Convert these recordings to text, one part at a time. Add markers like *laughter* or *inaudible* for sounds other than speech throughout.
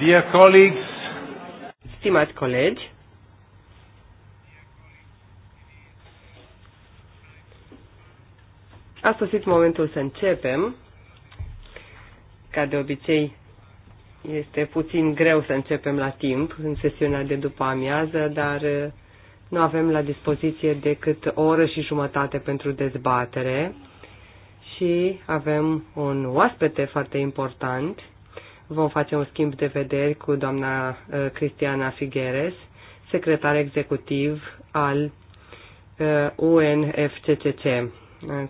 Dear colleagues, stimați colegi, a sosit momentul să începem. Ca de obicei, este puțin greu să începem la timp în sesiunea de după amiază, dar uh, nu avem la dispoziție decât o oră și jumătate pentru dezbatere și avem un oaspete foarte important. Vom face un schimb de vederi cu doamna uh, Cristiana Figueres, secretar executiv al UNFCCC, uh, uh,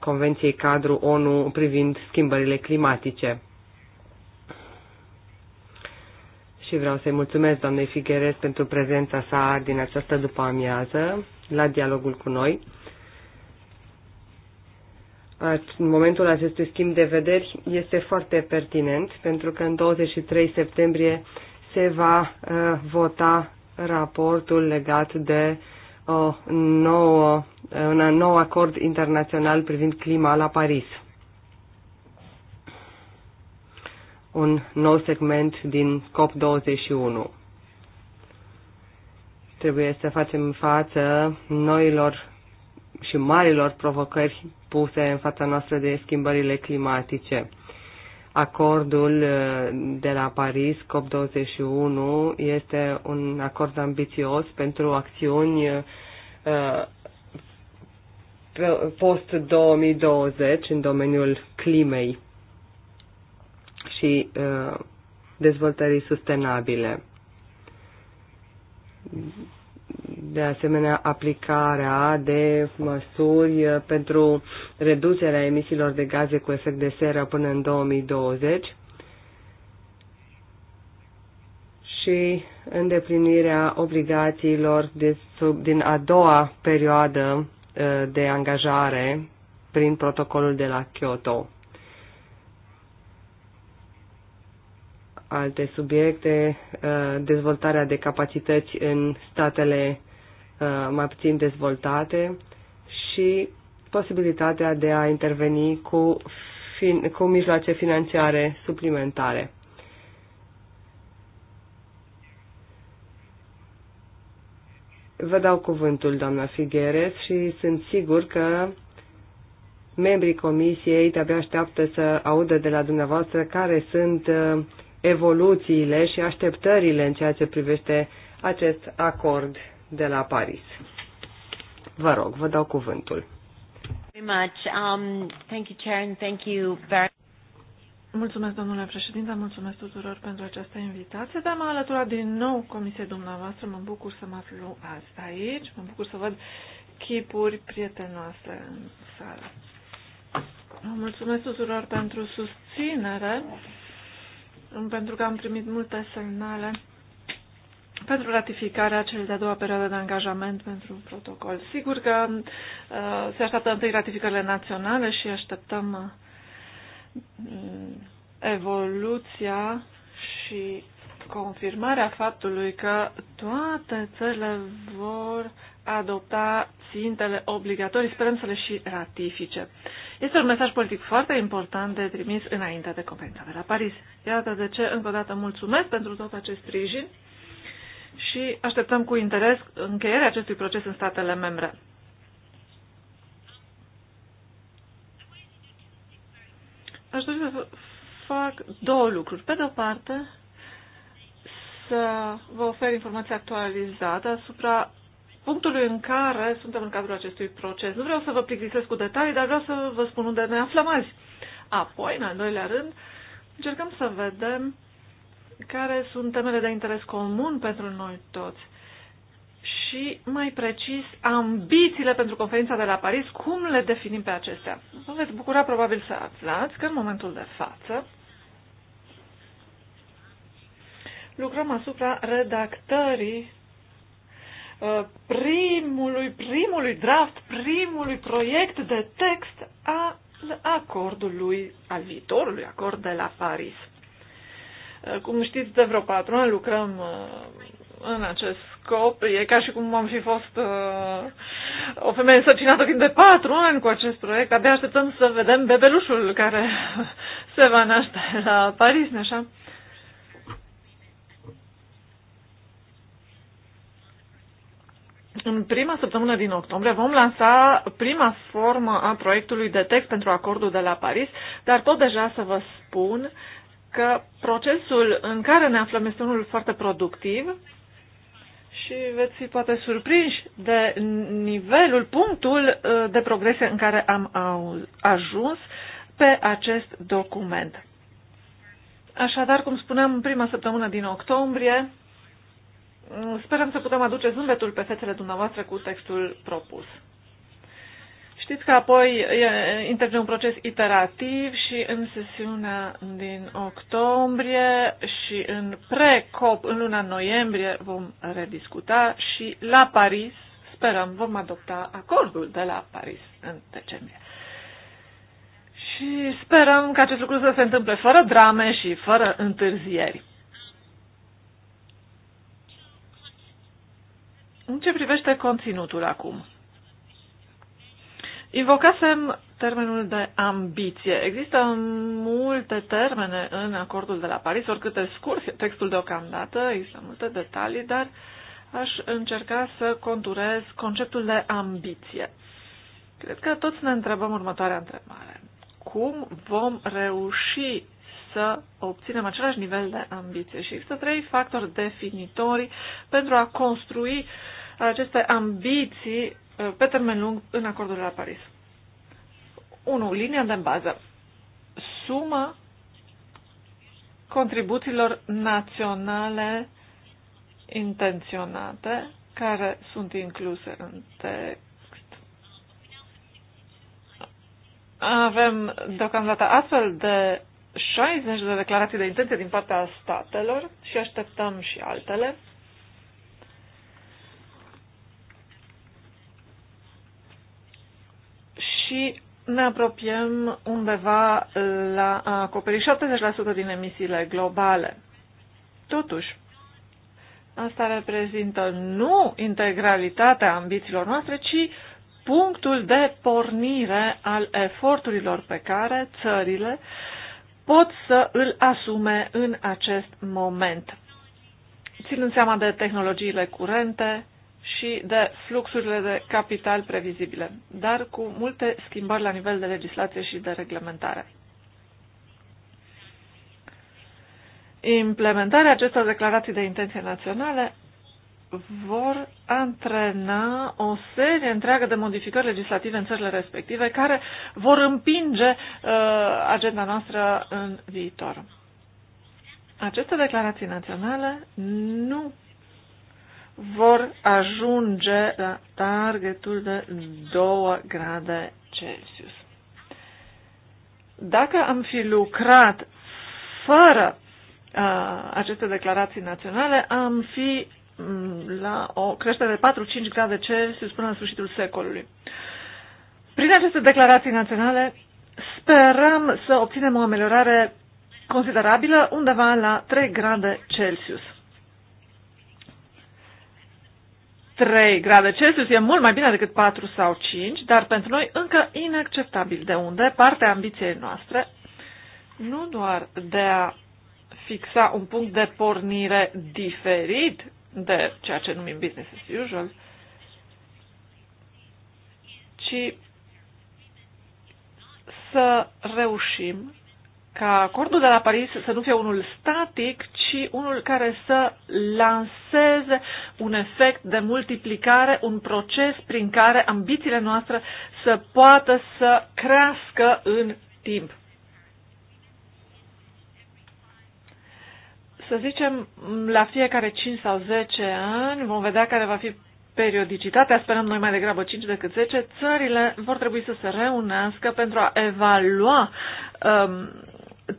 Convenției Cadru ONU privind schimbările climatice. Și vreau să-i mulțumesc doamnei Figueres pentru prezența sa din această după amiază la dialogul cu noi în momentul acestui schimb de vederi este foarte pertinent pentru că în 23 septembrie se va uh, vota raportul legat de o nouă, un nou acord internațional privind clima la Paris. Un nou segment din COP21. Trebuie să facem față noilor și marilor provocări puse în fața noastră de schimbările climatice. Acordul uh, de la Paris, COP21, este un acord ambițios pentru acțiuni uh, post-2020 în domeniul climei și uh, dezvoltării sustenabile de asemenea aplicarea de măsuri pentru reducerea emisiilor de gaze cu efect de seră până în 2020 și îndeplinirea obligațiilor de sub, din a doua perioadă uh, de angajare prin protocolul de la Kyoto. alte subiecte, uh, dezvoltarea de capacități în statele uh, mai puțin dezvoltate și posibilitatea de a interveni cu, fin, cu mijloace financiare suplimentare. Vă dau cuvântul, doamna Figueres, și sunt sigur că membrii comisiei de-abia așteaptă să audă de la dumneavoastră care sunt uh, evoluțiile și așteptările în ceea ce privește acest acord de la Paris. Vă rog, vă dau cuvântul. Um, mulțumesc, domnule președinte, mulțumesc tuturor pentru această invitație, dar m-am alăturat din nou comisiei dumneavoastră. Mă bucur să mă aflu azi aici, mă bucur să văd chipuri prietenoase în sală. Mulțumesc tuturor pentru susținere pentru că am primit multe semnale pentru ratificarea celei de-a doua perioadă de angajament pentru un protocol. Sigur că uh, se așteaptă întâi ratificările naționale și așteptăm uh, mm, evoluția și confirmarea faptului că toate țările vor adopta țintele obligatorii. Sperăm să le și ratifice. Uh, este un mesaj politic foarte important de trimis înainte de conferința de la Paris. Iată de ce, încă o dată, mulțumesc pentru tot acest sprijin și așteptăm cu interes încheierea acestui proces în statele membre. Aș dori să fac două lucruri. Pe de-o parte, să vă ofer informații actualizate asupra punctului în care suntem în cadrul acestui proces. Nu vreau să vă plictisesc cu detalii, dar vreau să vă spun unde ne aflăm azi. Apoi, în al doilea rând, încercăm să vedem care sunt temele de interes comun pentru noi toți și, mai precis, ambițiile pentru conferința de la Paris, cum le definim pe acestea. Vă veți bucura probabil să aflați că, în momentul de față, lucrăm asupra redactării Uh, primului, primului draft, primului proiect de text al acordului, al viitorului acord de la Paris. Uh, cum știți, de vreo patru ani lucrăm uh, în acest scop. E ca și cum am fi fost uh, o femeie însărcinată timp de patru ani cu acest proiect. Abia așteptăm să vedem bebelușul care *laughs* se va naște la Paris, așa? Uh, În prima săptămână din octombrie vom lansa prima formă a proiectului de text pentru acordul de la Paris, dar tot deja să vă spun că procesul în care ne aflăm este unul foarte productiv și veți fi poate surprinși de nivelul, punctul uh, de progres în care am ajuns pe acest document. Așadar, cum spuneam, în prima săptămână din octombrie Mm, sperăm să putem aduce zâmbetul pe fețele dumneavoastră cu textul propus. Știți că apoi intervine un proces iterativ și în sesiunea din octombrie și în pre-COP în luna noiembrie vom rediscuta și la Paris, sperăm, vom adopta acordul de la Paris în decembrie. Și sperăm că acest lucru să se întâmple fără drame și fără întârzieri. În ce privește conținutul acum? Invocasem termenul de ambiție. Există multe termene în acordul de la Paris, oricât de scurs textul deocamdată, există multe detalii, dar aș încerca să conturez conceptul de ambiție. Cred că toți ne întrebăm următoarea întrebare. Cum vom reuși să obținem același nivel de ambiție. Și există trei factori definitori pentru a construi aceste ambiții uh, pe termen lung în acordul de la Paris. 1. Linia de bază. Suma contribuțiilor naționale intenționate care sunt incluse în text. Avem deocamdată astfel de 60 de declarații de intenție din partea statelor și așteptăm și altele. Și ne apropiem undeva la a acoperi 70% din emisiile globale. Totuși, asta reprezintă nu integralitatea ambițiilor noastre, ci punctul de pornire al eforturilor pe care țările uh, pot să îl asume în acest moment, ținând seama de tehnologiile curente și de fluxurile de capital previzibile, dar cu multe schimbări la nivel de legislație și de reglementare. Implementarea acestor declarații de intenție naționale vor antrena o serie întreagă de modificări legislative în țările respective care vor împinge uh, agenda noastră în viitor. Aceste declarații naționale nu vor ajunge la targetul de 2 grade Celsius. Dacă am fi lucrat fără uh, aceste declarații naționale, am fi Mm, la o creștere de 4-5 grade Celsius până în sfârșitul secolului. Prin aceste declarații naționale sperăm să obținem o ameliorare considerabilă undeva la 3 grade Celsius. 3 grade Celsius e mult mai bine decât 4 sau 5, dar pentru noi încă inacceptabil de unde partea ambiției noastre nu doar de a fixa un punct de pornire diferit de ceea ce numim business as usual, ci să reușim ca acordul de la Paris să nu fie unul static, ci unul care să lanseze un efect de multiplicare, un proces prin care ambițiile noastre să poată să crească în timp. Să zicem, la fiecare 5 sau 10 ani vom vedea care va fi periodicitatea, sperăm noi mai degrabă 5 decât 10, țările vor trebui să se reunească pentru a evalua um,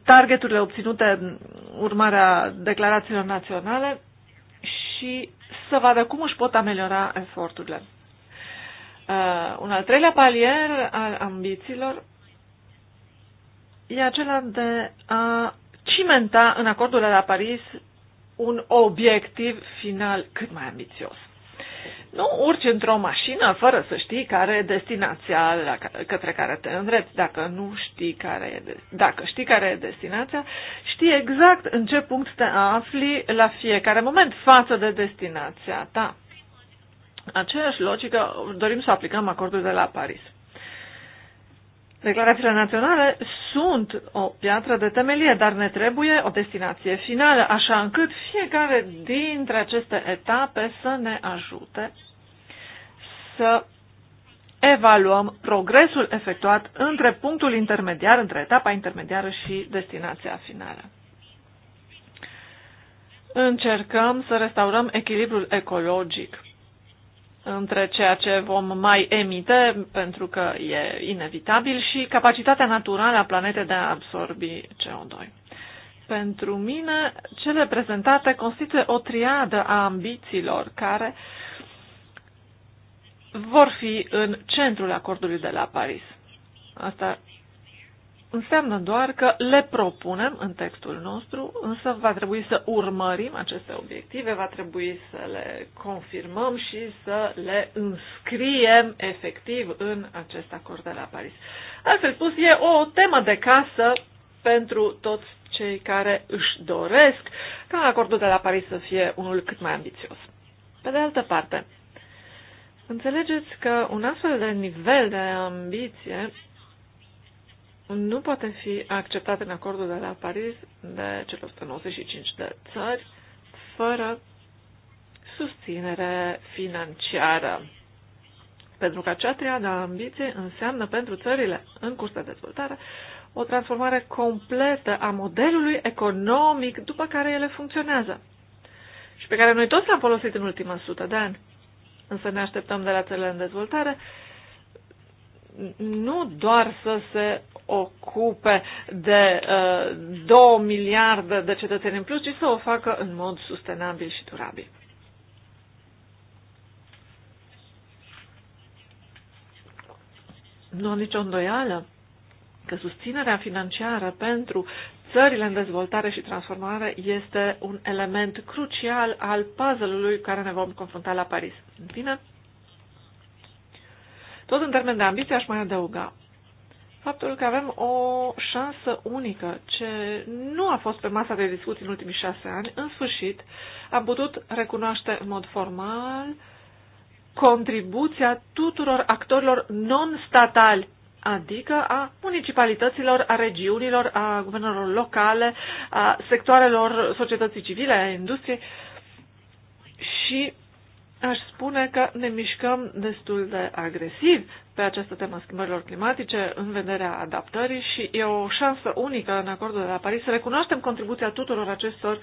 targeturile obținute în urmarea declarațiilor naționale și să vadă cum își pot ameliora eforturile. Uh, un al treilea palier al ambițiilor e acela de a cimenta în acordul de la Paris un obiectiv final cât mai ambițios. Nu urci într-o mașină fără să știi care e destinația la către care te îndreți. Dacă nu știi care e, dacă știi care e destinația, știi exact în ce punct te afli la fiecare moment față de destinația ta. Aceeași logică dorim să aplicăm acordul de la Paris. Declarațiile naționale sunt o piatră de temelie, dar ne trebuie o destinație finală, așa încât fiecare dintre aceste etape să ne ajute să evaluăm progresul efectuat între punctul intermediar, între etapa intermediară și destinația finală. Încercăm să restaurăm echilibrul ecologic între ceea ce vom mai emite, pentru că e inevitabil, și capacitatea naturală a planetei de a absorbi CO2. Pentru mine, cele prezentate constituie o triadă a ambițiilor care vor fi în centrul acordului de la Paris. Asta înseamnă doar că le propunem în textul nostru, însă va trebui să urmărim aceste obiective, va trebui să le confirmăm și să le înscriem efectiv în acest acord de la Paris. Altfel spus, e o temă de casă pentru toți cei care își doresc ca acordul de la Paris să fie unul cât mai ambițios. Pe de altă parte, înțelegeți că un astfel de nivel de ambiție nu poate fi acceptat în acordul de la Paris de cele 195 de țări fără susținere financiară. Pentru că acea triadă a ambiției înseamnă pentru țările în curs de dezvoltare o transformare completă a modelului economic după care ele funcționează și pe care noi toți l-am folosit în ultima sută de ani. Însă ne așteptăm de la țările în dezvoltare nu doar să se ocupe de uh, 2 miliarde de cetățeni în plus, ci să o facă în mod sustenabil și durabil. Nu am nicio îndoială că susținerea financiară pentru țările în dezvoltare și transformare este un element crucial al puzzle-ului care ne vom confrunta la Paris. În fine, tot în termen de ambiție aș mai adăuga faptul că avem o șansă unică ce nu a fost pe masa de discuții în ultimii șase ani. În sfârșit, am putut recunoaște în mod formal contribuția tuturor actorilor non-statali adică a municipalităților, a regiunilor, a guvernelor locale, a sectoarelor societății civile, a industriei și aș spune că ne mișcăm destul de agresiv pe această temă schimbărilor climatice în vederea adaptării și e o șansă unică în acordul de la Paris să recunoaștem contribuția tuturor acestor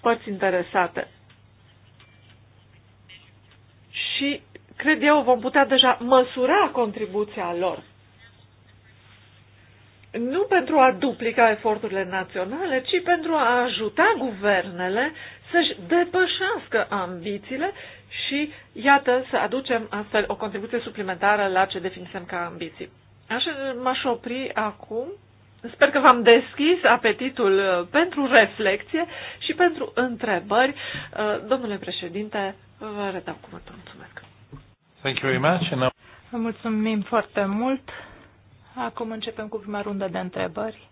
părți interesate. Și cred eu vom putea deja măsura contribuția lor. Nu pentru a duplica eforturile naționale, ci pentru a ajuta guvernele să-și depășească ambițiile și, iată, să aducem astfel o contribuție suplimentară la ce definisem ca ambiții. Așa m-aș opri acum. Sper că v-am deschis apetitul uh, pentru reflexie și pentru întrebări. Uh, domnule președinte, vă redau cuvântul. Mulțumesc. Thank you very much. Vă mulțumim foarte mult. Acum începem cu prima rundă de întrebări.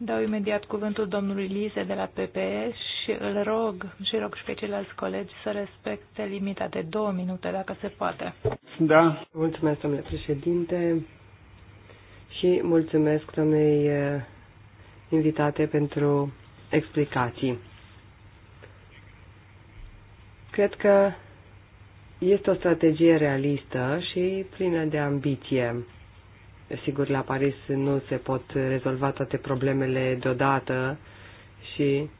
Dau imediat cuvântul domnului Lise de la PPE și îl rog și rog și pe ceilalți colegi să respecte limita de două minute, dacă se poate. Da, mulțumesc, domnule președinte, și mulțumesc, domnei invitate, pentru explicații. Cred că este o strategie realistă și plină de ambiție Sigur, la Paris nu se pot rezolva toate problemele deodată și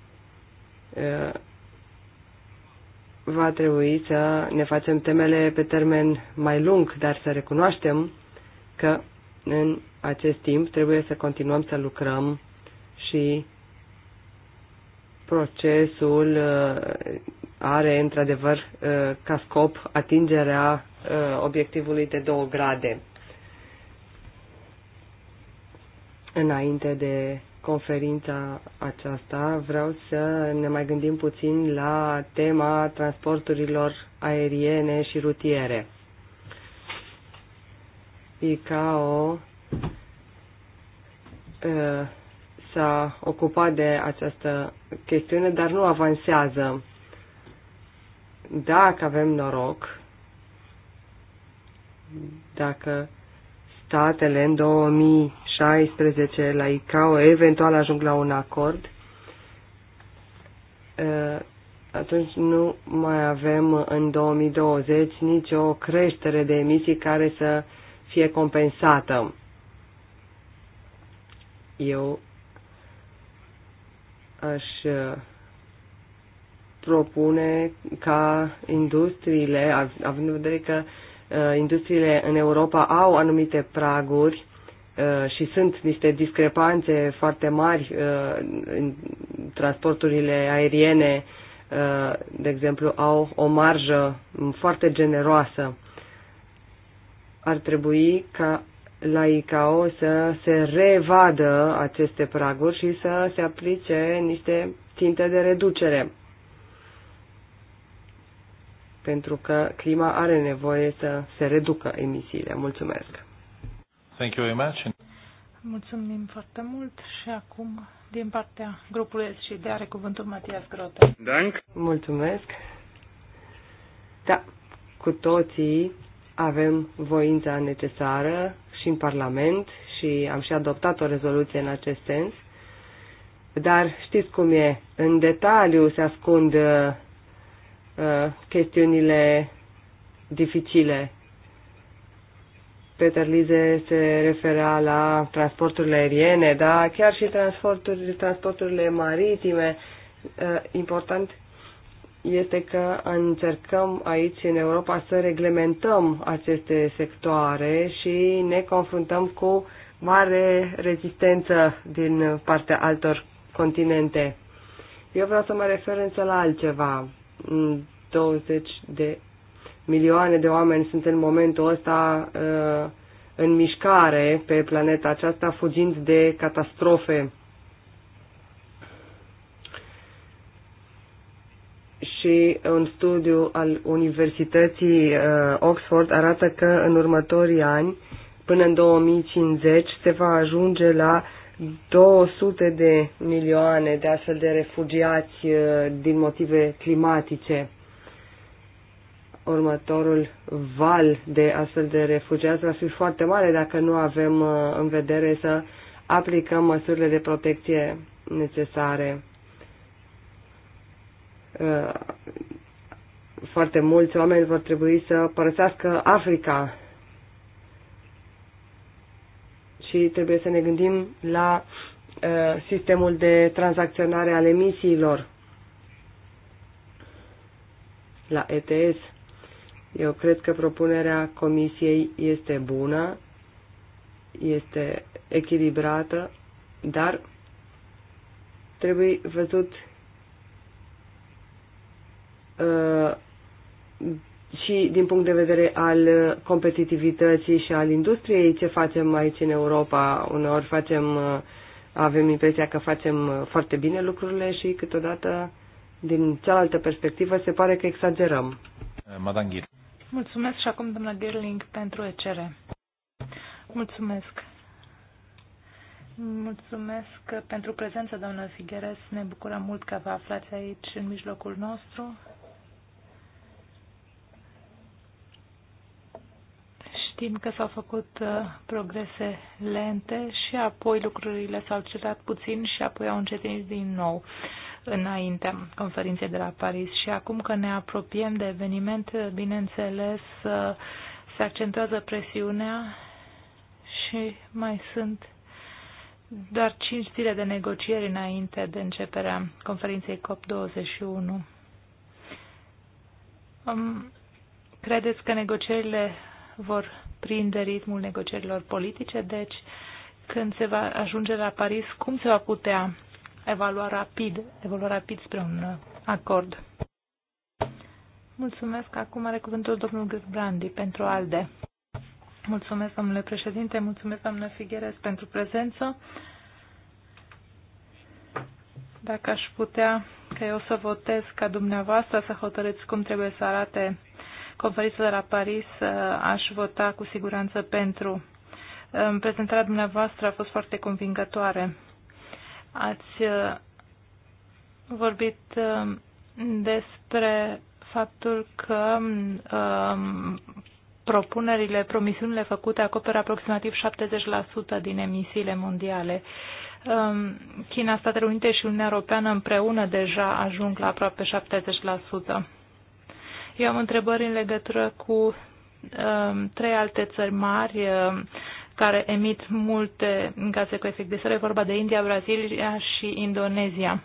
va trebui să ne facem temele pe termen mai lung, dar să recunoaștem că în acest timp trebuie să continuăm să lucrăm și procesul are într-adevăr ca scop atingerea obiectivului de 2 grade. înainte de conferința aceasta, vreau să ne mai gândim puțin la tema transporturilor aeriene și rutiere. ICAO ă, s-a ocupat de această chestiune, dar nu avansează. Dacă avem noroc, dacă statele în 2016 la ICAO eventual ajung la un acord, uh, atunci nu mai avem în 2020 nicio creștere de emisii care să fie compensată. Eu aș uh, propune ca industriile, având în vedere că uh, Uh, industriile în Europa au anumite praguri uh, și sunt niște discrepanțe foarte mari uh, în transporturile aeriene, de exemplu, au o marjă foarte generoasă. Ar trebui ca la ICAO să se revadă aceste praguri și să se aplice niște ținte de reducere pentru că clima are nevoie să se reducă emisiile. Mulțumesc! Thank you very much. Mulțumim foarte mult și acum din partea grupului Și de are cuvântul Matias Grote. Dank. Mulțumesc. Da, cu toții avem voința necesară și în Parlament și am și adoptat o rezoluție în acest sens. Dar știți cum e, în detaliu se ascund Uh, chestiunile dificile. Peter Lize se refera la transporturile aeriene, dar chiar și transporturile, transporturile maritime. Uh, important este că încercăm aici în Europa să reglementăm aceste sectoare și ne confruntăm cu mare rezistență din partea altor continente. Eu vreau să mă refer însă la altceva. 20 de milioane de oameni sunt în momentul ăsta uh, în mișcare pe planeta aceasta, fugind de catastrofe. Și un studiu al Universității uh, Oxford arată că în următorii ani, până în 2050, se va ajunge la 200 de milioane de astfel de refugiați uh, din motive climatice următorul val de astfel de refugiați va fi foarte mare dacă nu avem uh, în vedere să aplicăm măsurile de protecție necesare. Uh, foarte mulți oameni vor trebui să părăsească Africa și trebuie să ne gândim la uh, sistemul de tranzacționare al emisiilor la ETS. Eu cred că propunerea comisiei este bună, este echilibrată, dar trebuie văzut uh, și din punct de vedere al competitivității și al industriei ce facem aici în Europa. Uneori facem, uh, avem impresia că facem uh, foarte bine lucrurile și câteodată din cealaltă perspectivă se pare că exagerăm. Madanghi. Mulțumesc și acum, doamna Gerling, pentru ECR. Mulțumesc. Mulțumesc pentru prezența, doamna Figueres. Ne bucurăm mult că vă aflați aici, în mijlocul nostru. Știm că s-au făcut uh, progrese lente și apoi lucrurile s-au cerat puțin și apoi au încetinit din nou înaintea conferinței de la Paris și acum că ne apropiem de eveniment, bineînțeles, uh, se accentuează presiunea și mai sunt doar cinci zile de negocieri înainte de începerea conferinței COP21. Um, credeți că negocierile vor prinde ritmul negocierilor politice? Deci, când se va ajunge la Paris, cum se va putea evalua rapid, evalua rapid spre un acord. Mulțumesc. Acum are cuvântul domnul Brandi pentru ALDE. Mulțumesc, domnule președinte, mulțumesc, doamnă Figueres, pentru prezență. Dacă aș putea, că eu să votez ca dumneavoastră, să hotărâți cum trebuie să arate conferința de la Paris, aș vota cu siguranță pentru. Prezentarea dumneavoastră a fost foarte convingătoare. Ați uh, vorbit um, despre faptul că um, propunerile, promisiunile făcute acoperă aproximativ 70% din emisiile mondiale. Um, China, Statele Unite și Uniunea Europeană împreună deja ajung la aproape 70%. Eu am întrebări în legătură cu trei alte țări mari, care emit multe gaze cu efect de seră. E vorba de India, Brazilia și Indonezia.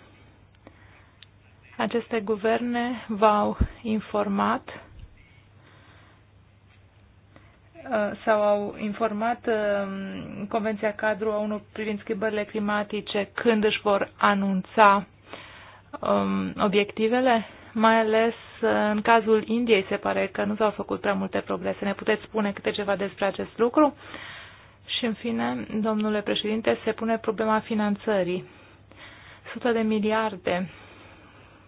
Aceste guverne v-au informat uh, sau au informat uh, Convenția Cadru a 1 privind schimbările climatice când își vor anunța um, obiectivele? Mai ales uh, în cazul Indiei se pare că nu s-au făcut prea multe progrese. Ne puteți spune câte ceva despre acest lucru? Uh, și în fine, domnule președinte, se pune problema finanțării. Sute de miliarde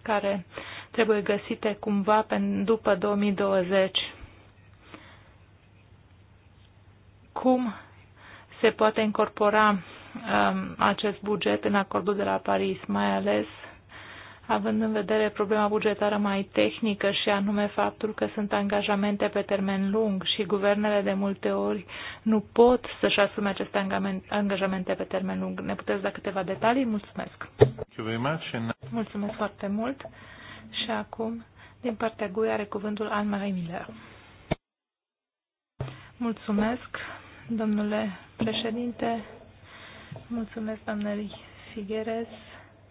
care trebuie găsite cumva pe, după 2020. Cum se poate incorpora um, acest buget în acordul de la Paris, mai ales având în vedere problema bugetară mai tehnică și anume faptul că sunt angajamente pe termen lung și guvernele de multe ori nu pot să-și asume aceste angajamente pe termen lung. Ne puteți da câteva detalii? Mulțumesc! Mulțumesc foarte mult! Și acum, din partea GUI, are cuvântul Anne-Marie Miller. Mulțumesc, domnule președinte! Mulțumesc, doamnei Figueres!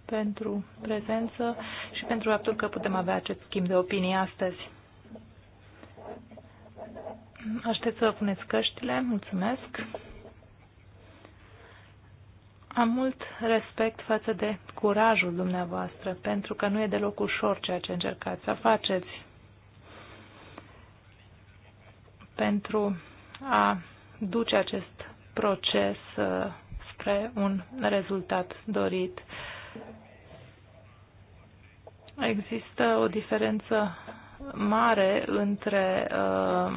pentru prezență și pentru faptul că putem avea acest schimb de opinii astăzi. Aștept să vă puneți căștile. Mulțumesc. Am mult respect față de curajul dumneavoastră, pentru că nu e deloc ușor ceea ce încercați să faceți pentru a duce acest proces uh, spre un rezultat dorit. Există o diferență mare între uh,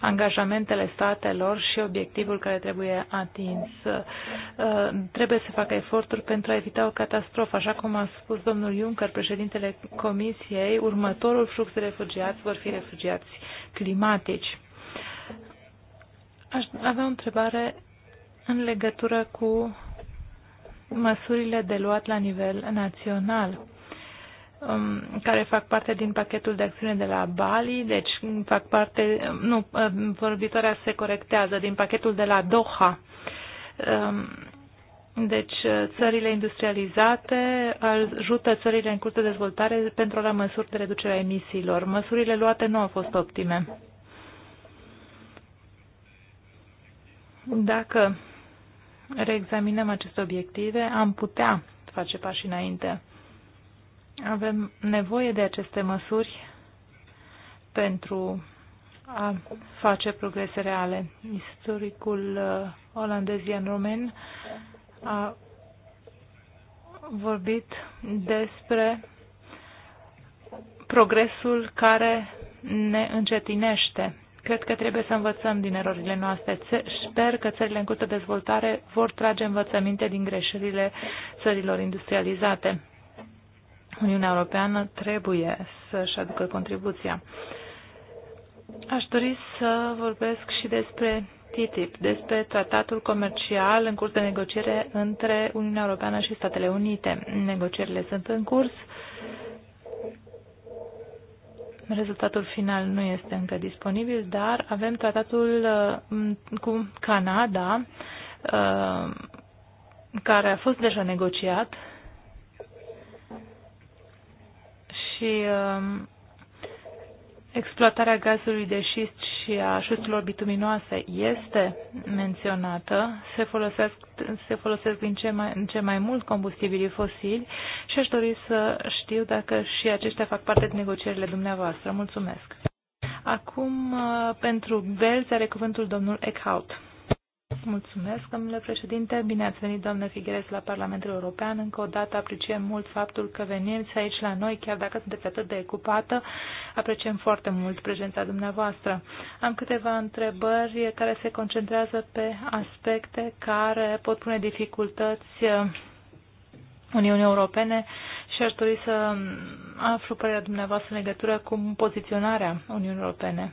angajamentele statelor și obiectivul care trebuie atins. Uh, trebuie să facă eforturi pentru a evita o catastrofă. Așa cum a spus domnul Juncker, președintele Comisiei, următorul flux de refugiați vor fi refugiați climatici. Aș avea o întrebare în legătură cu măsurile de luat la nivel național Um, care fac parte din pachetul de acțiune de la Bali, deci fac parte, nu, um, vorbitoarea se corectează, din pachetul de la Doha. Um, deci uh, țările industrializate ajută țările în curs de dezvoltare pentru a lua măsuri de reducere a emisiilor. Măsurile luate nu au fost optime. Dacă reexaminăm aceste obiective, am putea face pași înainte. Avem nevoie de aceste măsuri pentru a face progrese reale. Istoricul uh, olandez Jan a vorbit despre progresul care ne încetinește. Cred că trebuie să învățăm din erorile noastre. Sper că țările în curs de dezvoltare vor trage învățăminte din greșelile țărilor industrializate. Uniunea Europeană trebuie să-și aducă contribuția. Aș dori să vorbesc și despre TTIP, despre tratatul comercial în curs de negociere între Uniunea Europeană și Statele Unite. Negocierile sunt în curs. Rezultatul final nu este încă disponibil, dar avem tratatul uh, cu Canada, uh, care a fost deja negociat și um, exploatarea gazului de șist și a șuturilor bituminoase este menționată, se folosesc, se folosesc din ce mai, în ce mai mult combustibilii fosili și aș dori să știu dacă și aceștia fac parte din negocierile dumneavoastră. Mulțumesc! Acum, uh, pentru Belz, are cuvântul domnul Eckhout. Mulțumesc, domnule președinte. Bine ați venit, doamnă Figueres, la Parlamentul European. Încă o dată apreciem mult faptul că veniți aici la noi, chiar dacă sunteți atât de ocupată. Apreciem foarte mult prezența dumneavoastră. Am câteva întrebări care se concentrează pe aspecte care pot pune dificultăți uh, Uniunii Europene și aș dori să aflu părerea dumneavoastră în legătură cu poziționarea Uniunii Europene.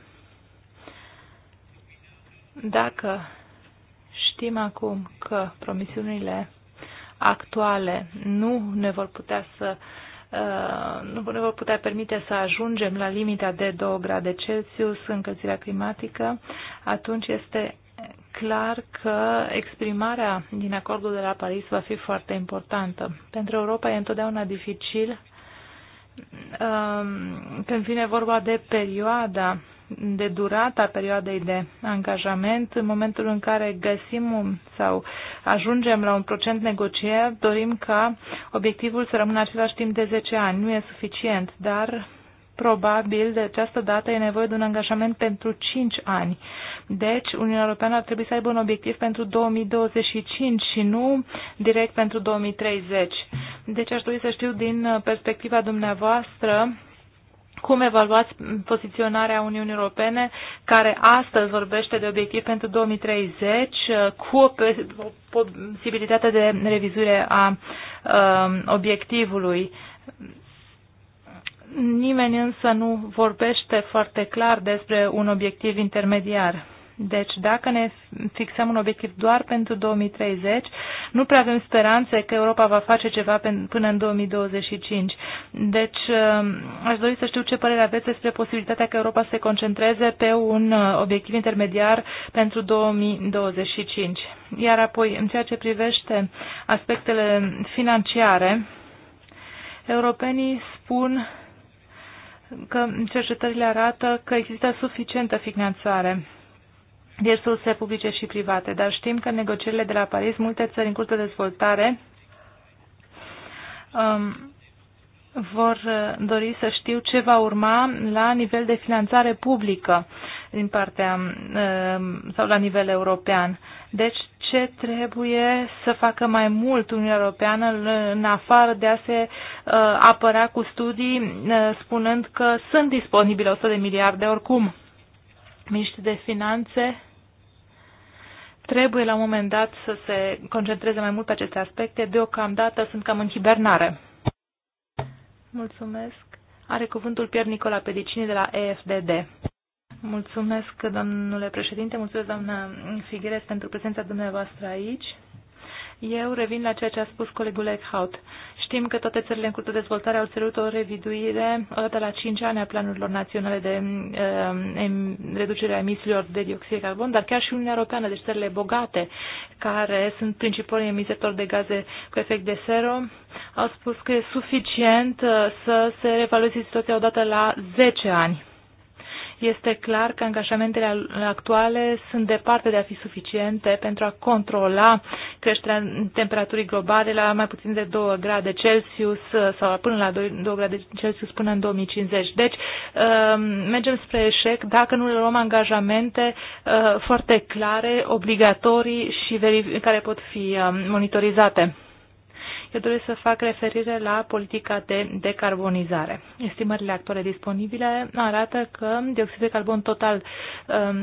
Dacă Știm acum că promisiunile actuale nu ne vor putea să uh, nu ne vor putea permite să ajungem la limita de 2 grade Celsius, încălzirea climatică, atunci este clar că exprimarea din acordul de la Paris va fi foarte importantă. Pentru Europa e întotdeauna dificil um, când vine vorba de perioada de durata perioadei de angajament, în momentul în care găsim sau ajungem la un procent negociat, dorim ca obiectivul să rămână același timp de 10 ani. Nu e suficient, dar probabil de această dată e nevoie de un angajament pentru 5 ani. Deci, Uniunea Europeană ar trebui să aibă un obiectiv pentru 2025 și nu direct pentru 2030. Deci aș dori să știu din perspectiva dumneavoastră cum evaluați poziționarea Uniunii Europene, care astăzi vorbește de obiectiv pentru 2030, uh, cu o posibilitate de revizuire a um, obiectivului? Nimeni însă nu vorbește foarte clar despre un obiectiv intermediar. Deci dacă ne fixăm un obiectiv doar pentru 2030, nu prea avem speranțe că Europa va face ceva până în 2025. Deci um, aș dori să știu ce părere aveți despre posibilitatea că Europa se concentreze pe un uh, obiectiv intermediar pentru 2025. Iar apoi, în ceea ce privește aspectele financiare, europenii spun că cercetările arată că există suficientă finanțare surse publice și private. Dar știm că negocierile de la Paris, multe țări în curs de dezvoltare um, vor uh, dori să știu ce va urma la nivel de finanțare publică din partea um, sau la nivel european. Deci ce trebuie să facă mai mult Uniunea Europeană în afară de a se uh, apărea cu studii uh, spunând că sunt disponibile 100 de miliarde oricum. Miști de finanțe trebuie la un moment dat să se concentreze mai mult pe aceste aspecte. Deocamdată sunt cam în hibernare. Mulțumesc. Are cuvântul Pierre Nicola Pedicini de la EFDD. Mulțumesc, domnule președinte, mulțumesc, doamnă Figueres, pentru prezența dumneavoastră aici. Eu revin la ceea ce a spus colegul Eckhout. Știm că toate țările în curs de dezvoltare au cerut o reviduire odată la 5 ani a planurilor naționale de uh, reducere a emisiilor de dioxid de carbon, dar chiar și Uniunea Europeană, deci țările bogate, care sunt principali emisători de gaze cu efect de sero, au spus că e suficient uh, să se revalueze situația odată la 10 ani. Este clar că angajamentele actuale sunt departe de a fi suficiente pentru a controla creșterea temperaturii globale la mai puțin de 2 grade Celsius uh, sau până la 2, 2 grade Celsius până în 2050. Deci uh, mergem spre eșec dacă nu le luăm angajamente uh, foarte clare, obligatorii și care pot fi monitorizate. Eu doresc să fac referire la politica de decarbonizare. Estimările actuale disponibile arată că dioxidul de carbon total um,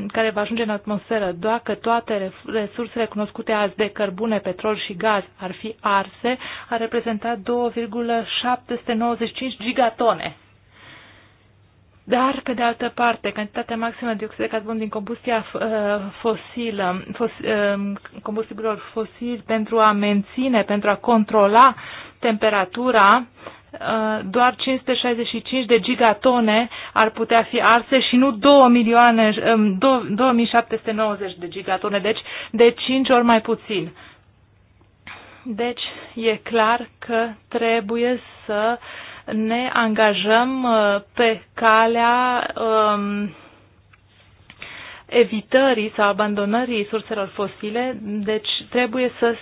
care va ajunge în atmosferă, dacă toate resursele cunoscute azi de cărbune, petrol și gaz ar fi arse, ar reprezenta 2,795 gigatone dar, pe de altă parte, cantitatea maximă de oxid de carbon din combustia uh, fosilă, fos, uh, combustibilor fosili pentru a menține, pentru a controla temperatura, uh, doar 565 de gigatone ar putea fi arse și nu 2 milioane, 2790 um, de gigatone, deci de 5 ori mai puțin. Deci, e clar că trebuie să uh, ne angajăm uh, pe calea um, evitării sau abandonării surselor fosile, deci trebuie să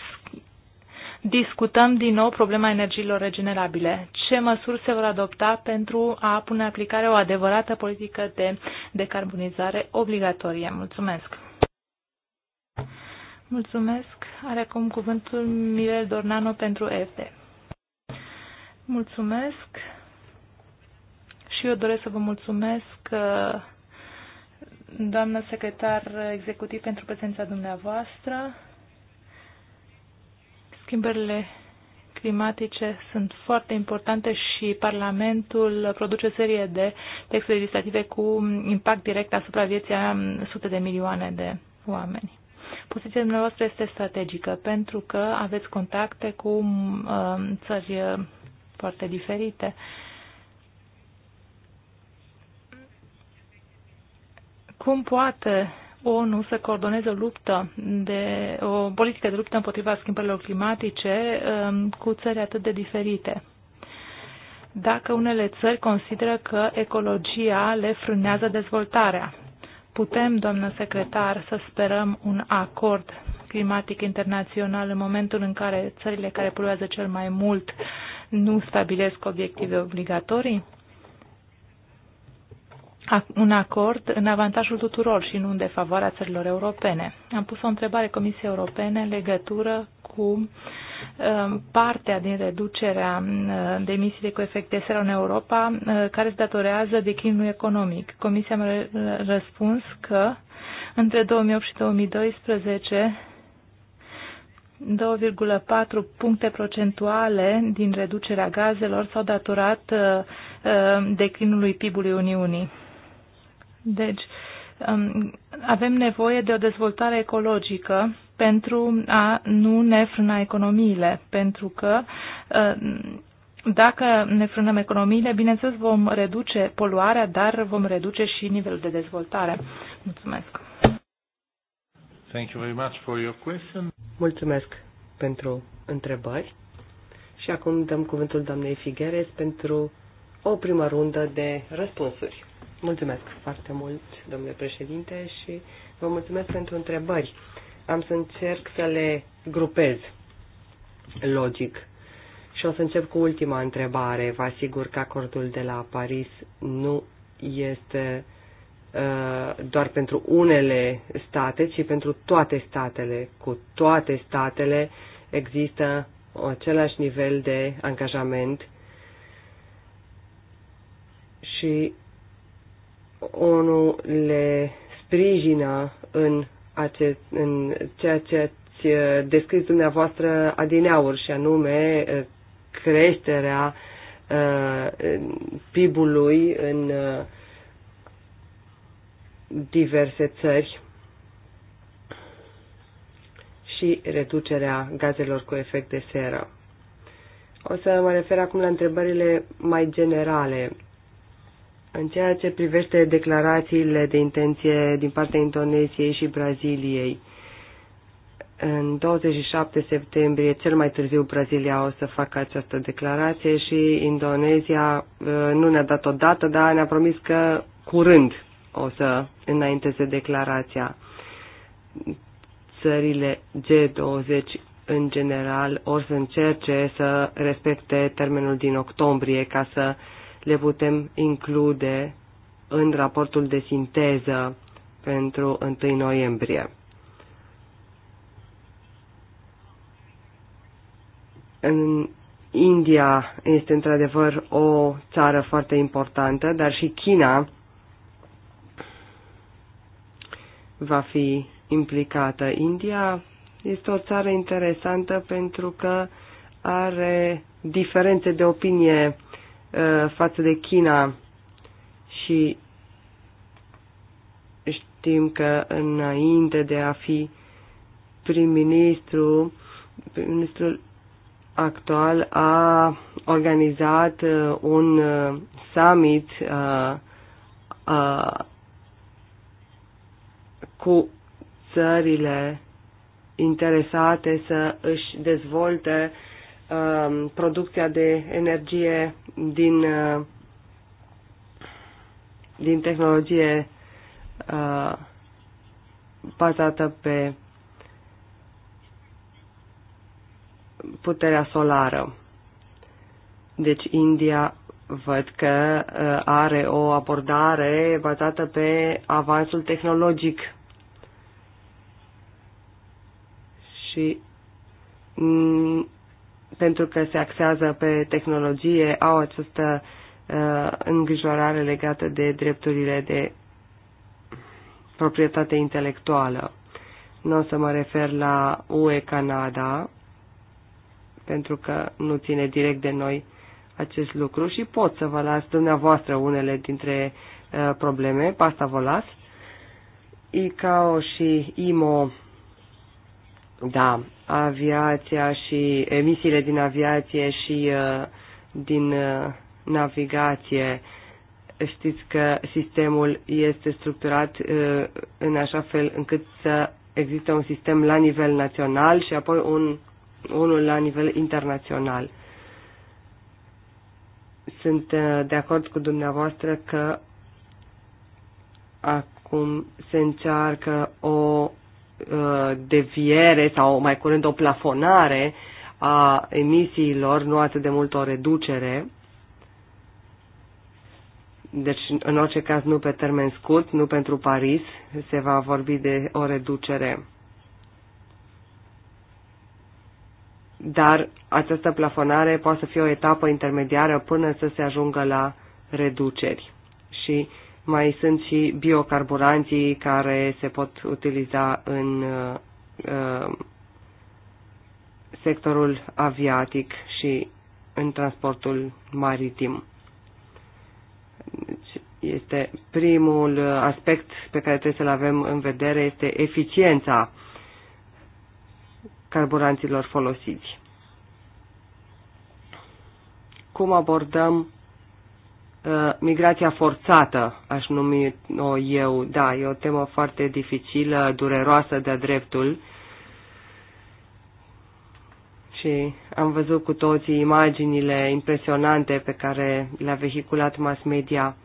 discutăm din nou problema energiilor regenerabile. Ce măsuri se vor adopta pentru a pune în aplicare o adevărată politică de decarbonizare obligatorie? Mulțumesc! Mulțumesc! Are acum cuvântul Mirel Dornano pentru EFD. Mulțumesc și eu doresc să vă mulțumesc, uh, doamnă secretar executiv, pentru prezența dumneavoastră. Schimbările climatice sunt foarte importante și Parlamentul produce serie de texte legislative cu impact direct asupra vieții a sute de milioane de oameni. Poziția dumneavoastră este strategică pentru că aveți contacte cu uh, țări uh, foarte diferite. Cum poate ONU să coordoneze o luptă de o politică de luptă împotriva schimbărilor climatice um, cu țări atât de diferite? Dacă unele țări consideră că ecologia le frânează dezvoltarea, putem, doamnă secretar, să sperăm un acord climatic internațional în momentul în care țările care poluează cel mai mult nu stabilesc obiective obligatorii? un acord în avantajul tuturor și nu în defavoarea țărilor europene. Am pus o întrebare Comisiei Europene în legătură cu um, partea din reducerea um, de emisiile cu efect de seră în Europa uh, care se datorează declinului economic. Comisia mi-a răspuns că între 2008 și 2012 2,4 puncte procentuale din reducerea gazelor s-au datorat uh, uh, declinului PIB-ului Uniunii. Deci, um, avem nevoie de o dezvoltare ecologică pentru a nu ne frâna economiile, pentru că uh, dacă ne frânăm economiile, bineînțeles vom reduce poluarea, dar vom reduce și nivelul de dezvoltare. Mulțumesc! Thank you very much for your question. Mulțumesc pentru întrebări. Și acum dăm cuvântul doamnei Figueres pentru o primă rundă de răspunsuri. Mulțumesc foarte mult, domnule președinte, și vă mulțumesc pentru întrebări. Am să încerc să le grupez logic. Și o să încep cu ultima întrebare. Vă asigur că acordul de la Paris nu este uh, Uh, doar pentru unele state, ci pentru toate statele. Cu toate statele există același nivel de angajament și ONU le sprijină în, acest, în ceea ce ați uh, descris dumneavoastră adineauri și anume uh, creșterea PIB-ului în uh, diverse țări și reducerea gazelor cu efect de seră. O să mă refer acum la întrebările mai generale. În ceea ce privește declarațiile de intenție din partea Indoneziei și Braziliei, în 27 septembrie, cel mai târziu, Brazilia o să facă această declarație și Indonezia uh, nu ne-a dat o dată, dar ne-a promis că curând o să înainteze declarația. Țările G20 în general or să încerce să respecte termenul din octombrie ca să le putem include în raportul de sinteză pentru 1 noiembrie. În India este într-adevăr o țară foarte importantă, dar și China va fi implicată. India este o țară interesantă pentru că are diferențe de opinie uh, față de China și știm că înainte de a fi prim-ministru, prim-ministrul actual a organizat uh, un uh, summit cu țările interesate să își dezvolte uh, producția de energie din, uh, din tehnologie uh, bazată pe puterea solară. Deci India văd că uh, are o abordare bazată pe avansul tehnologic și mm, pentru că se axează pe tehnologie, au această uh, îngrijorare legată de drepturile de proprietate intelectuală. Nu o să mă refer la UE Canada, pentru că nu ține direct de noi acest lucru și pot să vă las dumneavoastră unele dintre uh, probleme, pasta vă las. ICAO și IMO da, aviația și emisiile din aviație și uh, din uh, navigație. Știți că sistemul este structurat uh, în așa fel încât să există un sistem la nivel național și apoi un, unul la nivel internațional. Sunt uh, de acord cu dumneavoastră că acum se încearcă o Uh, deviere sau mai curând o plafonare a emisiilor, nu atât de mult o reducere. Deci, în orice caz, nu pe termen scurt, nu pentru Paris, se va vorbi de o reducere. Dar această plafonare poate să fie o etapă intermediară până să se ajungă la reduceri. Și uh, mai sunt și biocarburanții care se pot utiliza în uh, uh, sectorul aviatic și în transportul maritim. Deci este primul aspect pe care trebuie să-l avem în vedere este eficiența carburanților folosiți. Cum abordăm Uh, migrația forțată, aș numi-o eu, da, e o temă foarte dificilă, dureroasă de-a dreptul. Și am văzut cu toții imaginile impresionante pe care le-a vehiculat mass media.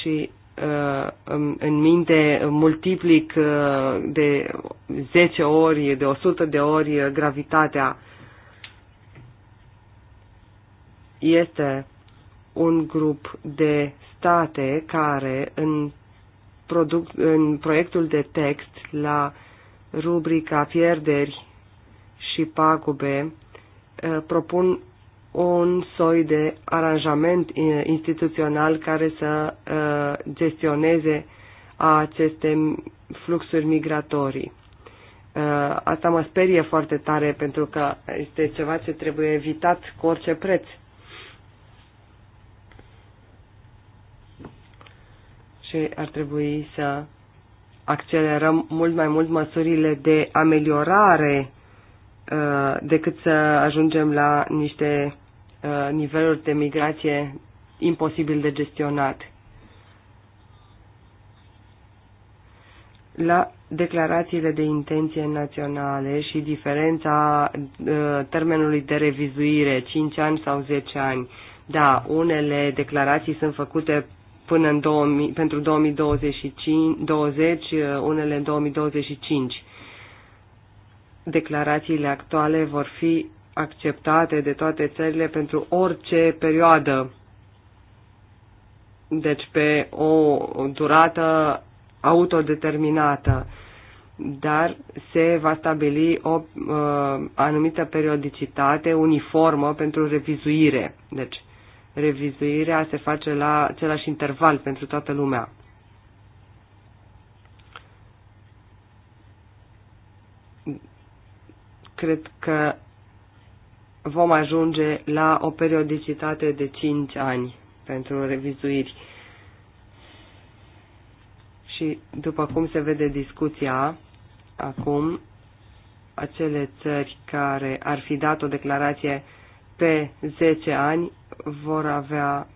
Și uh, în minte multiplic uh, de 10 ori, de 100 de ori gravitatea este un grup de state care în, produc, în proiectul de text la rubrica pierderi și pagube uh, propun un soi de aranjament uh, instituțional care să uh, gestioneze aceste fluxuri migratorii. Asta mă sperie foarte tare pentru că este ceva ce trebuie evitat cu orice preț. și ar trebui să accelerăm mult mai mult măsurile de ameliorare uh, decât să ajungem la niște uh, niveluri de migrație imposibil de gestionat. La declarațiile de intenție naționale și diferența uh, termenului de revizuire, 5 ani sau 10 ani, da, unele declarații sunt făcute până în 2000, pentru 2025, 20, uh, unele în 2025. Declarațiile actuale vor fi acceptate de toate țările pentru orice perioadă. Deci pe o durată autodeterminată, dar se va stabili o uh, anumită periodicitate uniformă pentru revizuire. Deci revizuirea se face la același interval pentru toată lumea. Cred că vom ajunge la o periodicitate de 5 ani pentru revizuiri. Și după cum se vede discuția acum, acele țări care ar fi dat o declarație pe 10 ani vor avea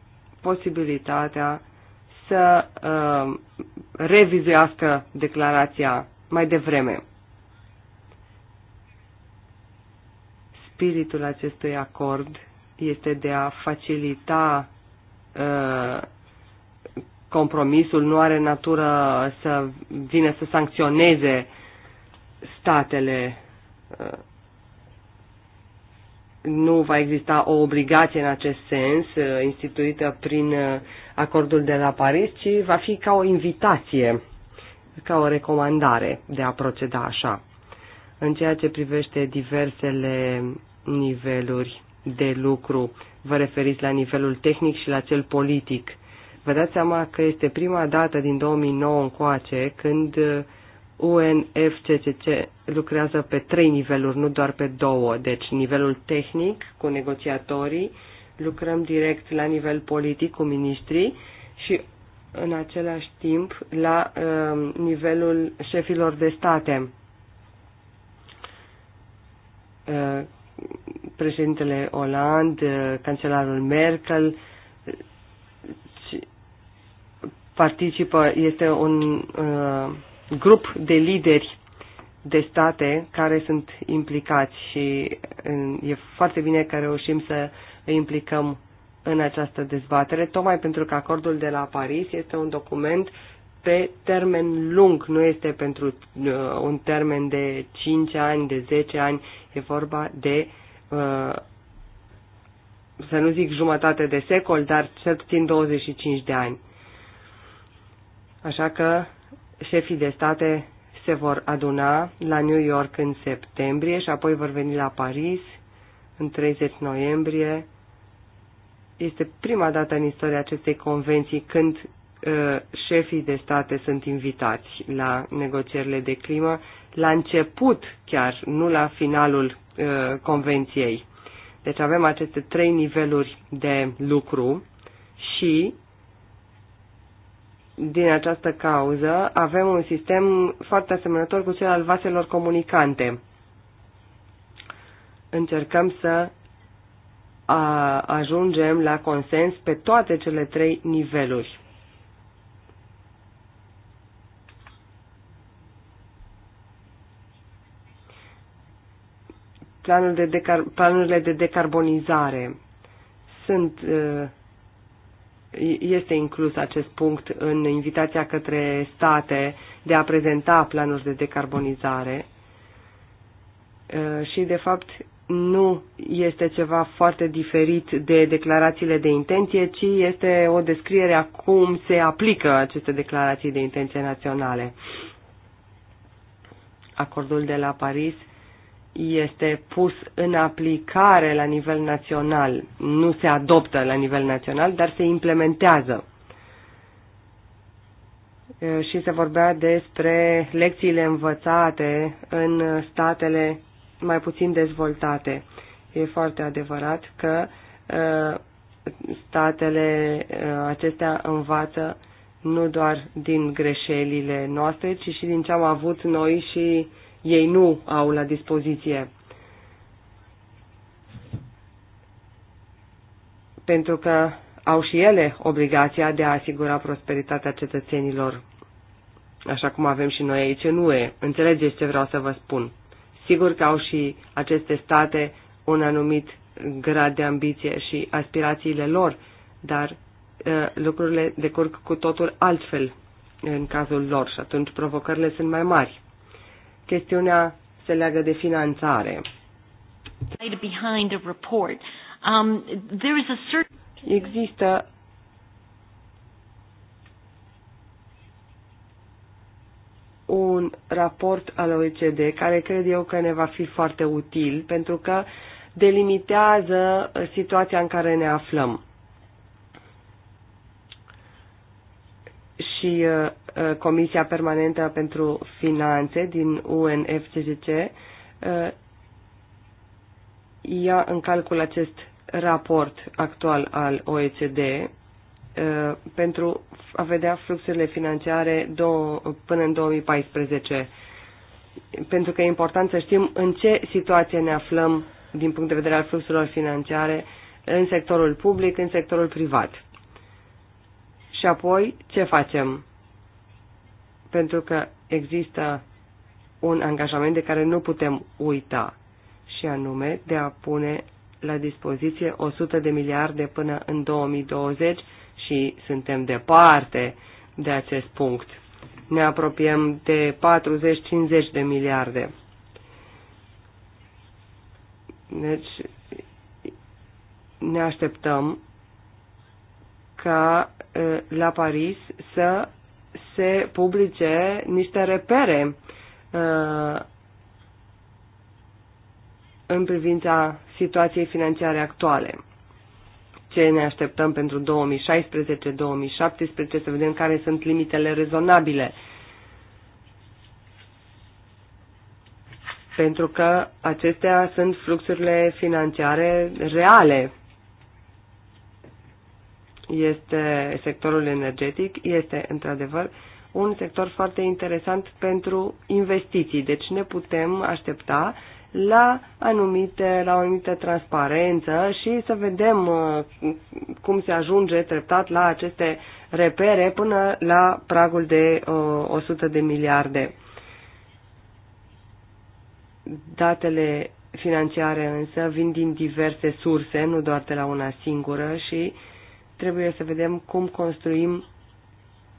posibilitatea să uh, revizuiască declarația mai devreme. Spiritul acestui acord este de a facilita uh, compromisul, nu are natură să vină să sancționeze statele uh, nu va exista o obligație în acest sens uh, instituită prin uh, acordul de la Paris, ci va fi ca o invitație, ca o recomandare de a proceda așa. În ceea ce privește diversele niveluri de lucru, vă referiți la nivelul tehnic și la cel politic. Vă dați seama că este prima dată din 2009 încoace când uh, UNFCCC lucrează pe trei niveluri, nu doar pe două. Deci nivelul tehnic cu negociatorii, lucrăm direct la nivel politic cu ministrii și în același timp la uh, nivelul șefilor de state. Uh, președintele Oland, uh, cancelarul Merkel participă, este un uh, grup de lideri de state care sunt implicați și e foarte bine că reușim să îi implicăm în această dezbatere, tocmai pentru că acordul de la Paris este un document pe termen lung, nu este pentru uh, un termen de 5 ani, de 10 ani, e vorba de, uh, să nu zic jumătate de secol, dar cel puțin 25 de ani. Așa că șefii de state se vor aduna la New York în septembrie și apoi vor veni la Paris în 30 noiembrie. Este prima dată în istoria acestei convenții când uh, șefii de state sunt invitați la negocierile de climă, la început chiar, nu la finalul uh, convenției. Deci avem aceste trei niveluri de lucru și din această cauză, avem un sistem foarte asemănător cu cel al vaselor comunicante. Încercăm să a, ajungem la consens pe toate cele trei niveluri. Planul de decar- planurile de decarbonizare sunt uh, este inclus acest punct în invitația către state de a prezenta planuri de decarbonizare uh, și, de fapt, nu este ceva foarte diferit de declarațiile de intenție, ci este o descriere a cum se aplică aceste declarații de intenție naționale. Acordul de la Paris uh, este pus în aplicare la nivel național. Nu se adoptă la nivel național, dar se implementează. Și se vorbea despre lecțiile învățate în statele mai puțin dezvoltate. E foarte adevărat că statele acestea învață nu doar din greșelile noastre, ci și din ce am avut noi și uh, ei nu au la dispoziție. Pentru că au și ele obligația de a asigura prosperitatea cetățenilor, așa cum avem și noi aici în UE. Înțelegeți ce vreau să vă spun. Sigur că au și aceste state un anumit grad de ambiție și aspirațiile lor, dar uh, lucrurile decurg cu totul altfel în cazul lor și atunci provocările sunt mai mari chestiunea se leagă de finanțare. Um, Există un raport al OECD care cred eu că ne va fi foarte util pentru că delimitează situația în care ne aflăm. și uh, uh, Comisia Permanentă pentru Finanțe din UNFCCC uh, ia în calcul acest raport actual al OECD pentru a vedea fluxurile financiare până în 2014. Pentru că e important să știm în ce situație ne aflăm din punct de vedere al fluxurilor financiare în sectorul public, în sectorul privat și apoi ce facem? Pentru că există un angajament de care nu putem uita, și anume de a pune la dispoziție 100 de miliarde până în 2020 și suntem departe de acest punct. Ne apropiem de 40-50 de miliarde. Deci ne așteptăm ca la Paris să se publice niște repere în privința situației financiare actuale. Ce ne așteptăm pentru 2016-2017, să vedem care sunt limitele rezonabile. Pentru că acestea sunt fluxurile financiare reale este sectorul energetic, este într-adevăr un sector foarte interesant pentru investiții. Deci ne putem aștepta la, anumite, la o anumită transparență și să vedem uh, cum se ajunge treptat la aceste repere până la pragul de 100 uh, de miliarde. Datele financiare însă vin din diverse surse, nu doar de la una singură și uh, trebuie să vedem cum construim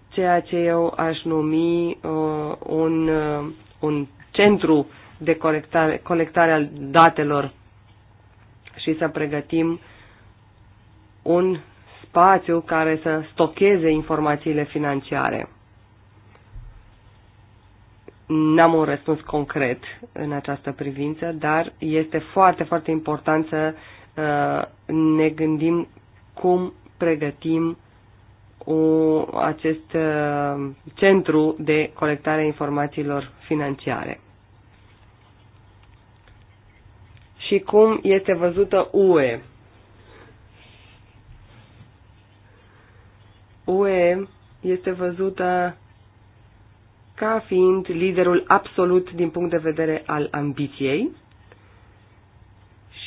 ceea ce eu aș numi uh, un, uh, un centru de colectare, colectare al datelor și să pregătim un spațiu care să stocheze informațiile financiare. N-am un răspuns concret în această privință, dar este foarte, foarte important să uh, ne gândim cum pregătim o, acest uh, centru de colectare a informațiilor financiare. Și cum este văzută UE? UE este văzută ca fiind liderul absolut din punct de vedere al ambiției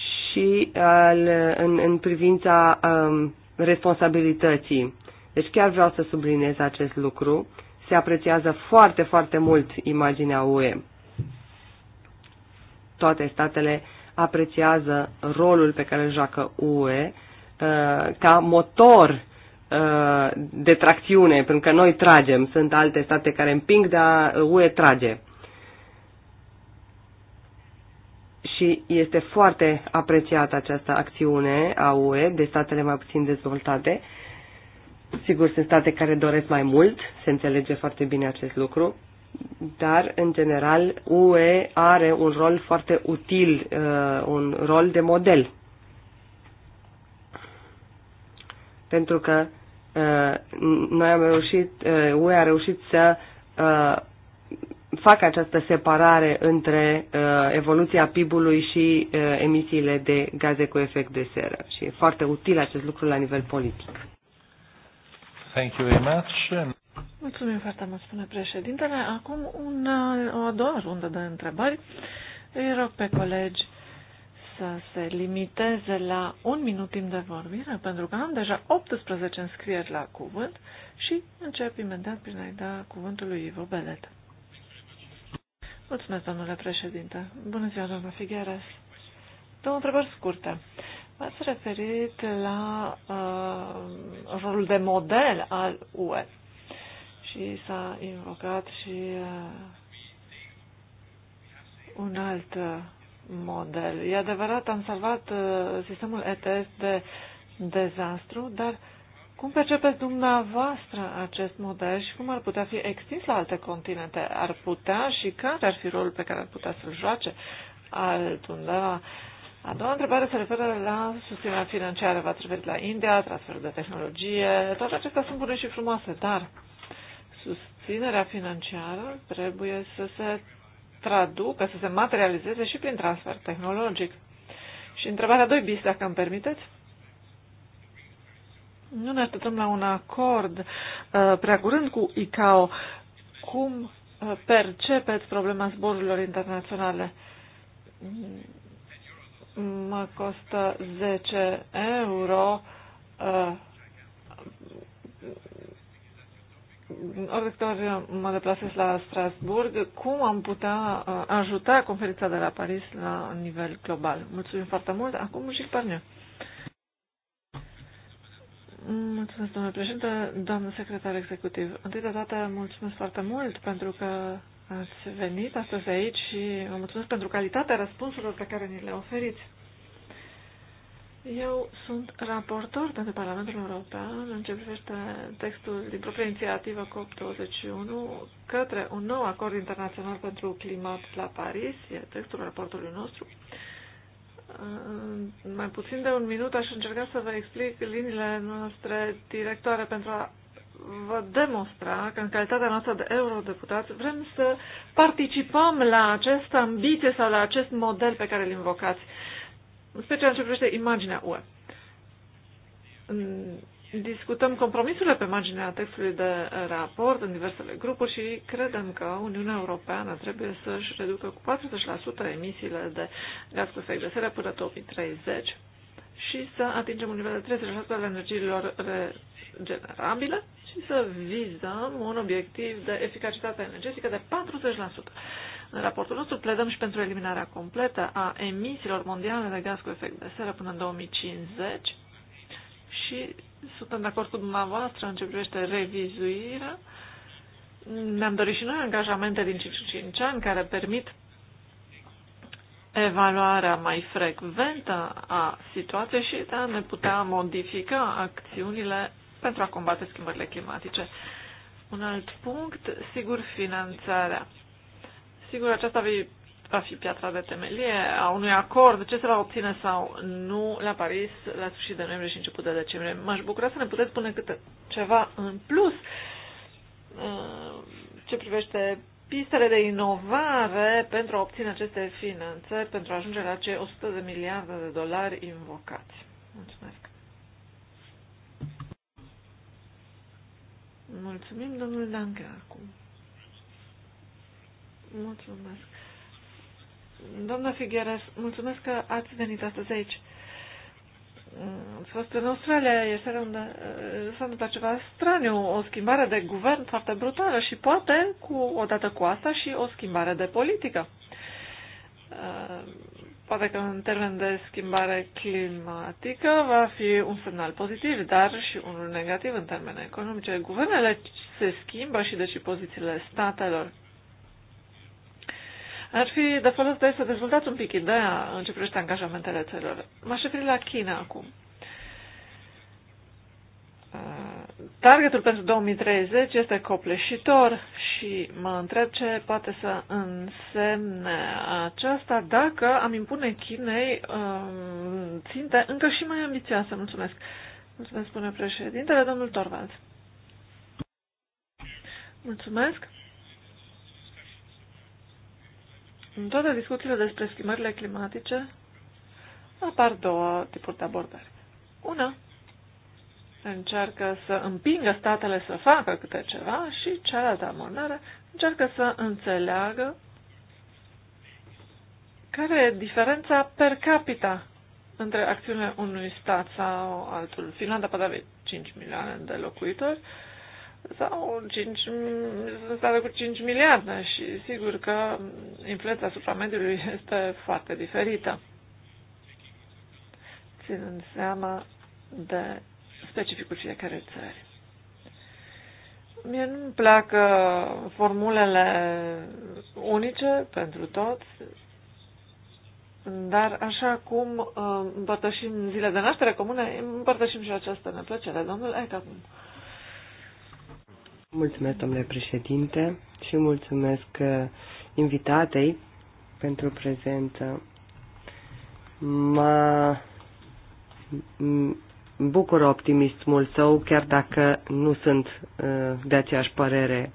și al, în, în privința um, responsabilității. Deci chiar vreau să subliniez acest lucru. Se apreciază foarte, foarte mult imaginea UE. Toate statele apreciază rolul pe care îl joacă UE uh, ca motor uh, de tracțiune, pentru că noi tragem, sunt alte state care împing, dar UE trage. și este foarte apreciată această acțiune a UE de statele mai puțin dezvoltate. Sigur, sunt state care doresc mai mult, se înțelege foarte bine acest lucru, dar, în general, UE are un rol foarte util, uh, un rol de model. Pentru că uh, noi am reușit, uh, UE a reușit să fac această separare între uh, evoluția PIB-ului și uh, emisiile de gaze cu efect de seră. Și e foarte util acest lucru la nivel politic. Thank you very much. Mulțumim foarte mult, spune președintele. Acum un, uh, o a doua rundă de întrebări. Îi rog pe colegi să se limiteze la un minut timp de vorbire, pentru că am deja 18 înscrieri la cuvânt și încep imediat prin a-i da cuvântul lui Ivo Belet. Mulțumesc, domnule președinte. Bună ziua, doamna Figueres. Două întrebări scurte. V-ați referit la uh, rolul de model al UE și s-a invocat și uh, un alt uh, model. E adevărat, am salvat uh, sistemul ETS de dezastru, dar uh, cum percepeți dumneavoastră acest model și cum ar putea fi extins la alte continente? Ar putea și care ar fi rolul pe care ar putea să-l joace altundeva? A doua întrebare se referă la susținerea financiară. V-ați referit la India, transferul de tehnologie. Toate acestea sunt bune și frumoase, dar susținerea financiară trebuie să se traducă, să se materializeze și prin transfer tehnologic. Și întrebarea 2 bis, dacă îmi permiteți. Nu ne așteptăm la un acord uh, prea curând cu ICAO. Cum uh, percepeți problema zborurilor internaționale? Mm, mă costă 10 euro uh, ori de ori mă deplasez la Strasburg, cum am putea uh, ajuta conferința de la Paris la nivel global? Mulțumim foarte mult. Acum și Parniu. Mulțumesc, domnule președinte, doamnă secretar executiv. Întâi de toate, mulțumesc foarte mult pentru că ați venit astăzi aici și vă mulțumesc pentru calitatea răspunsurilor pe care ni le oferiți. Eu sunt raportor pentru Parlamentul European în ce privește textul din propria inițiativă COP21 către un nou acord internațional pentru climat la Paris, e textul raportului nostru. Uh, în mai puțin de un minut aș încerca să vă explic liniile noastre directoare pentru a vă demonstra că în calitatea noastră de eurodeputați vrem să participăm la această ambiție sau la acest model pe care îl invocați, în special ce privește imaginea UE discutăm compromisurile pe marginea textului de raport în diversele grupuri și credem că Uniunea Europeană trebuie să-și reducă cu 40% emisiile de gaz cu efect de seră până 2030 și să atingem un nivel de 30% al energiilor regenerabile și să vizăm un obiectiv de eficacitate energetică de 40%. În raportul nostru pledăm și pentru eliminarea completă a emisiilor mondiale de gaz cu efect de seră până în 2050 și suntem de acord cu dumneavoastră în ce privește revizuirea. Ne-am dorit și noi angajamente din 5 ani care permit evaluarea mai frecventă a situației și de a ne putea modifica acțiunile pentru a combate schimbările climatice. Un alt punct, sigur, finanțarea. Sigur, aceasta va fi piatra de temelie a unui acord, ce se va obține sau nu la Paris la sfârșit de noiembrie și început de decembrie. M-aș bucura să ne puteți spune câte ceva în plus uh, ce privește pistele de inovare pentru a obține aceste finanțări, pentru a ajunge la cei 100 de miliarde de dolari invocați. Mulțumesc. Mulțumim, domnul Danca, acum. Mulțumesc. Doamna Figueres, mulțumesc că ați venit astăzi aici. Mm, ați fost în Australia este unde eh, s-a întâmplat ceva straniu, o schimbare de guvern foarte brutală și poate, cu odată cu asta, și o schimbare de politică. Eh, poate că în termen de schimbare climatică va fi un semnal pozitiv, dar și unul negativ în termen economice. Guvernele se schimbă și deci pozițiile statelor ar fi de folos de să dezvoltați un pic ideea în ce privește angajamentele țărilor. M-aș referi la China acum. Targetul pentru 2030 este copleșitor și mă întreb ce poate să însemne aceasta dacă am impune Chinei um, ținte încă și mai ambițioase. Mulțumesc. Mulțumesc, spune președintele, domnul Torvalds. Mulțumesc. În toate discuțiile despre schimbările climatice apar două tipuri de abordări. Una încearcă să împingă statele să facă câte ceva și cealaltă abordare încearcă să înțeleagă care e diferența per capita între acțiunea unui stat sau altul. Finlanda poate avea 5 milioane de locuitori, sau 5, sunt state cu 5 miliarde și sigur că influența asupra mediului *laughs* este foarte diferită, ținând seama de specificul fiecare țări. Mie nu-mi plac formulele unice pentru toți, dar așa cum uh, împărtășim zile de naștere comune, împărtășim și această neplăcere. Domnul Eck acum. Mulțumesc, domnule președinte, și mulțumesc uh, invitatei pentru prezență. Mă bucur optimismul său, chiar dacă nu sunt uh, de aceeași părere.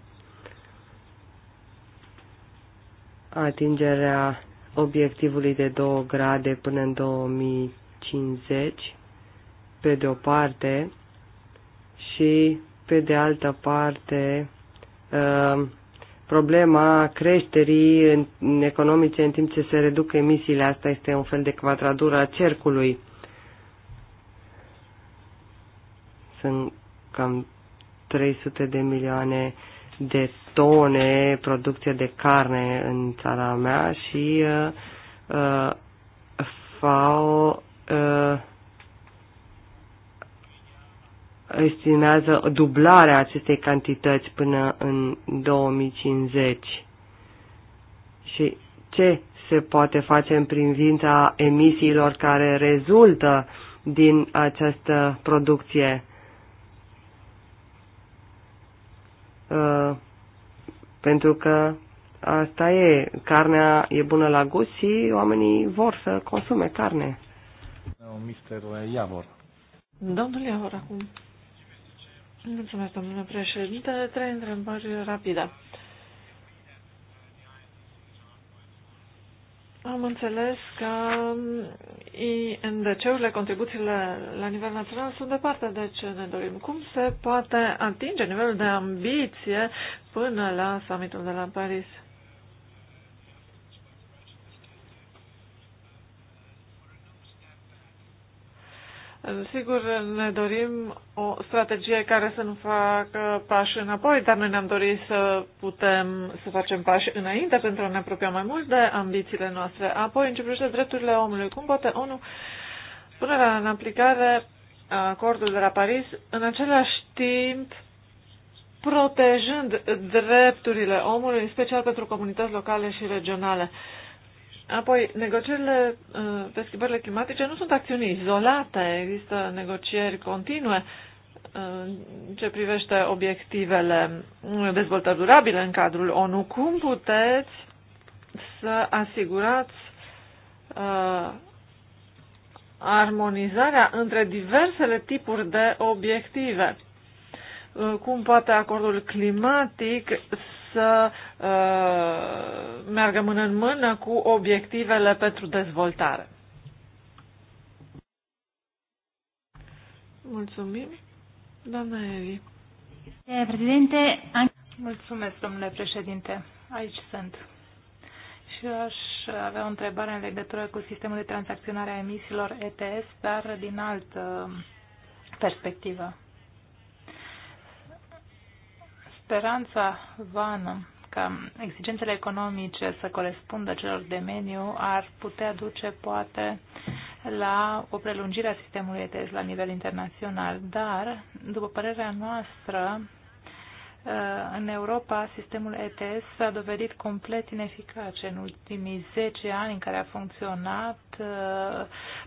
Atingerea obiectivului de 2 grade până în 2050, pe de o parte, și pe de altă parte, uh, problema creșterii economice în timp ce se reduc emisiile. Asta este un fel de quadratură a cercului. Sunt cam 300 de milioane de tone producție de carne în țara mea și uh, FAO uh, estimează dublarea acestei cantități până în 2050. Și ce se poate face în privința emisiilor care rezultă din această producție? Uh, pentru că asta e, carnea e bună la gust și oamenii vor să consume carne. Mr. Iavor. Domnul Iavor, acum. Mulțumesc, domnule președinte. Trei întrebări rapide. Am înțeles că um, INDC-urile, contribuțiile la nivel național sunt departe de ce ne dorim. Cum se poate atinge nivelul de ambiție până la summitul de la Paris? Sigur, ne dorim o strategie care să nu facă pași înapoi, dar noi ne-am dorit să putem să facem pași înainte pentru a ne apropia mai mult de ambițiile noastre. Apoi, în ce privește drepturile omului, cum poate ONU punerea în aplicare acordul acordului de la Paris, în același timp protejând drepturile omului, în special pentru comunități locale și regionale. Uh, Apoi, negocierile uh, pe schimbările climatice nu sunt acțiuni izolate, există negocieri continue uh, în ce privește obiectivele dezvoltări durabile în cadrul ONU. Cum puteți să asigurați uh, armonizarea între diversele tipuri de obiective? Uh, cum poate acordul climatic să uh, meargă mână în mână cu obiectivele pentru dezvoltare. Mulțumim. Doamna Evi. Președinte, mulțumesc, domnule președinte. Aici sunt. Și aș avea o întrebare în legătură cu sistemul de tranzacționare a emisiilor ETS, dar din altă uh, perspectivă speranța vană că exigențele economice să corespundă celor de meniu ar putea duce poate la o prelungire a sistemului ETS la nivel internațional, dar, după părerea noastră, uh, în Europa, sistemul ETS s-a dovedit complet ineficace. În ultimii 10 ani în care a funcționat, uh,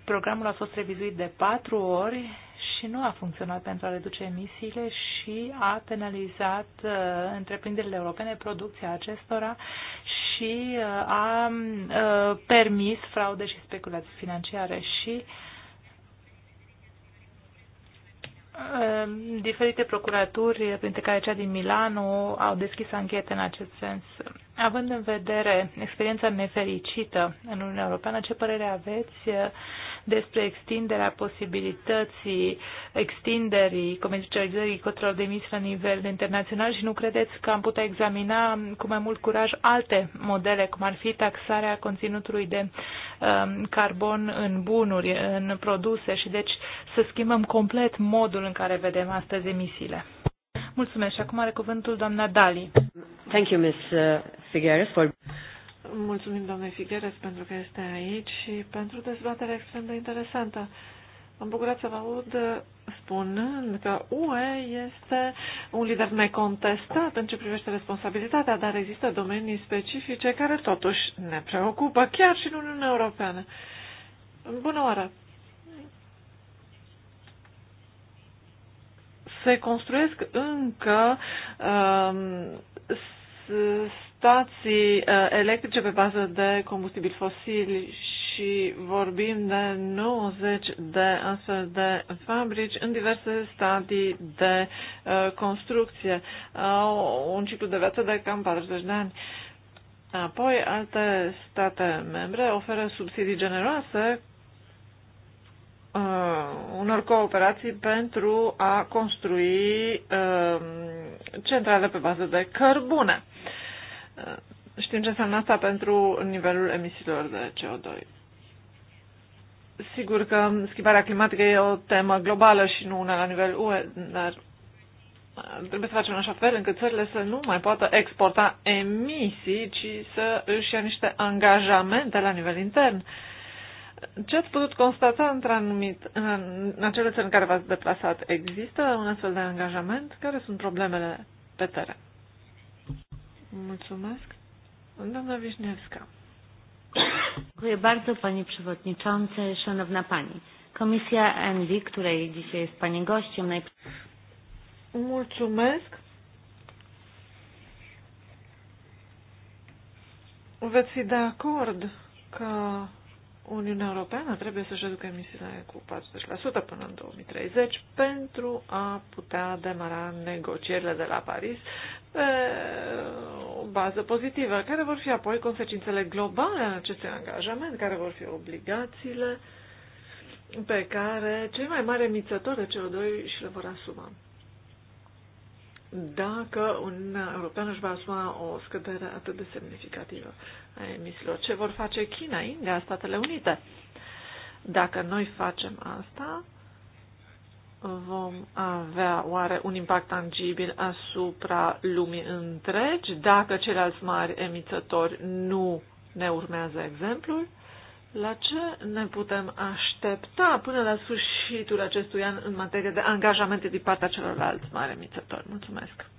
programul a fost revizuit de 4 ori și nu a funcționat pentru a reduce emisiile și a penalizat uh, întreprinderile europene producția acestora și uh, a uh, permis fraude și speculații financiare și uh, diferite procuraturi, printre care cea din Milano, au deschis anchete în acest sens. Având în vedere experiența nefericită în Uniunea Europeană, ce părere aveți uh, despre extinderea posibilității extinderii, comercializării cotelor de emis la nivel internațional și nu credeți că am putea examina cu mai mult curaj alte modele, cum ar fi taxarea conținutului de um, carbon în bunuri, în produse și deci să schimbăm complet modul în care vedem astăzi emisiile. Mulțumesc și acum are cuvântul doamna Dali. Thank you, Ms. Uh, Figueres, for... Mulțumim doamnei Figueres pentru că este aici și pentru dezbaterea extrem de interesantă. Am bucurat să vă aud spunând că UE este un lider necontestat în ce privește responsabilitatea, dar există domenii specifice care totuși ne preocupă, chiar și în Uniunea Europeană. Bună oară! Se construiesc încă um, stații eh, electrice pe bază de combustibil fosil și vorbim de 90 de astfel de fabrici în diverse stadii de eh, construcție. Au un ciclu de viață de cam 40 de ani. Apoi, alte state membre oferă subsidii generoase uh, unor cooperații pentru a construi uh, centrale pe bază de cărbune. Uh, Uh, știm ce înseamnă asta pentru nivelul emisiilor de CO2. Sigur că schimbarea climatică e o temă globală și nu una la nivel UE, dar uh, trebuie să facem așa fel încât țările să nu mai poată exporta emisii, ci să își ia niște angajamente la nivel intern. Ce ați putut constata într-anumit, în acele țări în care v-ați deplasat, există un astfel de angajament? Care sunt problemele pe teren? Mulțumesc. Doamna Wiśniewska. Dziękuję bardzo Panie Przewodniczący, Szanowna Pani. Komisja ENVI, której dzisiaj jest Pani gościem, naj... Mulțumesc. Veți fi de acord că Uniunea Europeană trebuie să-și reducă emisiile cu 40% până în 2030 pentru a putea demara negocierile de la Paris pe o bază pozitivă, care vor fi apoi consecințele globale a acestui angajament, care vor fi obligațiile pe care cei mai mari emițători de CO2 și le vor asuma dacă Uniunea Europeană își va asuma o scădere atât de semnificativă a emisiilor. Ce vor face China, India, Statele Unite? Dacă noi facem asta, vom avea oare un impact tangibil asupra lumii întregi dacă ceilalți mari emițători nu ne urmează exemplul? La ce ne putem aștepta până la sfârșitul acestui an în materie de angajamente din partea celorlalți mari emițători? Mulțumesc!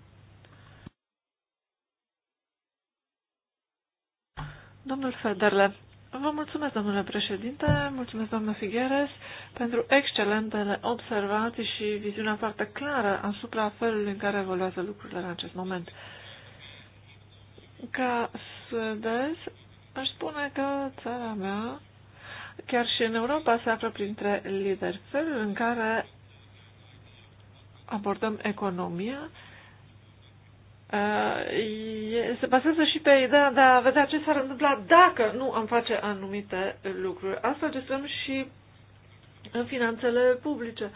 Domnul Federle, vă mulțumesc, domnule președinte, mulțumesc, doamnă Figueres, pentru excelentele observații și viziunea foarte clară asupra felului în care evoluează lucrurile în acest moment. Ca suedez, aș spune că țara mea, chiar și în Europa, se află printre lideri. Felul în care abordăm economia uh, se bazează și pe ideea de a vedea ce s-ar întâmpla dacă nu am face anumite lucruri. Asta gestionăm și în finanțele publice.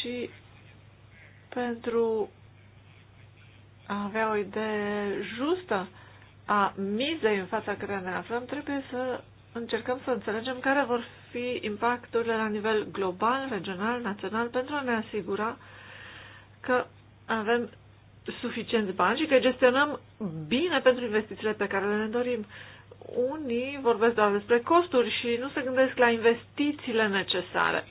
Și pentru a avea o idee justă a mizei în fața care ne aflăm, trebuie să încercăm să înțelegem care vor fi impacturile la nivel global, regional, național, pentru a ne asigura că avem suficient bani și că gestionăm bine pentru investițiile pe care le dorim. Unii vorbesc doar despre costuri și nu se gândesc la investițiile necesare.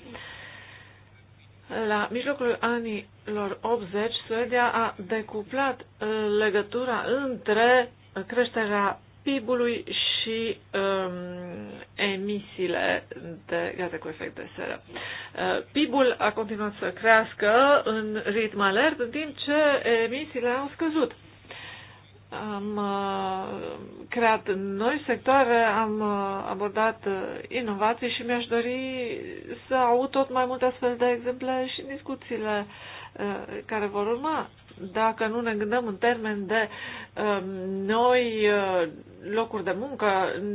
La mijlocul anilor 80, Suedia a decuplat uh, legătura între creșterea PIB-ului și um, emisiile de gaze cu efect de seră. Uh, PIB-ul a continuat să crească în ritm alert, în timp ce emisiile au scăzut. Am uh, creat noi sectoare, am uh, abordat uh, inovații și mi-aș dori să aud tot mai multe astfel de exemple și în discuțiile uh, care vor urma dacă nu ne gândăm în termen de uh, noi uh, locuri de muncă,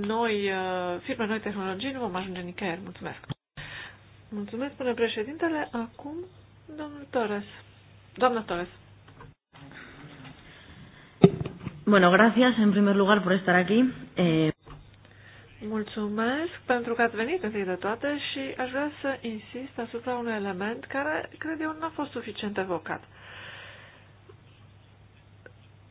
noi uh, firme, noi tehnologii, nu vom ajunge nicăieri. Mulțumesc. Mulțumesc, spune președintele. Acum, domnul Torres. Doamna Torres. Bueno, gracias en primer lugar por estar aquí. Eh... Mulțumesc pentru că ați venit întâi de toate și aș vrea să insist asupra unui element care, cred eu, nu a fost suficient evocat. Uh,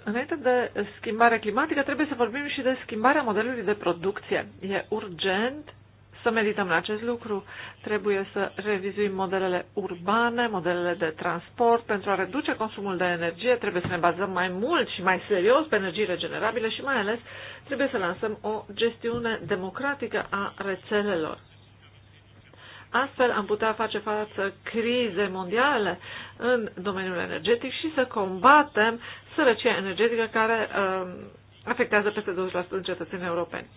Înainte de schimbarea climatică, trebuie să vorbim și de schimbarea modelului de producție. E urgent să medităm la acest lucru. Trebuie să revizuim modelele urbane, modelele de transport pentru a reduce consumul de energie. Trebuie să ne bazăm mai mult și mai serios pe energii regenerabile și mai ales trebuie să lansăm o gestiune democratică a rețelelor. Astfel am putea face față crizei mondiale în domeniul energetic și să combatem sărăcia energetică care uh, afectează peste 20% din cetățenii europeni.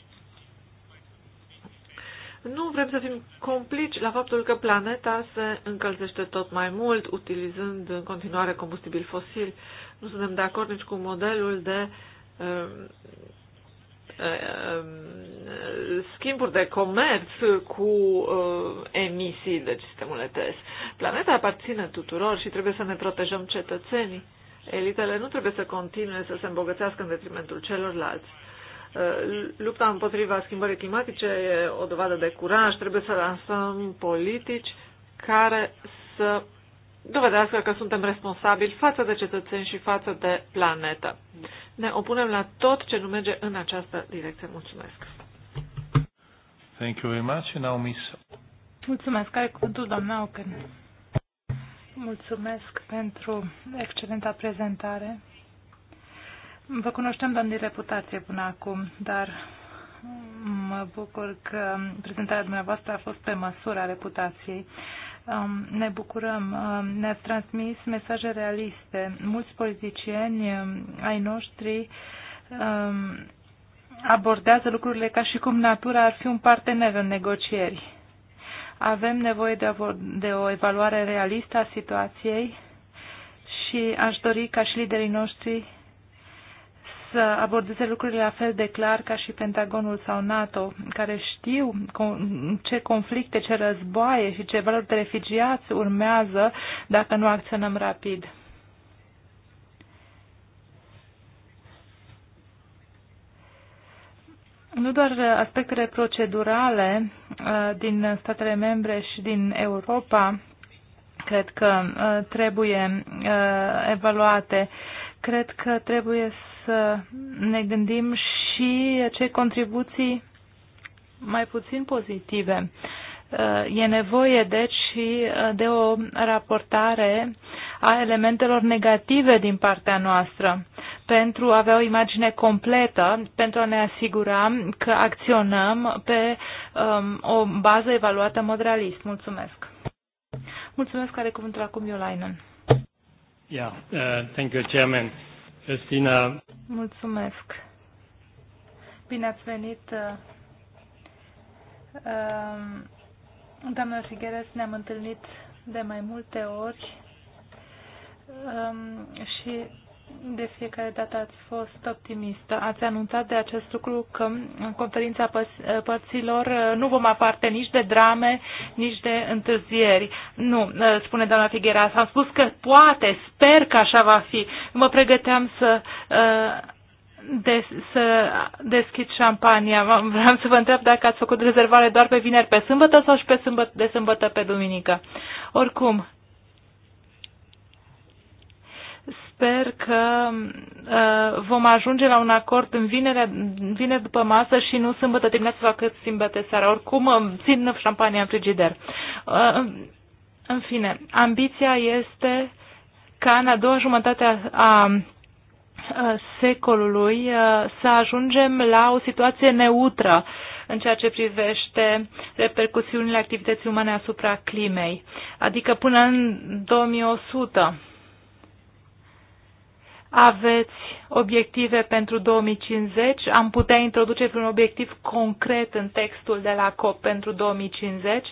Nu vrem să fim complici la faptul că planeta se încălzește tot mai mult, utilizând în continuare combustibil fosil. Nu suntem de acord nici cu modelul de uh, schimburi de comerț cu uh, emisii, de sistemul ETS. Planeta aparține tuturor și trebuie să ne protejăm cetățenii. Elitele nu trebuie să continue să se îmbogățească în detrimentul celorlalți. Uh, lupta împotriva schimbării climatice e o dovadă de curaj. Trebuie să lansăm politici care să dovedească că suntem responsabili față de cetățeni și față de planetă. Ne opunem la tot ce nu merge în această direcție. Mulțumesc! Thank you very much. And now, Miss... Mulțumesc. Ai cuvântul, doamna Ocan. Mulțumesc pentru excelenta prezentare. Vă cunoșteam, doamne, din reputație până acum, dar mă bucur că prezentarea dumneavoastră a fost pe măsura reputației ne bucurăm, ne-ați transmis mesaje realiste. Mulți politicieni ai noștri abordează lucrurile ca și cum natura ar fi un partener în negocieri. Avem nevoie de o, de o evaluare realistă a situației și aș dori ca și liderii noștri să abordeze lucrurile la fel de clar ca și Pentagonul sau NATO, care știu ce conflicte, ce războaie și ce valori de refugiați urmează dacă nu acționăm rapid. Nu doar aspectele procedurale uh, din statele membre și din Europa cred că uh, trebuie uh, evaluate. Cred că trebuie să ne gândim și ce contribuții mai puțin pozitive. E nevoie, deci, și de o raportare a elementelor negative din partea noastră pentru a avea o imagine completă, pentru a ne asigura că acționăm pe um, o bază evaluată în mod realist. Mulțumesc! Mulțumesc, Are cuvântul acum Iolainen. Yeah, uh, thank you, Chairman. Cristina. Mulțumesc. Bine ați venit. Uh, um, Doamna Figueres, ne-am întâlnit de mai multe ori um, și de fiecare dată ați fost optimistă. Ați anunțat de acest lucru că în conferința părților uh, nu vom aparte nici de drame, nici de întârzieri. Nu, uh, spune doamna Figuera, am spus că poate, sper că așa va fi. Mă pregăteam să, uh, de, să deschid șampania. Vreau să vă întreb dacă ați făcut rezervare doar pe vineri pe sâmbătă sau și pe sâmbătă, de sâmbătă pe duminică. Oricum, Sper că uh, vom ajunge la un acord în vinerea, vineri după masă și nu sâmbătă dimineața sau cât sâmbătă seara. Oricum, țin șampania în frigider. Uh, în fine, ambiția este ca în a doua jumătate a, a secolului uh, să ajungem la o situație neutră în ceea ce privește repercusiunile activității umane asupra climei, adică până în 2100 aveți obiective pentru 2050? Am putea introduce un obiectiv concret în textul de la COP pentru 2050?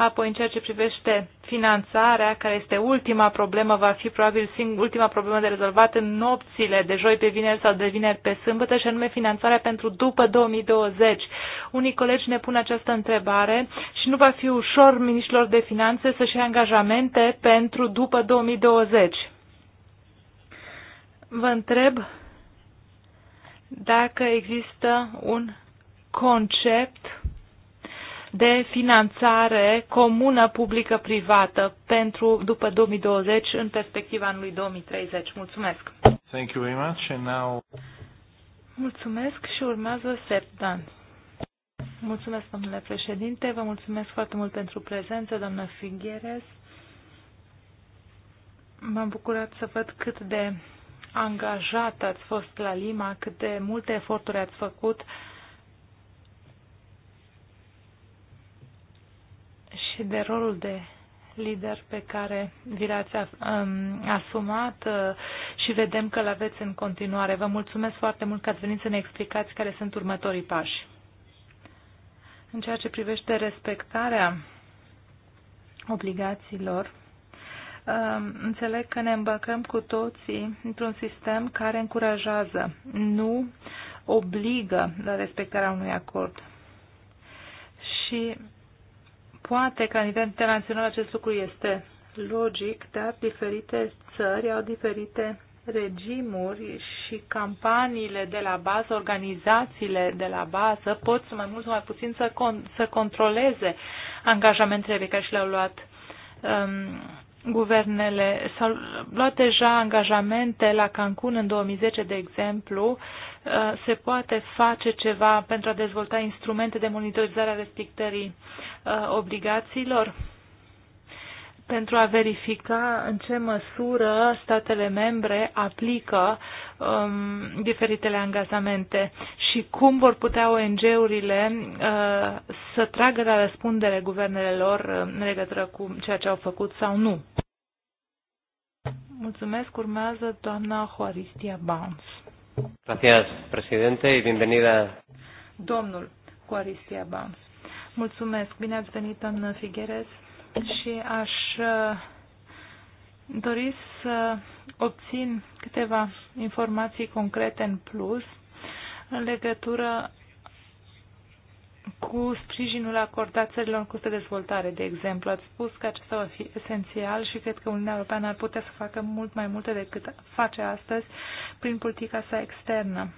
Apoi, în ceea ce privește finanțarea, care este ultima problemă, va fi probabil sing- ultima problemă de rezolvat în nopțile de joi pe vineri sau de vineri pe sâmbătă, și anume finanțarea pentru după 2020. Unii colegi ne pun această întrebare și nu va fi ușor ministrilor de finanțe să-și angajamente pentru după 2020 vă întreb dacă există un concept de finanțare comună publică-privată pentru după 2020 în perspectiva anului 2030. Mulțumesc! Thank you very much and now... Mulțumesc și urmează Septan. Mulțumesc, domnule președinte, vă mulțumesc foarte mult pentru prezență, doamnă Figueres. M-am bucurat să văd cât de angajat ați fost la Lima, câte multe eforturi ați făcut și de rolul de lider pe care vi l-ați asumat uh, și vedem că l-aveți în continuare. Vă mulțumesc foarte mult că ați venit să ne explicați care sunt următorii pași. În ceea ce privește respectarea obligațiilor înțeleg că ne îmbăcăm cu toții într-un sistem care încurajează, nu obligă la respectarea unui acord. Și poate că la nivel internațional acest lucru este logic, dar diferite țări au diferite regimuri și campaniile de la bază, organizațiile de la bază pot să mai mult sau mai puțin să, con- să controleze angajamentele pe care și le-au luat um, guvernele s-au luat deja angajamente la Cancun în 2010, de exemplu, uh, se poate face ceva pentru a dezvolta instrumente de monitorizare a respectării uh, obligațiilor? pentru a verifica în ce măsură statele membre aplică um, diferitele angajamente și cum vor putea ONG-urile uh, să tragă la răspundere guvernele lor uh, în legătură cu ceea ce au făcut sau nu. Mulțumesc. Urmează doamna Juaristia Bounce. Gracias, presidente, y bienvenida. Domnul Juaristia Bounce. Mulțumesc. Bine ați venit, doamnă Figueres și aș uh, dori să obțin câteva informații concrete în plus în legătură cu sprijinul acordat țărilor în curs de dezvoltare, de exemplu. Ați spus că acesta va fi esențial și cred că Uniunea Europeană ar putea să facă mult mai multe decât face astăzi prin politica sa externă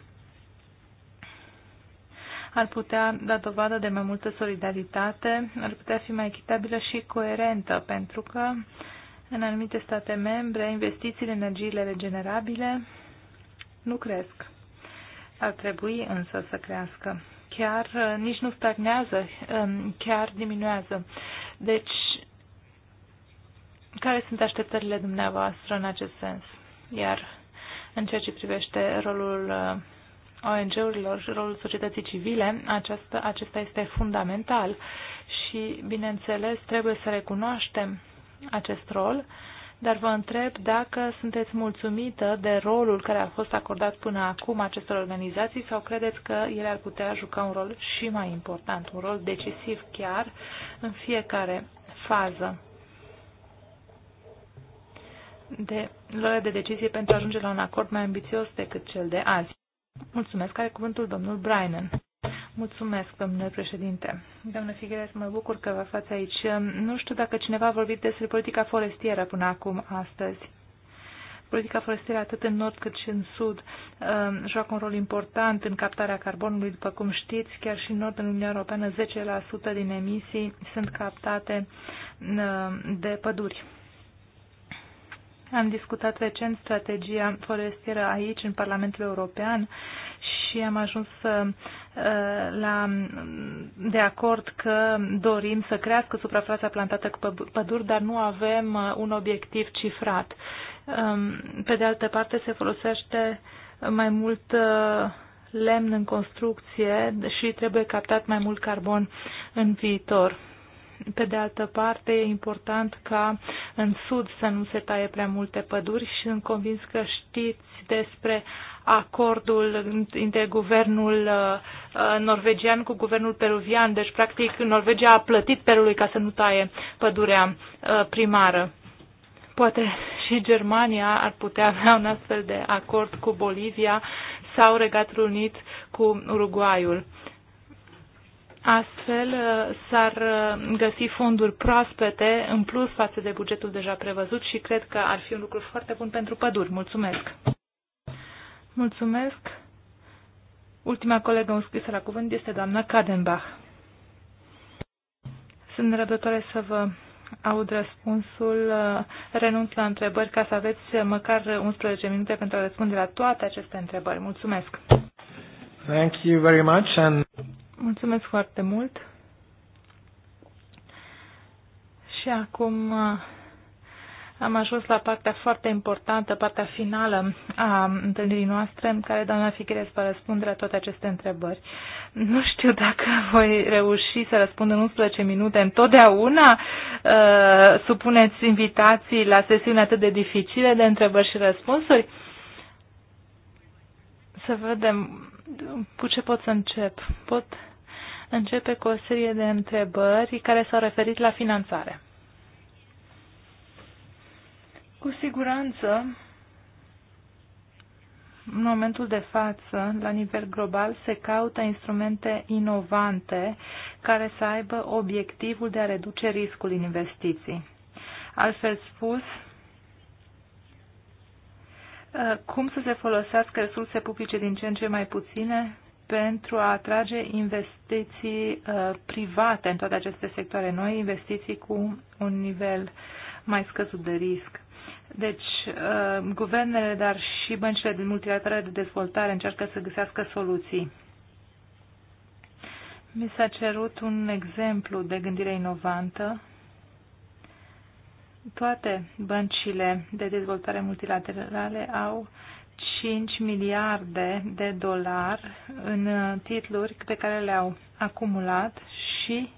ar putea da dovadă de mai multă solidaritate, ar putea fi mai echitabilă și coerentă, pentru că în anumite state membre investițiile în energiile regenerabile nu cresc. Ar trebui însă să crească. Chiar uh, nici nu stagnează, um, chiar diminuează. Deci, care sunt așteptările dumneavoastră în acest sens? Iar în ceea ce privește rolul uh, ONG-urilor și rolul societății civile, aceasta, acesta este fundamental și, bineînțeles, trebuie să recunoaștem acest rol, dar vă întreb dacă sunteți mulțumită de rolul care a fost acordat până acum acestor organizații sau credeți că ele ar putea juca un rol și mai important, un rol decisiv chiar în fiecare fază de luare de decizie pentru a ajunge la un acord mai ambițios decât cel de azi. Mulțumesc. Are cuvântul domnul Brainen. Mulțumesc, domnule președinte. Doamnă Figueres, mă bucur că vă fați aici. Nu știu dacă cineva a vorbit despre politica forestieră până acum, astăzi. Politica forestieră, atât în nord cât și în sud, um, joacă un rol important în captarea carbonului. După cum știți, chiar și în nord, în Uniunea Europeană, 10% din emisii sunt captate um, de păduri. Am discutat recent strategia forestieră aici, în Parlamentul European, și am ajuns uh, la, de acord că dorim să crească suprafața plantată cu păduri, dar nu avem uh, un obiectiv cifrat. Um, pe de altă parte, se folosește mai mult uh, lemn în construcție și trebuie captat mai mult carbon în viitor. Pe de altă parte, e important ca în sud să nu se taie prea multe păduri și sunt convins că știți despre acordul între guvernul uh, uh, norvegian cu guvernul peruvian. Deci, practic, Norvegia a plătit Perului ca să nu taie pădurea uh, primară. Poate și Germania ar putea avea un astfel de acord cu Bolivia sau Regatul Unit cu Uruguayul. Astfel uh, s-ar uh, găsi fonduri proaspete în plus față de bugetul deja prevăzut și cred că ar fi un lucru foarte bun pentru păduri. Mulțumesc! Mulțumesc! Ultima colegă înscrisă la cuvânt este doamna Kadenbach. Sunt nerăbdătoare să vă aud răspunsul. Uh, renunț la întrebări ca să aveți măcar 11 minute pentru a răspunde la toate aceste întrebări. Mulțumesc! Thank you very much and Mulțumesc foarte mult. Și acum uh, am ajuns la partea foarte importantă, partea finală a întâlnirii noastre, în care doamna Fichires va răspunde la toate aceste întrebări. Nu știu dacă voi reuși să răspund în 11 minute. Întotdeauna uh, supuneți invitații la sesiuni atât de dificile de întrebări și răspunsuri. Să vedem cu ce pot să încep. Pot începe cu o serie de întrebări care s-au referit la finanțare. Cu siguranță, în momentul de față, la nivel global, se caută instrumente inovante care să aibă obiectivul de a reduce riscul investiții. Altfel spus, cum să se folosească resurse publice din ce în ce mai puține pentru a atrage investiții uh, private în toate aceste sectoare noi, investiții cu un nivel mai scăzut de risc. Deci, uh, guvernele, dar și băncile multilaterale de dezvoltare încearcă să găsească soluții. Mi s-a cerut un exemplu de gândire inovantă. Toate băncile de dezvoltare multilaterale au 5 miliarde de dolari în uh, titluri pe care le-au acumulat și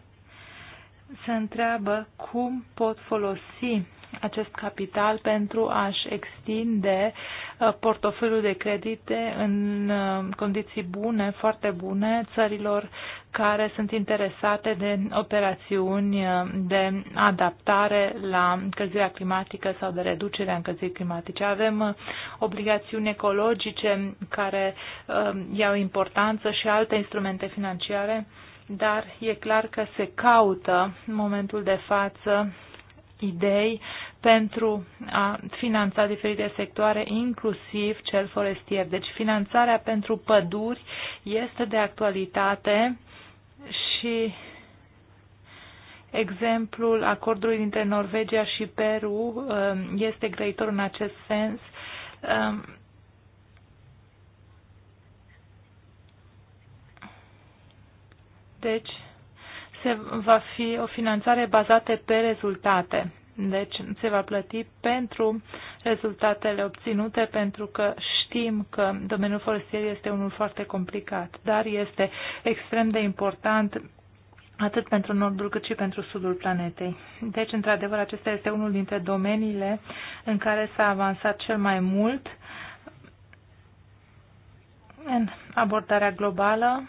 se întreabă cum pot folosi acest capital pentru a-și extinde uh, portofoliul de credite în uh, condiții bune, foarte bune, țărilor care sunt interesate de operațiuni uh, de adaptare la încălzirea climatică sau de reducerea încălzirii climatice. Avem obligațiuni ecologice care iau importanță și alte instrumente financiare dar e clar că se caută în momentul de față idei pentru a finanța diferite sectoare, inclusiv cel forestier. Deci finanțarea pentru păduri este de actualitate și exemplul acordului dintre Norvegia și Peru um, este grăitor în acest sens. Um, deci, se va fi o finanțare bazată pe rezultate deci se va plăti pentru rezultatele obținute, pentru că știm că domeniul forestier este unul foarte complicat, dar este extrem de important atât pentru nordul cât și pentru sudul planetei. Deci, într-adevăr, acesta este unul dintre domeniile în care s-a avansat cel mai mult în abordarea globală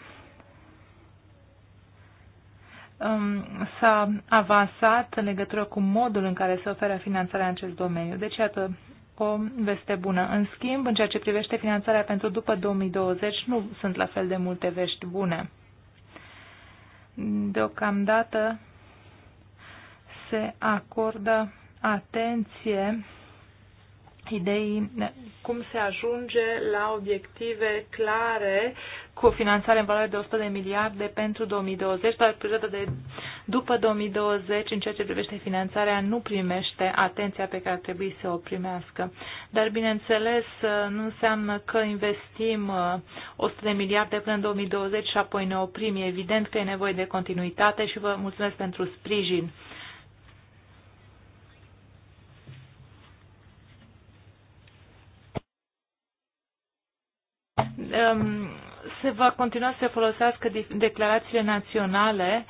Um, s-a avansat în legătură cu modul în care se oferă finanțarea în acest domeniu. Deci, iată, o veste bună. În schimb, în ceea ce privește finanțarea pentru după 2020, nu sunt la fel de multe vești bune. Deocamdată se acordă atenție idei cum se ajunge la obiective clare cu o finanțare în valoare de 100 de miliarde pentru 2020, dar perioada de după 2020, în ceea ce privește finanțarea, nu primește atenția pe care ar trebui să o primească. Dar, bineînțeles, nu înseamnă că investim 100 uh, de miliarde până în 2020 și apoi ne oprim. E evident că e nevoie de continuitate și vă mulțumesc pentru sprijin um, se va continua să folosească declarațiile naționale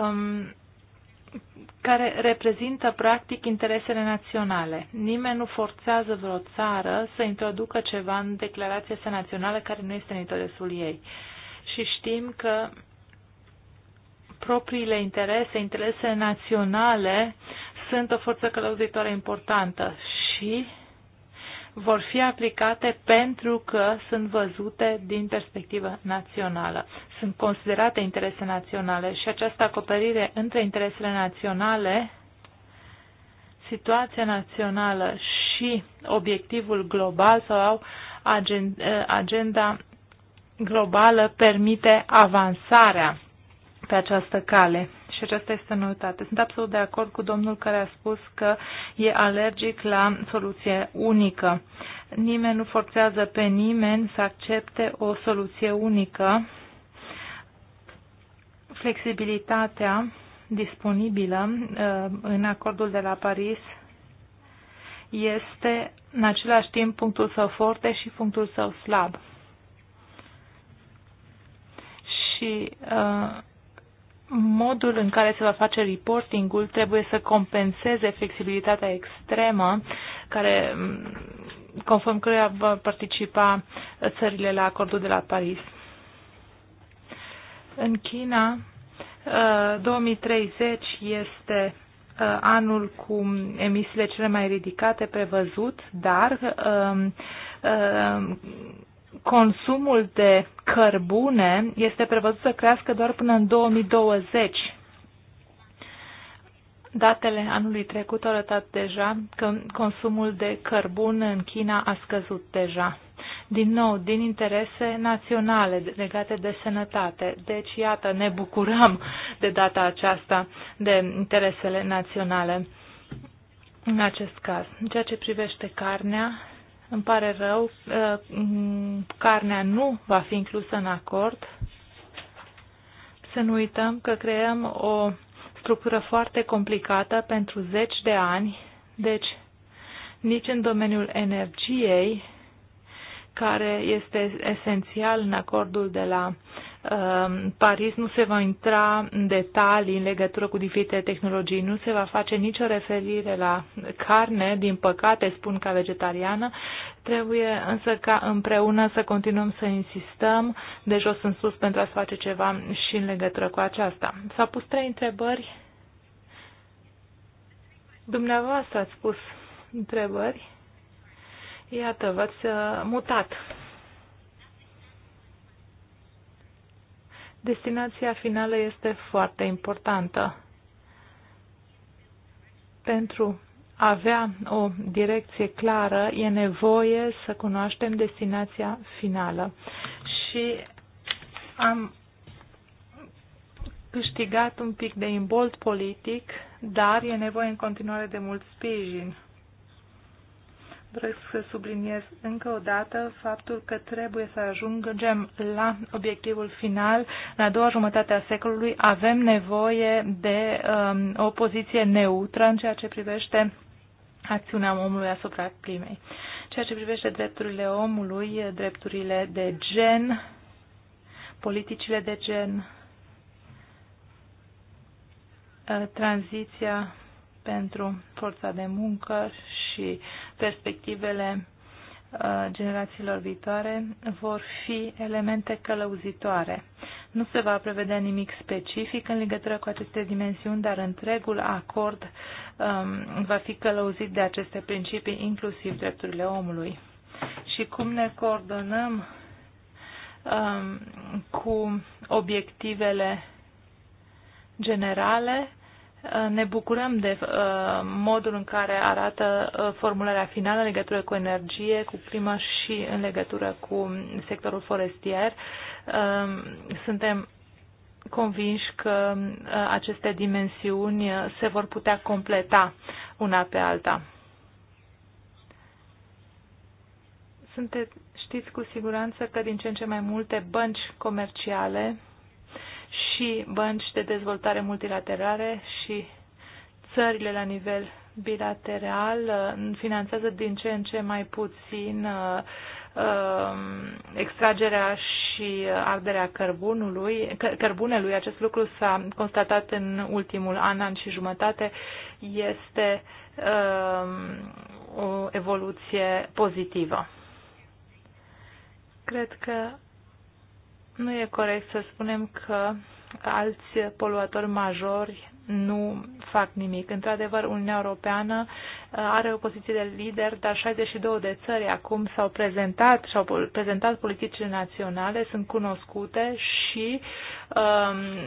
um, care reprezintă practic interesele naționale. Nimeni nu forțează vreo țară să introducă ceva în declarația sa națională care nu este în interesul ei. Și știm că propriile interese, interesele naționale sunt o forță călăuzitoare importantă și vor fi aplicate pentru că sunt văzute din perspectivă națională. Sunt considerate interese naționale și această acoperire între interesele naționale, situația națională și obiectivul global sau agenda globală permite avansarea pe această cale și aceasta este noutate. Sunt absolut de acord cu domnul care a spus că e alergic la soluție unică. Nimeni nu forțează pe nimeni să accepte o soluție unică. Flexibilitatea disponibilă uh, în acordul de la Paris este în același timp punctul său forte și punctul său slab. Și uh, modul în care se va face reportingul trebuie să compenseze flexibilitatea extremă care conform căruia va participa țările la acordul de la Paris. În China, 2030 uh, este uh, anul cu emisiile cele mai ridicate prevăzut, dar uh, consumul de cărbune este prevăzut să crească doar până în 2020. Datele anului trecut au arătat deja că consumul de cărbune în China a scăzut deja. Din nou, din interese naționale legate de sănătate. Deci, iată, ne bucurăm de data aceasta de interesele naționale în acest caz. În ceea ce privește carnea, îmi pare rău, uh, carnea nu va fi inclusă în acord. Să nu uităm că creăm o structură foarte complicată pentru zeci de ani, deci nici în domeniul energiei, care este esențial în acordul de la Ehm, Paris nu se va intra în detalii în legătură cu diferite tehnologii, nu se va face nicio referire la carne, din păcate spun ca vegetariană, trebuie însă ca împreună să continuăm să insistăm de jos în sus pentru a face ceva și în legătură cu aceasta. S-au pus trei întrebări. Dumneavoastră ați pus întrebări. Iată, v-ați uh, mutat. destinația finală este foarte importantă. Pentru a avea o direcție clară, e nevoie să cunoaștem destinația finală. Și am câștigat un pic de imbold politic, dar e nevoie în continuare de mult sprijin. Vreau să subliniez încă o dată faptul că trebuie să ajungem la obiectivul final. În a doua jumătate a secolului avem nevoie de um, o poziție neutră în ceea ce privește acțiunea omului asupra climei. Ceea ce privește drepturile omului, drepturile de gen, politicile de gen, uh, tranziția pentru forța de muncă și perspectivele uh, generațiilor viitoare vor fi elemente călăuzitoare. Nu se va prevedea nimic specific în legătură cu aceste dimensiuni, dar întregul acord um, va fi călăuzit de aceste principii, inclusiv drepturile omului. Și cum ne coordonăm um, cu obiectivele generale Uh, ne bucurăm de uh, modul în care arată uh, formularea finală în legătură cu energie, cu primă și în legătură cu sectorul forestier. Suntem convinși că aceste dimensiuni se vor putea completa una pe alta. Sunteți, știți cu siguranță că din ce în ce mai multe bănci comerciale și bănci de dezvoltare multilaterale și țările la nivel bilateral uh, finanțează din ce în ce mai puțin uh, um, extragerea și arderea cărbunului, cărbunelui. Acest lucru s-a constatat în ultimul an, an și jumătate. Este um, o evoluție pozitivă. Cred că nu e corect să spunem că alți poluatori majori nu fac nimic. Într-adevăr, Uniunea Europeană uh, are o poziție de lider, dar 62 de țări acum s-au prezentat și au prezentat politicile naționale, sunt cunoscute și um,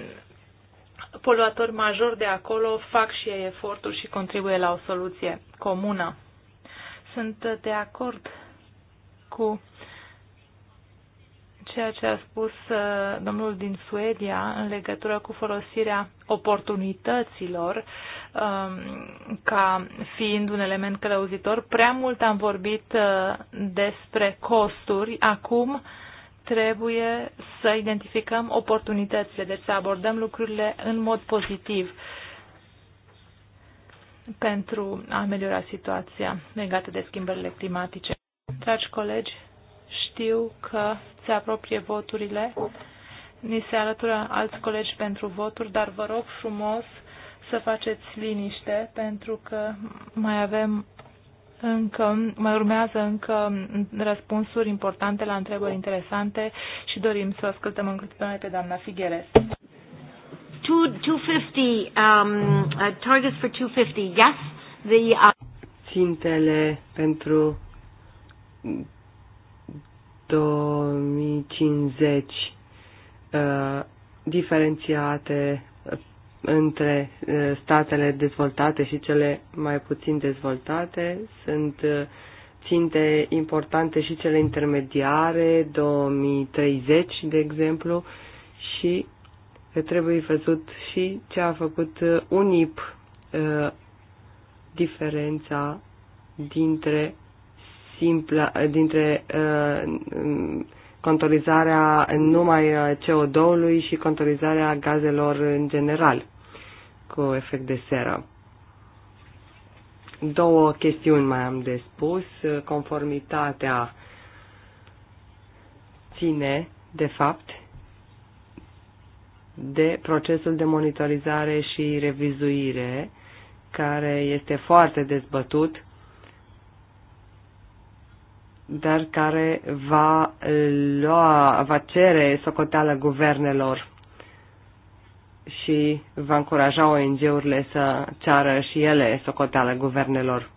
poluatori majori de acolo fac și ei efortul și contribuie la o soluție comună. Sunt de acord cu ceea ce a spus uh, domnul din Suedia în legătură cu folosirea oportunităților um, ca fiind un element călăuzitor. Prea mult am vorbit uh, despre costuri. Acum trebuie să identificăm oportunitățile, deci să abordăm lucrurile în mod pozitiv pentru a ameliora situația legată de schimbările climatice. Dragi colegi, știu că se apropie voturile. Ni se alătură alți colegi pentru voturi, dar vă rog frumos să faceți liniște, pentru că mai avem încă, mai urmează încă răspunsuri importante la întrebări interesante și dorim să ascultăm în câteva pe doamna Figueres. 250, um, uh, targets for 250, yes. The, uh... Țintele pentru 2050 uh, diferențiate uh, între uh, statele dezvoltate și cele mai puțin dezvoltate. Sunt ținte importante și cele intermediare, 2030, de exemplu, și trebuie văzut și ce a făcut UNIP, diferența dintre simplă, dintre uh, contorizarea numai uh, CO2-ului și contorizarea gazelor în general cu efect de seră. Două chestiuni mai am de spus. Conformitatea ține, de fapt, de procesul de monitorizare și revizuire, care este foarte dezbătut dar care va lua, va cere socoteală guvernelor și va încuraja ONG-urile să ceară și ele socoteală guvernelor.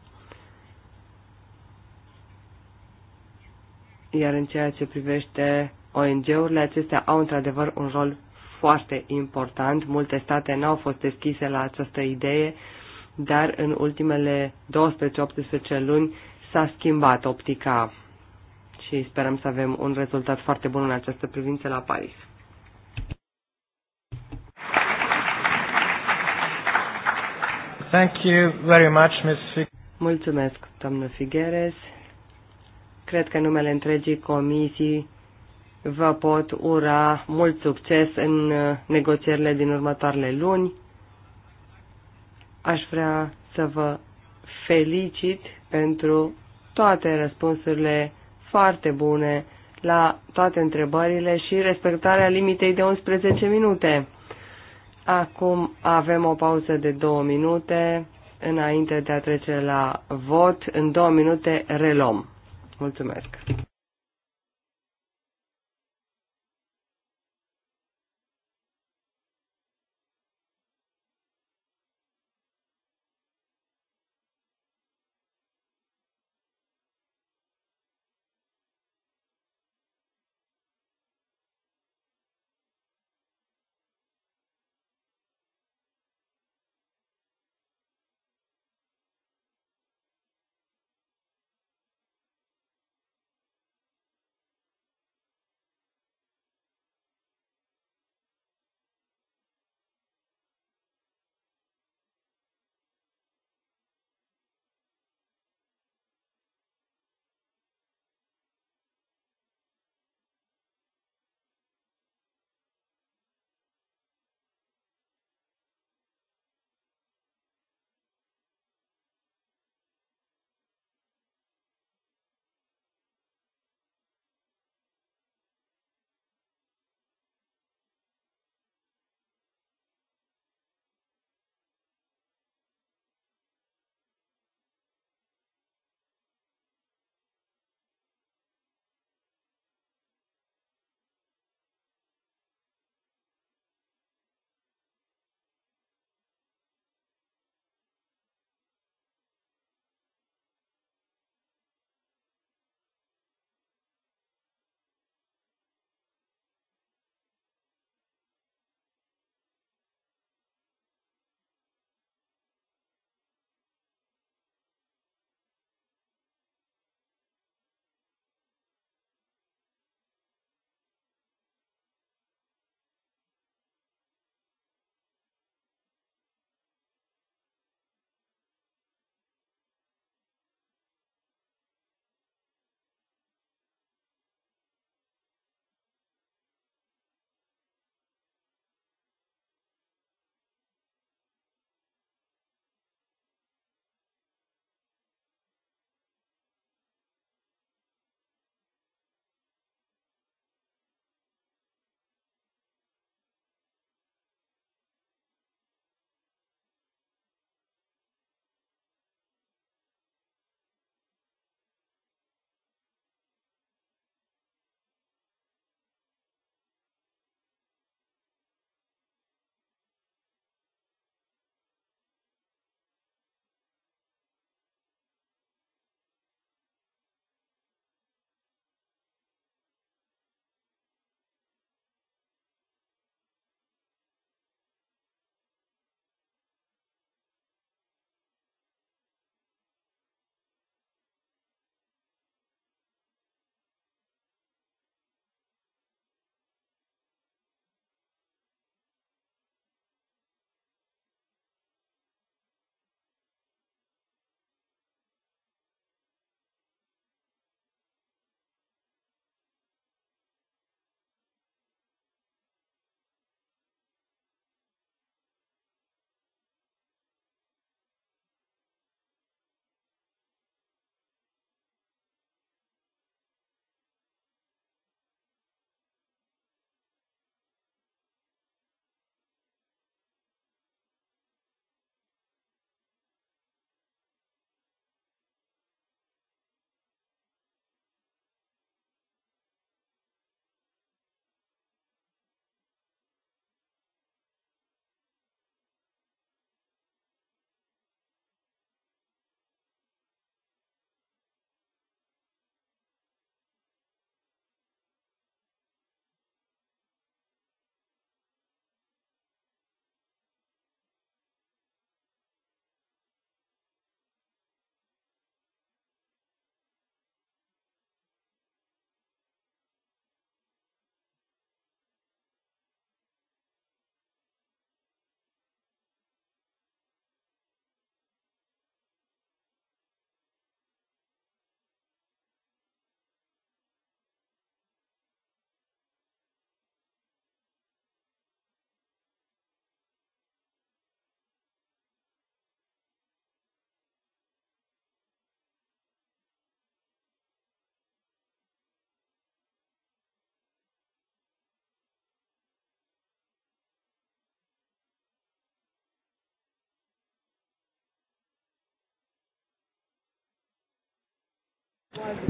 Iar în ceea ce privește ONG-urile, acestea au într-adevăr un rol foarte important. Multe state nu au fost deschise la această idee, dar în ultimele 12-18 luni s-a schimbat optica și sperăm să avem un rezultat foarte bun în această privință la Paris. Thank you very much, Ms. Mulțumesc, doamnă Figueres. Cred că numele întregii comisii vă pot ura mult succes în uh, negocierile din următoarele luni. Aș vrea să vă felicit pentru toate răspunsurile foarte bune la toate întrebările și respectarea limitei de 11 minute. Acum avem o pauză de două minute înainte de a trece la vot. În două minute reluăm. Mulțumesc!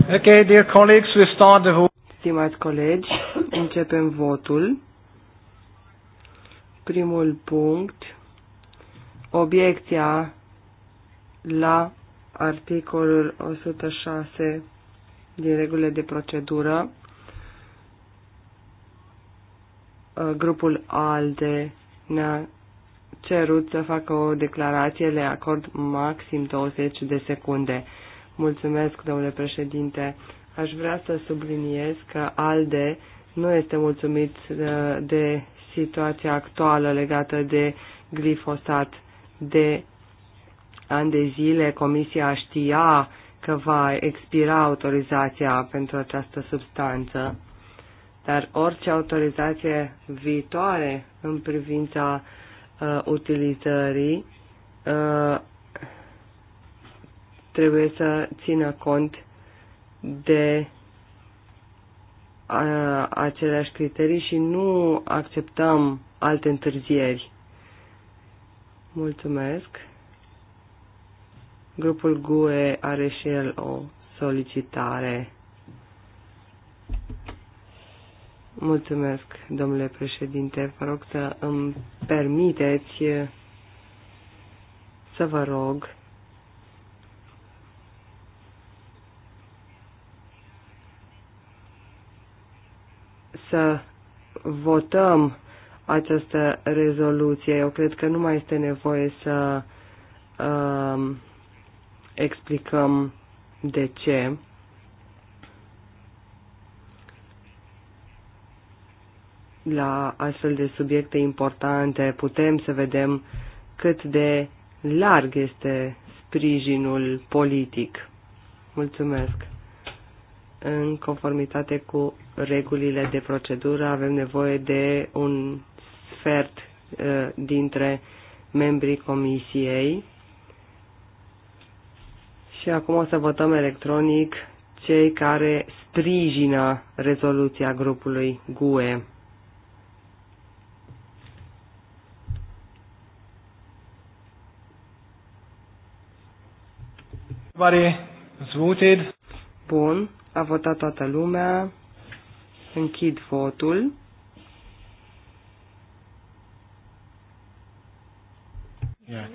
Okay, dear colleagues, we start the vote. Stimați colegi, începem votul. Primul punct, obiecția la articolul 106 din regulile de procedură. Uh, grupul ALDE ne-a cerut să facă o declarație, le acord maxim 20 de secunde. Mulțumesc, domnule președinte. Aș vrea să subliniez că ALDE nu este mulțumit uh, de situația actuală legată de glifosat. De ani de zile Comisia știa că va expira autorizația pentru această substanță, dar orice autorizație viitoare în privința uh, utilizării uh, trebuie să țină cont de a, aceleași criterii și nu acceptăm alte întârzieri. Mulțumesc. Grupul GUE are și el o solicitare. Mulțumesc, domnule președinte. Vă rog să îmi permiteți să vă rog să votăm această rezoluție. Eu cred că nu mai este nevoie să uh, explicăm de ce. La astfel de subiecte importante putem să vedem cât de larg este sprijinul politic. Mulțumesc! În conformitate cu regulile de procedură, avem nevoie de un sfert uh, dintre membrii comisiei. Și acum o să votăm electronic cei care sprijină rezoluția grupului GUE. Bun, a votat toată lumea. Închid votul. Yeah.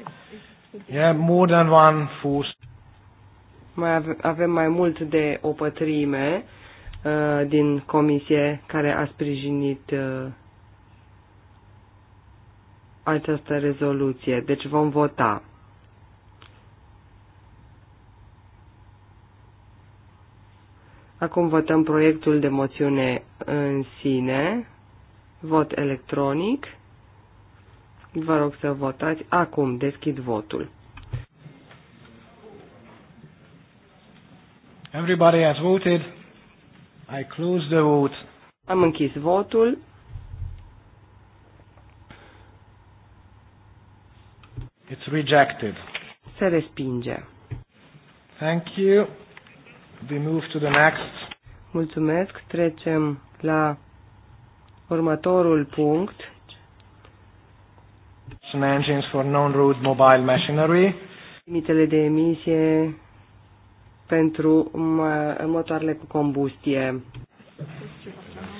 Yeah, more than one force. Mai ave- avem mai mult de o pătrime uh, din comisie care a sprijinit uh, această rezoluție. Deci vom vota. Acum votăm proiectul de moțiune în sine. Vot electronic. Vă rog să votați. Acum deschid votul. Everybody has voted. I close the vote. Am închis votul. It's rejected. Se respinge. Thank you. We move to the next. Mulțumesc. Trecem la următorul punct. Engines for non-road mobile machinery. Limitele de emisie pentru motoarele cu combustie.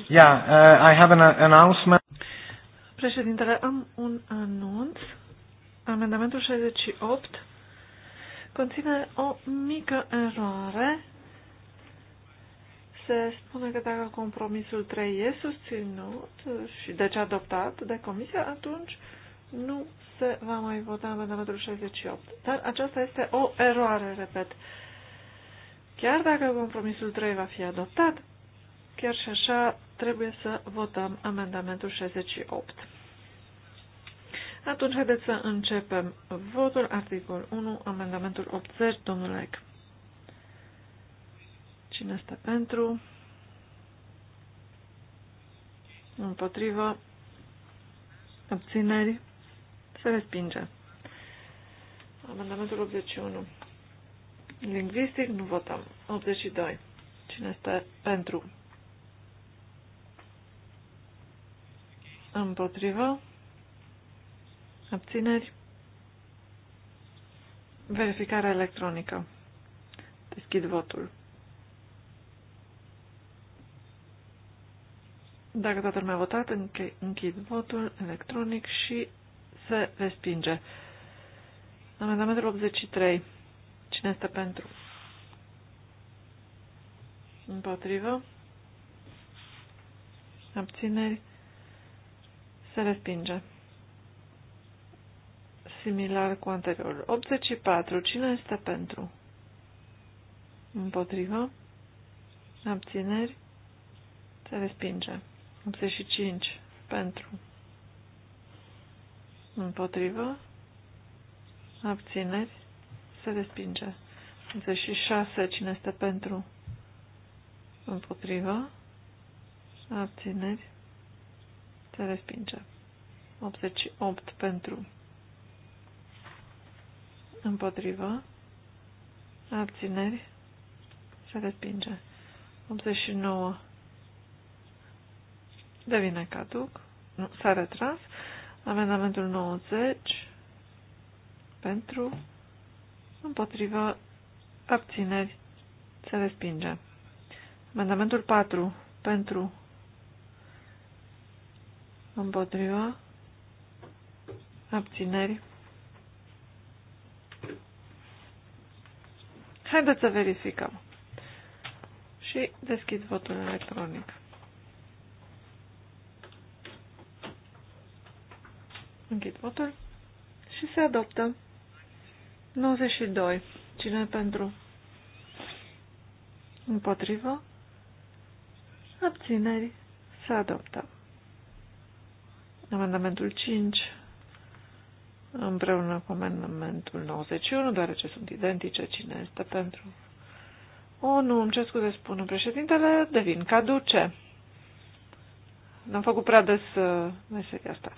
Yeah, uh, I have an uh, announcement. Președintele, am un anunț. Amendamentul 68 conține o mică eroare se spune că dacă compromisul 3 e susținut și deci adoptat de comisie, atunci nu se va mai vota amendamentul 68. Dar aceasta este o eroare, repet. Chiar dacă compromisul 3 va fi adoptat, chiar și așa trebuie să votăm amendamentul 68. Atunci haideți să începem votul articol 1, amendamentul 80, domnule Ec. Cine este pentru? Împotrivă. Abțineri. Se respinge. Amendamentul 81. Lingvistic nu votăm. 82. Cine este pentru? Împotrivă. Abțineri. Verificare electronică. Deschid votul. Dacă toată lumea a votat, înche închid votul electronic și se respinge. Amendamentul 83. Cine este pentru? Împotrivă. Abțineri. Se respinge. Similar cu anteriorul. 84. Cine este pentru? Împotrivă. Abțineri. Se respinge. 85 pentru. Împotrivă. Abțineri. Se respinge. 86. Cine este pentru? Împotrivă. Abțineri. Se respinge. 88 pentru. Împotrivă. Abțineri. Se respinge. 89 devine caduc, nu, s-a retras. Amendamentul 90 pentru, împotrivă, abțineri, se respinge. Amendamentul 4 pentru, împotrivă, abțineri. Haideți să verificăm. Și deschid votul electronic. Închid votul. Și se adoptă. 92. Cine pentru? Împotrivă. Abțineri. Se adoptă. Amendamentul 5 împreună cu amendamentul 91, deoarece sunt identice cine este pentru. O, nu, îmi ce scuze, spun președintele, devin caduce. N-am făcut prea des uh, meseria asta.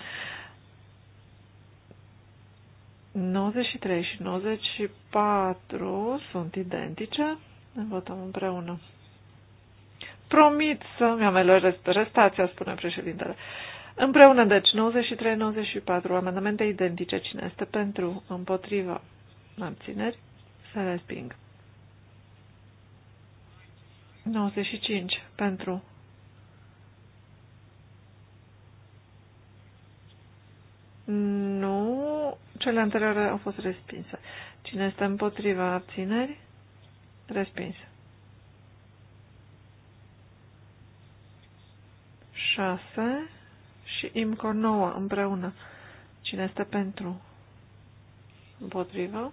93 și 94 sunt identice. Ne votăm împreună. Promit să-mi amelorez restația, spune președintele. Împreună, deci, 93-94, amendamente identice. Cine este pentru, împotriva, abțineri, se resping. 95 pentru nu cele anterioare au fost respinse. Cine este împotriva abțineri? Respins. 6 și IMCO 9 împreună. Cine este pentru? Împotriva?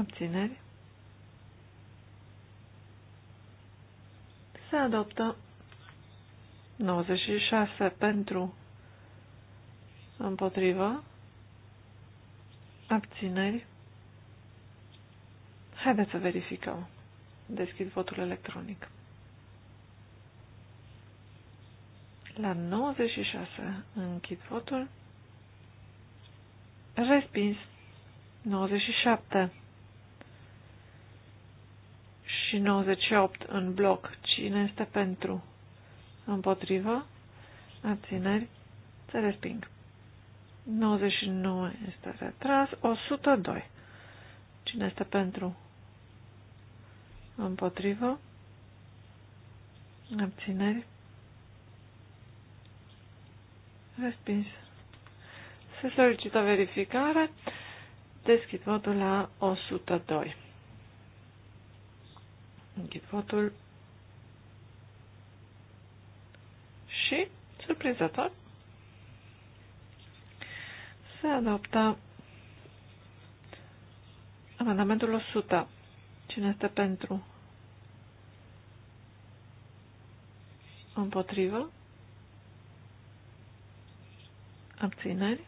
Abțineri? Se adoptă 96 pentru Împotrivă. Abțineri. Haideți să verificăm. Deschid votul electronic. La 96 închid votul. Respins. 97 și 98 în bloc. Cine este pentru? Împotrivă? Abțineri? Să resping. 99 este retras. 102. Cine este pentru? Împotrivă. Abțineri. Respins. Se solicită verificare. Deschid votul la 102. Închid votul. Și, surprinzător, se adoptă amendamentul 100. Cine este pentru? Împotrivă? Abțineri?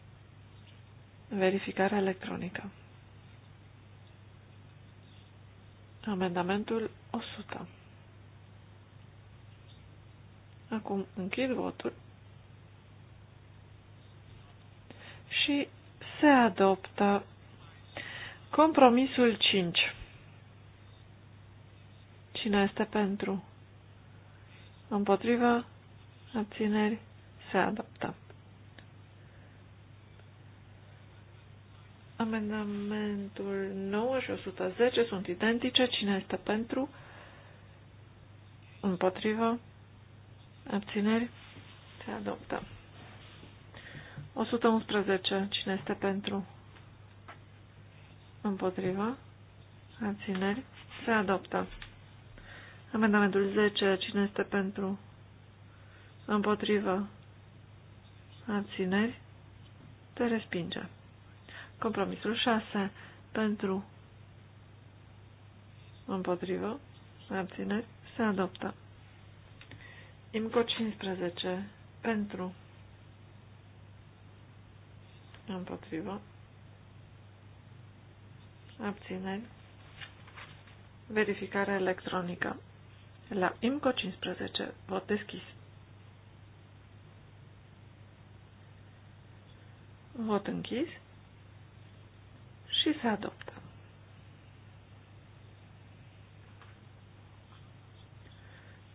Verificare electronică. Amendamentul 100. Acum închid votul. și se adoptă. Compromisul 5. Cine este pentru? Împotriva Abțineri? Se adoptă. Amendamentul 9 și 110 sunt identice. Cine este pentru? Împotriva Abțineri? Se adoptă. 111. Cine este pentru? Împotriva. Abțineri. Se adoptă. Amendamentul 10. Cine este pentru? Împotriva? Abțineri. Te respinge. Compromisul 6. Pentru. Împotriva? Abțineri. Se adoptă. IMCO 15. Pentru. Împotrivă. Abțineri. Verificare electronică. La IMCO 15, vot deschis. Vot închis. Și se adoptă.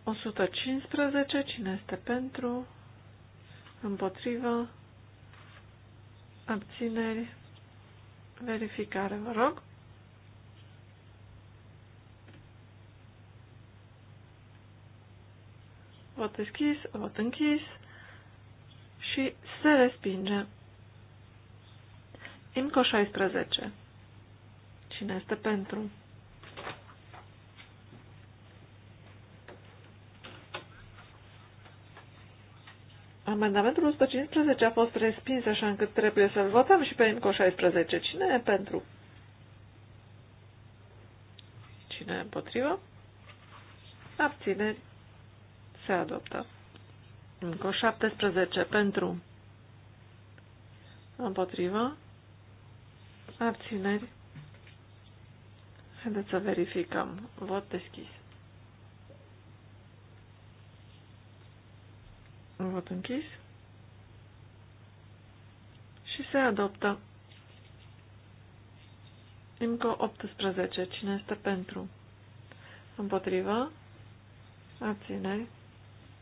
O 115. Cine este pentru? Împotrivă? abțineri, verificare, vă rog. Vot deschis, vot închis și se respinge. Imco 16. Cine este pentru? Amendamentul 115 a fost respins așa încât trebuie să-l votăm și pe INCO 16. Cine e pentru? Cine e împotrivă? Abțineri. Se adoptă. INCO 17 pentru. Împotrivă. Abțineri. Haideți să verificăm. Vot deschis. Vot închis. Și se adoptă. Încă 18. Cine este pentru? Împotrivă? Abțineri?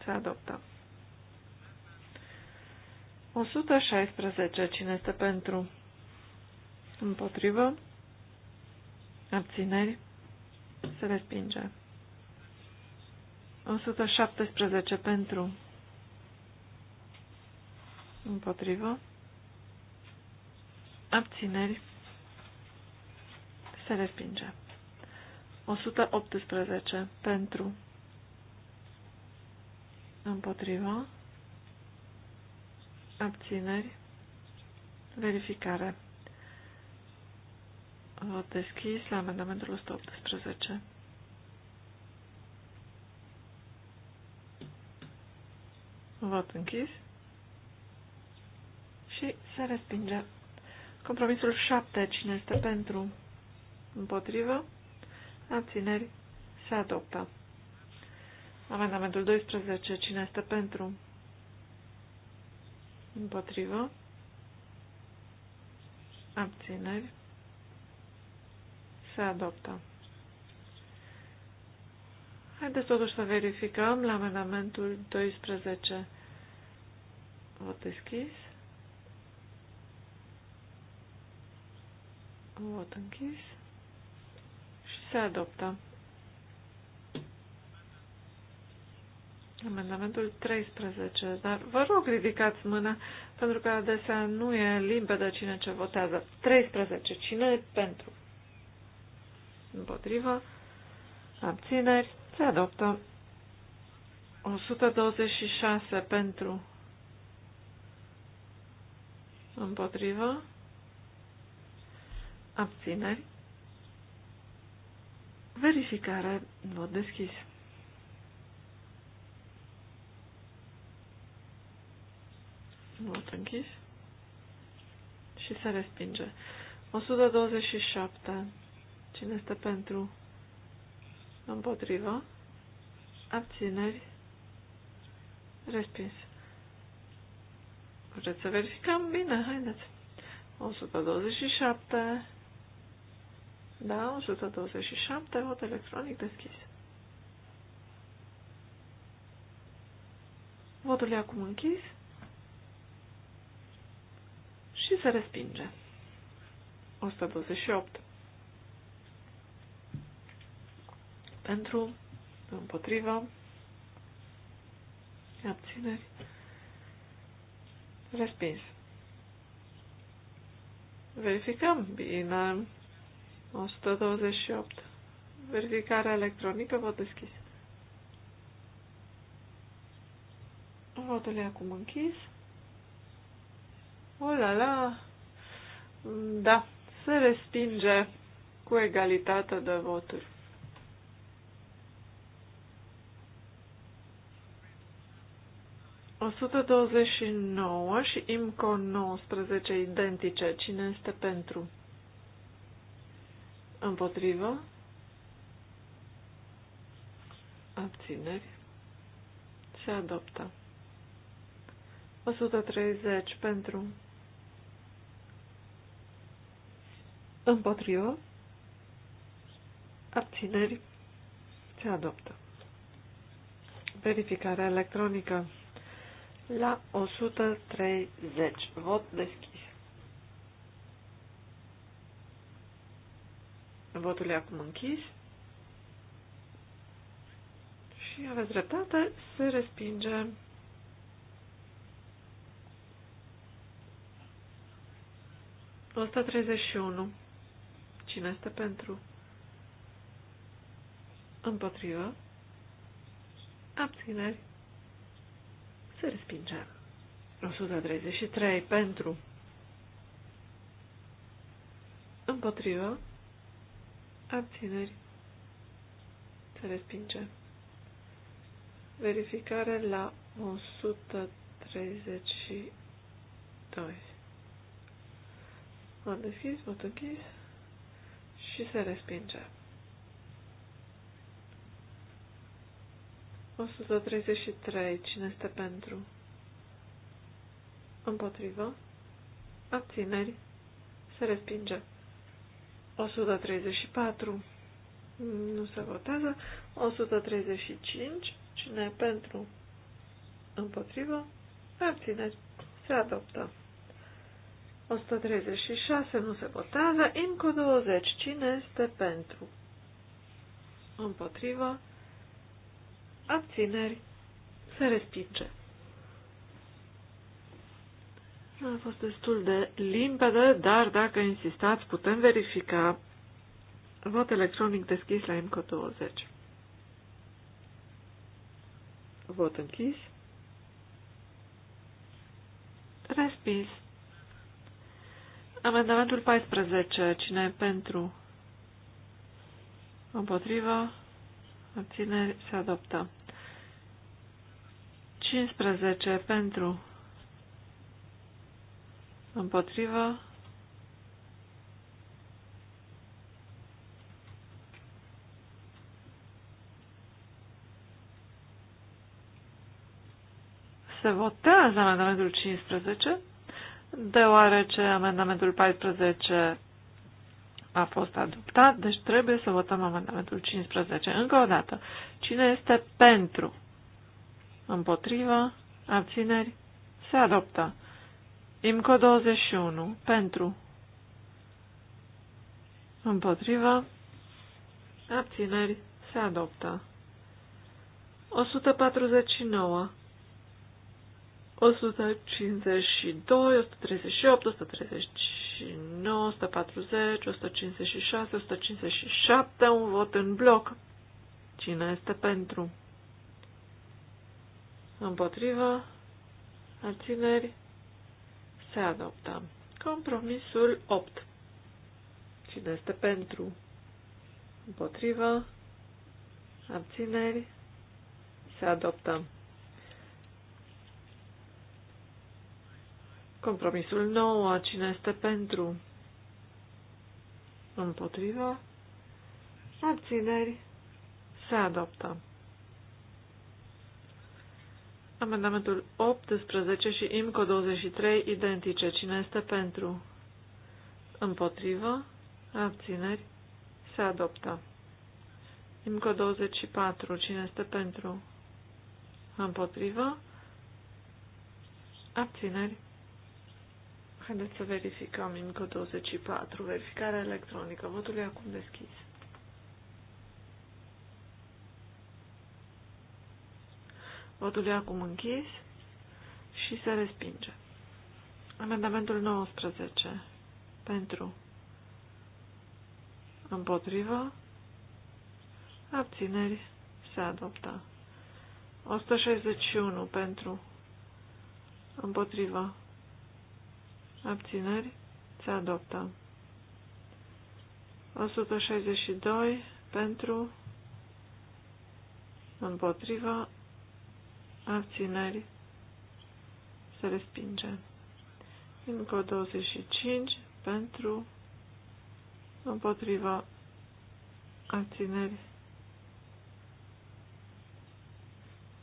Se adoptă. 116. Cine este pentru? Împotrivă? Abțineri? Se respinge. 117. Pentru? împotrivă, abțineri, se respinge. 118 pentru, împotrivă, abțineri, verificare. Vot deschis la amendamentul 118. Vot închis și se respinge. Compromisul 7. Cine este pentru? Împotrivă? Abțineri? Se adoptă. Amendamentul 12. Cine este pentru? Împotrivă? Abțineri? Se adoptă. Haideți totuși să verificăm la amendamentul 12. Vot deschis. Vot închis. Și se adoptă. Amendamentul 13. Dar vă rog, ridicați mâna, pentru că adesea nu e limpede cine ce votează. 13. Cine pentru? Împotrivă. Abțineri. Se adoptă. 126 pentru. Împotrivă abțineri, verificare, mod deschis. Vot închis și se respinge. 127. Cine este pentru? Împotriva. Abțineri. Respins. Vreți să verificăm? Bine, haideți. 127. Da, 127, vot electronic deschis. Votul e acum închis și se respinge. 128. Pentru, împotriva, abțineri, respins. Verificăm. Bine, 128. Verificarea electronică, vot deschis. Votul e acum închis. Oh la la! Da, se respinge cu egalitate de voturi. O 129 și IMCO 19 identice. Cine este pentru? Împotrivă. Abțineri. Se adoptă. 130 pentru. Împotrivă. Abțineri. Se adoptă. Verificarea electronică la 130. Vot deschis. Votul e acum închis. Și aveți dreptate, se respinge. Osta 31. Cine este pentru? Împotrivă. Abțineri. Se respinge. 133. Pentru. Împotrivă abțineri, se respinge. Verificare la 132. M-am deschis, m-am închis și se respinge. 133. Cine este pentru? Împotrivă. Abțineri. Se respinge. 134 nu se votează. 135 cine e pentru împotrivă Abțineți. se adoptă. 136 nu se votează. Inco 20 cine este pentru împotrivă abțineri se respinge. A fost destul de limpede, dar dacă insistați, putem verifica vot electronic deschis la MCO20. Vot închis. Respins. Amendamentul 14. Cine e pentru? Împotrivă? Abțineri se adoptă. 15. Pentru împotrivă, se votează amendamentul 15, deoarece amendamentul 14 a fost adoptat, deci trebuie să votăm amendamentul 15. Încă o dată, cine este pentru? Împotrivă? Abțineri? Se adoptă. IMCO 21. Pentru. Împotriva. Abțineri. Se adoptă. 149. 152, 138, 139, 140, 156, 157, un vot în bloc. Cine este pentru? Împotriva? Alțineri? Se adoptă. Compromisul 8. Cine este pentru? Împotrivă? Abțineri? Se adoptă. Compromisul 9. Cine este pentru? Împotrivă? Abțineri? Se adoptă. Amendamentul 18 și IMCO 23 identice. Cine este pentru? Împotrivă? Abțineri? Se adoptă. IMCO 24. Cine este pentru? Împotrivă? Abțineri? Haideți să verificăm IMCO 24. Verificare electronică. Votul e acum deschis. Votul e acum închis și se respinge. Amendamentul 19. Pentru. Împotrivă. Abțineri. Se adoptă. 161 pentru. Împotrivă. Abțineri. Se adoptă. 162 pentru. Împotrivă abțineri, se respinge. Încă 25 pentru, împotriva, abțineri.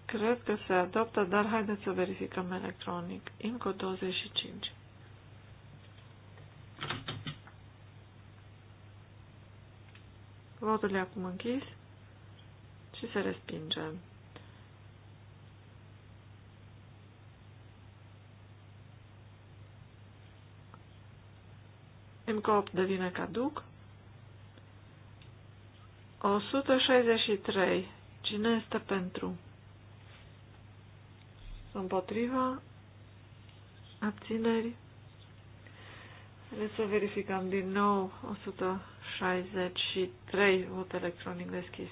Cred că se adoptă, dar haideți să verificăm electronic. Încă 25. Votul e acum închis și se respinge. în 8 devine caduc. 163. Cine este pentru? Împotriva? Abțineri? Haideți să verificăm din nou 163 vot electronic deschis.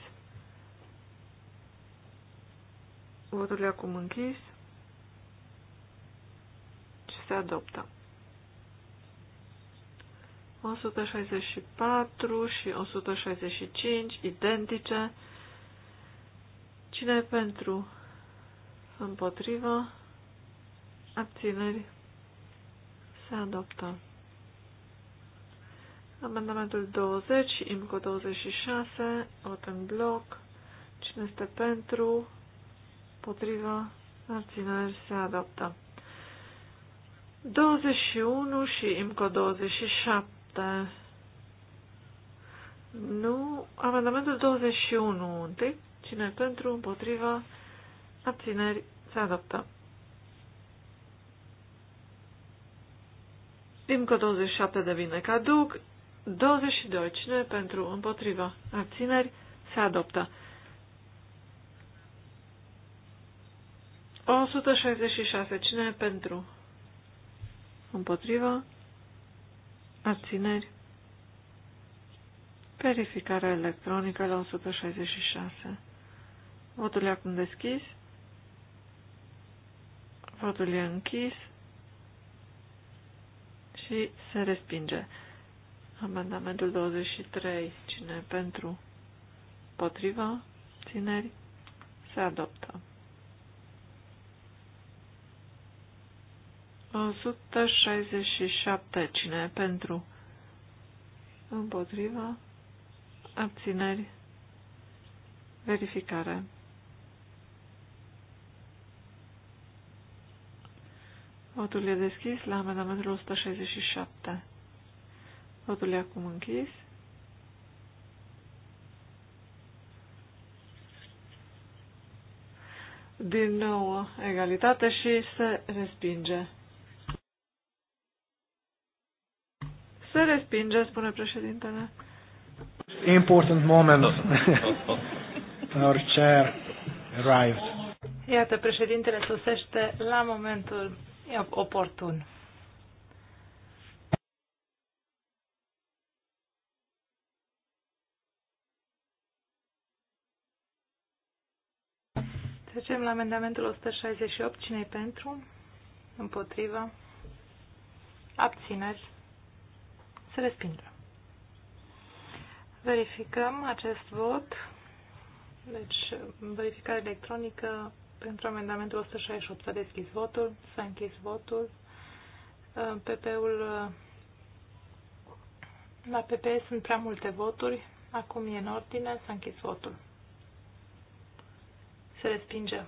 Votul acum închis și se adoptă. 164 și 165 identice. Cine pentru? Împotrivă. Abțineri. Se adoptă. Amendamentul 20 și IMCO 26, vot în bloc. Cine este pentru? Potrivă. Abțineri. Se adoptă. 21 și IMCO 27 este nu. Amendamentul 21 întâi. Cine pentru, împotriva, abțineri, se adoptă. că 27 devine caduc. 22. Cine pentru, împotriva, abțineri, se adoptă. 166. Cine pentru, împotriva, abțineri, verificare electronică la 166. Votul e acum deschis. Votul e închis și se respinge. Amendamentul 23. Cine pentru? Potriva? Țineri? Se adoptă. 167. Cine pentru? Împotriva. Abțineri. Verificare. Votul e deschis la amendamentul 167. Votul e acum închis. Din nou egalitate și se respinge. Se respinge, spune președintele. Important moment. *laughs* Our chair arrived. Iată, președintele sosește la momentul oportun. Trecem la amendamentul 168. cine pentru? împotriva, Abțineri? Se respinge. Verificăm acest vot. Deci, verificare electronică pentru amendamentul 168. S-a deschis votul, s-a închis votul. Uh, PP-ul uh, la PP sunt prea multe voturi. Acum e în ordine, s-a închis votul. Se respinge.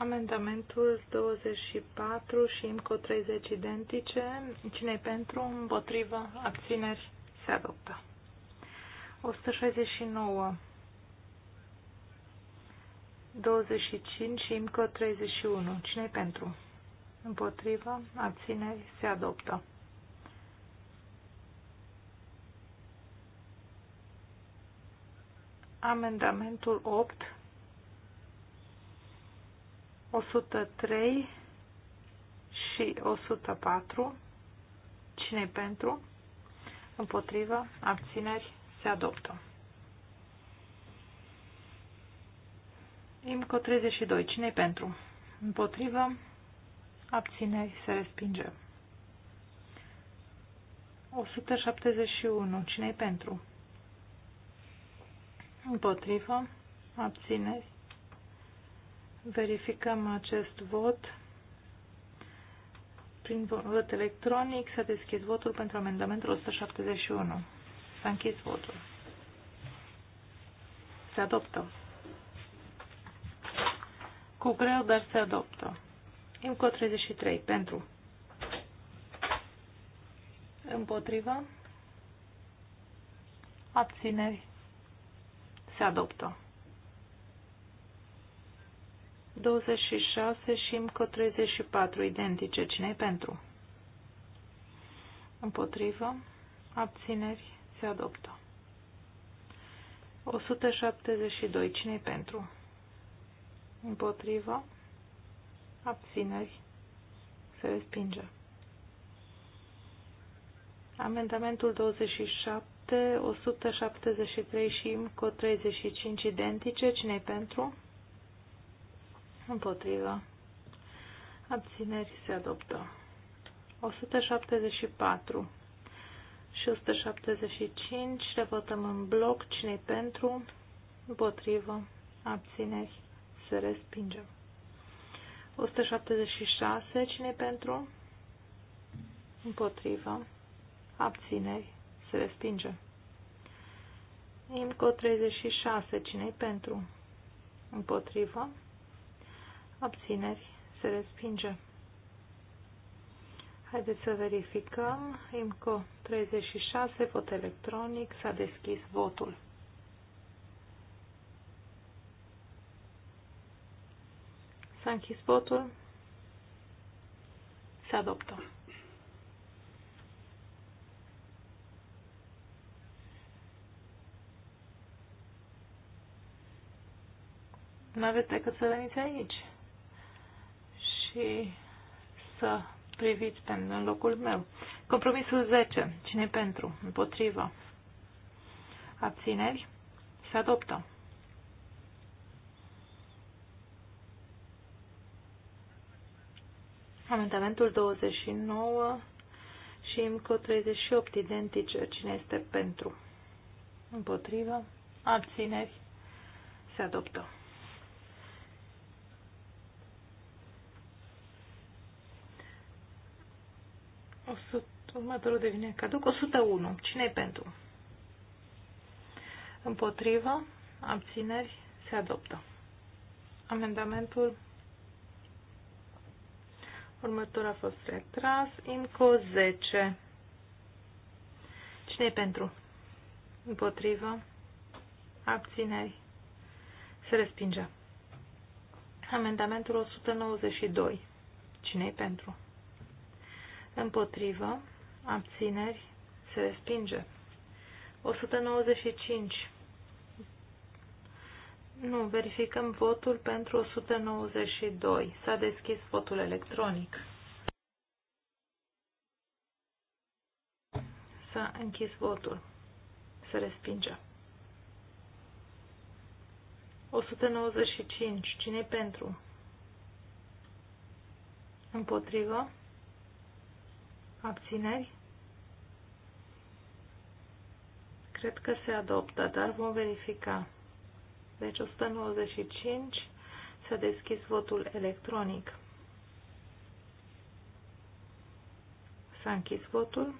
Amendamentul 24 și IMCO 30 identice. cine pentru? Împotrivă? Abțineri? Se adoptă. 169. 25 și IMCO 31. cine pentru? Împotrivă? Abțineri? Se adoptă. Amendamentul 8 103 și 104. cine pentru? Împotrivă? Abțineri? Se adoptă. IMCO 32. cine pentru? Împotrivă? Abțineri? Se respinge. 171. cine pentru? Împotrivă? Abțineri? Verificăm acest vot. Prin vot electronic s-a deschis votul pentru amendamentul 171. S-a închis votul. Se adoptă. Cu greu, dar se adoptă. IMCO 33. Pentru. Împotriva. Abțineri. Se adoptă. 26 și încă 34 identice. cine pentru? Împotrivă. Abțineri. Se adoptă. 172. cine pentru? Împotrivă. Abțineri. Se respinge. Amendamentul 27, 173 și cu 35 identice. cine pentru? împotriva, abțineri se adoptă. 174 și 175 le votăm în bloc, cine pentru, împotrivă, abțineri, se respinge. 176, cine pentru, împotrivă, abțineri, se respinge. IMCO 36, cine pentru, împotrivă, abțineri, se respinge. Haideți să verificăm. IMCO 36, vot electronic, s-a deschis votul. S-a închis votul. Se adoptă. Nu aveți decât să veniți aici și să priviți pe, în locul meu. Compromisul 10. Cine pentru? Împotriva. Abțineri? Se adoptă. Amendamentul 29 și încă 38 identice. Cine este pentru? Împotrivă? Abțineri? Se adoptă. 100, următorul devine caduc. 101. cine e pentru? Împotrivă. Abțineri. Se adoptă. Amendamentul următor a fost retras. Inco 10. cine e pentru? Împotrivă. Abțineri. Se respinge. Amendamentul 192. cine e pentru? împotrivă, abțineri, se respinge. 195. Nu, verificăm votul pentru 192. S-a deschis votul electronic. S-a închis votul. Se respinge. 195. Cine pentru? Împotrivă? Abțineri? Cred că se adoptă, dar vom verifica. Deci 195 s-a deschis votul electronic. S-a închis votul.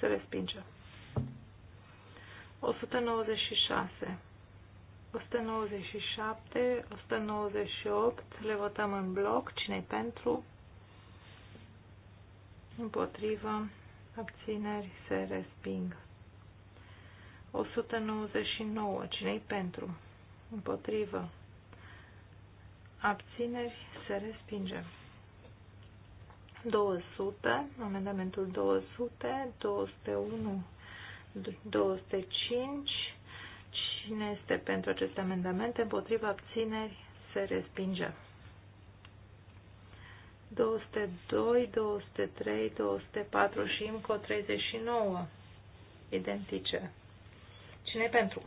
Se respinge. 196. 197, 198, le votăm în bloc. Cine-i pentru? împotrivă, abțineri se resping. 199. cine pentru? Împotrivă. Abțineri se respinge. 200, amendamentul 200, 201, 205. Cine este pentru aceste amendamente? Împotrivă abțineri se respinge. 202, 203, 204 și încă 39 identice. Cine pentru?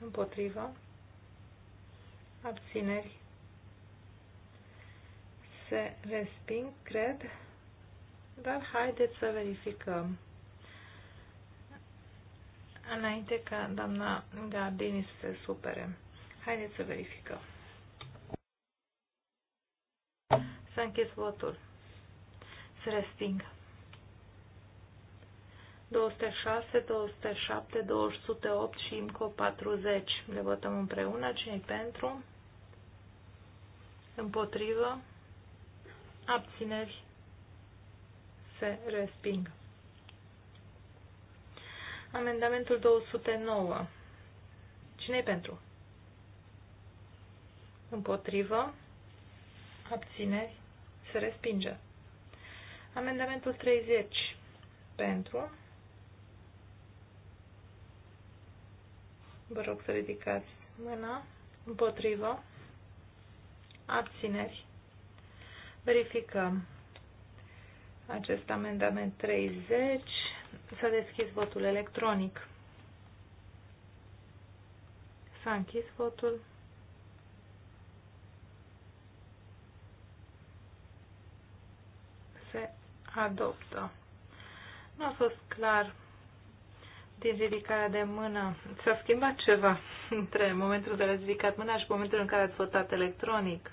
Împotrivă. Abțineri. Se resping, cred. Dar haideți să verificăm. Înainte ca doamna Gardini să se supere. Haideți să verificăm. Să a votul. Se resping. 206, 207, 208 și încă 40. Le votăm împreună. cine pentru? Împotrivă? Abțineri? Se resping. Amendamentul 209. Cine-i pentru? Împotrivă? Abțineri? Se respinge. Amendamentul 30 pentru. Vă rog să ridicați mâna. Împotrivă. Abțineri. Verificăm acest amendament 30. Să deschis votul electronic. S-a închis votul. adoptă. Nu a fost clar din ridicarea de mână. S-a schimbat ceva *laughs* între momentul în care ați ridicat mâna și momentul în care ați votat electronic.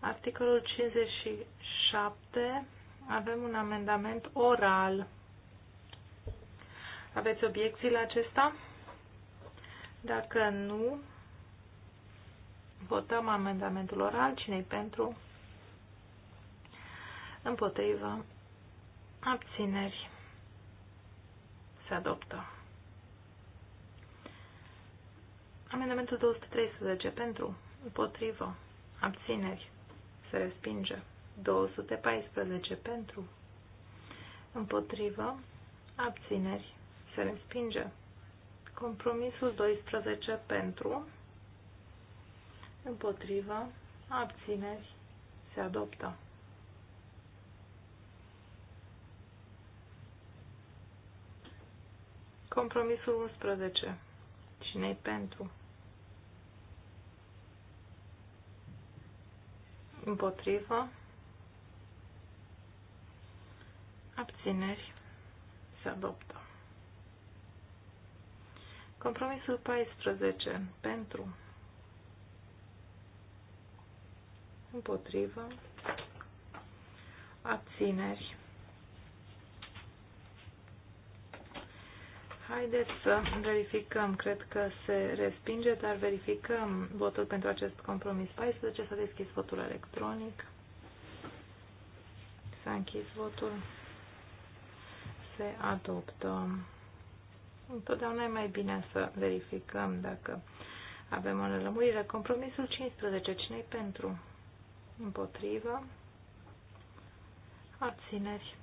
Articolul 57. Avem un amendament oral. Aveți obiecții la acesta? Dacă nu, votăm amendamentul oral. Cine-i pentru? împotriva abțineri, se adoptă. Amendamentul 213 pentru, împotrivă, abțineri, se respinge. 214 pentru, împotrivă, abțineri, se respinge. Compromisul 12 pentru, împotrivă, abțineri, se adoptă. Compromisul 11. Cine-i pentru? Împotrivă. Abțineri. Se adoptă. Compromisul 14. Pentru. Împotrivă. Abțineri. Haideți să verificăm. Cred că se respinge, dar verificăm votul pentru acest compromis 14. S-a deschis votul electronic. S-a închis votul. Se adoptă. Întotdeauna e mai bine să verificăm dacă avem o nelămurire. Compromisul 15. cine pentru? Împotrivă. Abțineri.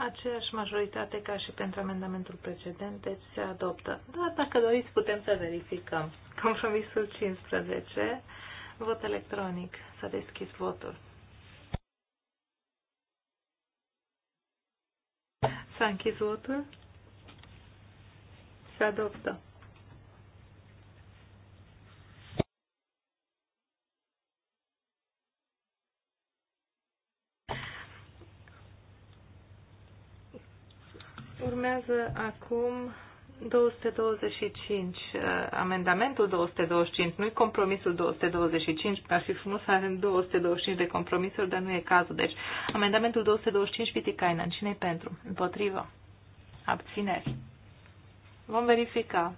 aceeași majoritate ca și pentru amendamentul precedent, deci se adoptă. Dar dacă doriți, putem să verificăm. Compromisul 15, vot electronic. S-a deschis votul. S-a închis votul. Se adoptă. Urmează acum 225, uh, amendamentul 225, nu-i compromisul 225, ar fi frumos să avem 225 de compromisuri, dar nu e cazul. Deci, amendamentul 225, Pitikainen, cine-i pentru? Împotrivă. Abțineri. Vom verifica.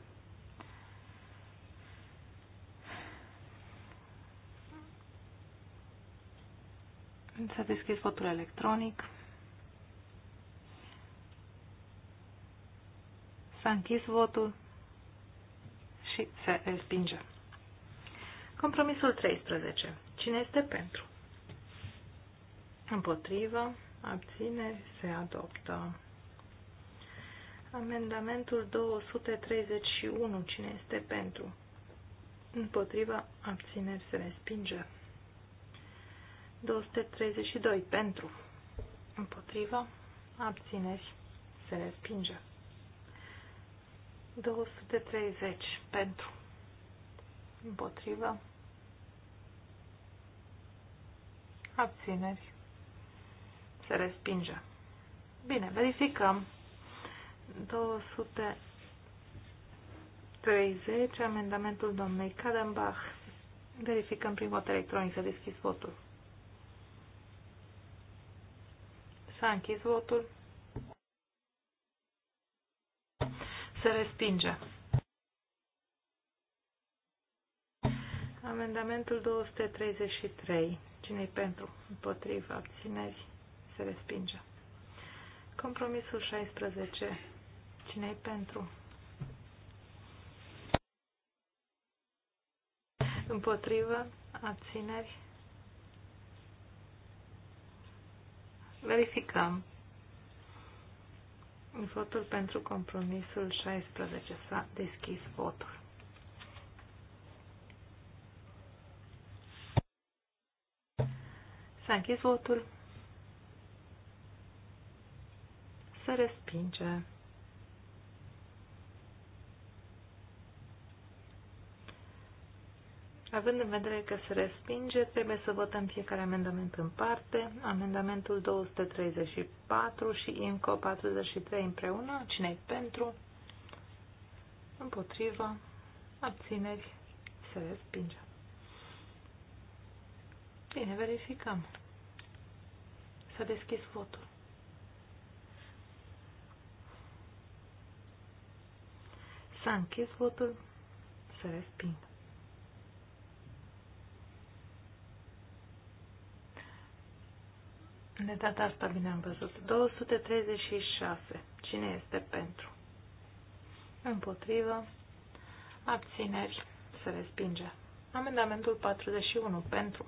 S-a deschis votul electronic. S-a închis votul și se respinge. Compromisul 13. Cine este pentru? Împotrivă, abține, se adoptă. Amendamentul 231. Cine este pentru? Împotriva abține, se respinge. 232. Pentru. Împotriva abțineri se respinge. 230 pentru împotrivă abțineri se respinge. Bine, verificăm. 230, amendamentul domnului Kadenbach. Verificăm prin vot electronic. să deschis votul. S-a închis votul. Se respinge. Amendamentul 233. Cine-i pentru? împotriva Abțineri. Se respinge. Compromisul 16. Cine-i pentru? Împotrivă. Abțineri. Verificăm. Votul pentru compromisul 16. S-a deschis votul. S-a închis votul. Se respinge. Având în vedere că se respinge, trebuie să votăm fiecare amendament în parte. Amendamentul 234 și INCO 43 împreună. cine e pentru? Împotrivă. Abțineri. Se respinge. Bine, verificăm. S-a deschis votul. S-a închis votul. Se respinge. De data asta bine am văzut. 236. Cine este pentru? Împotrivă. Abțineri. Se respinge. Amendamentul 41. Pentru.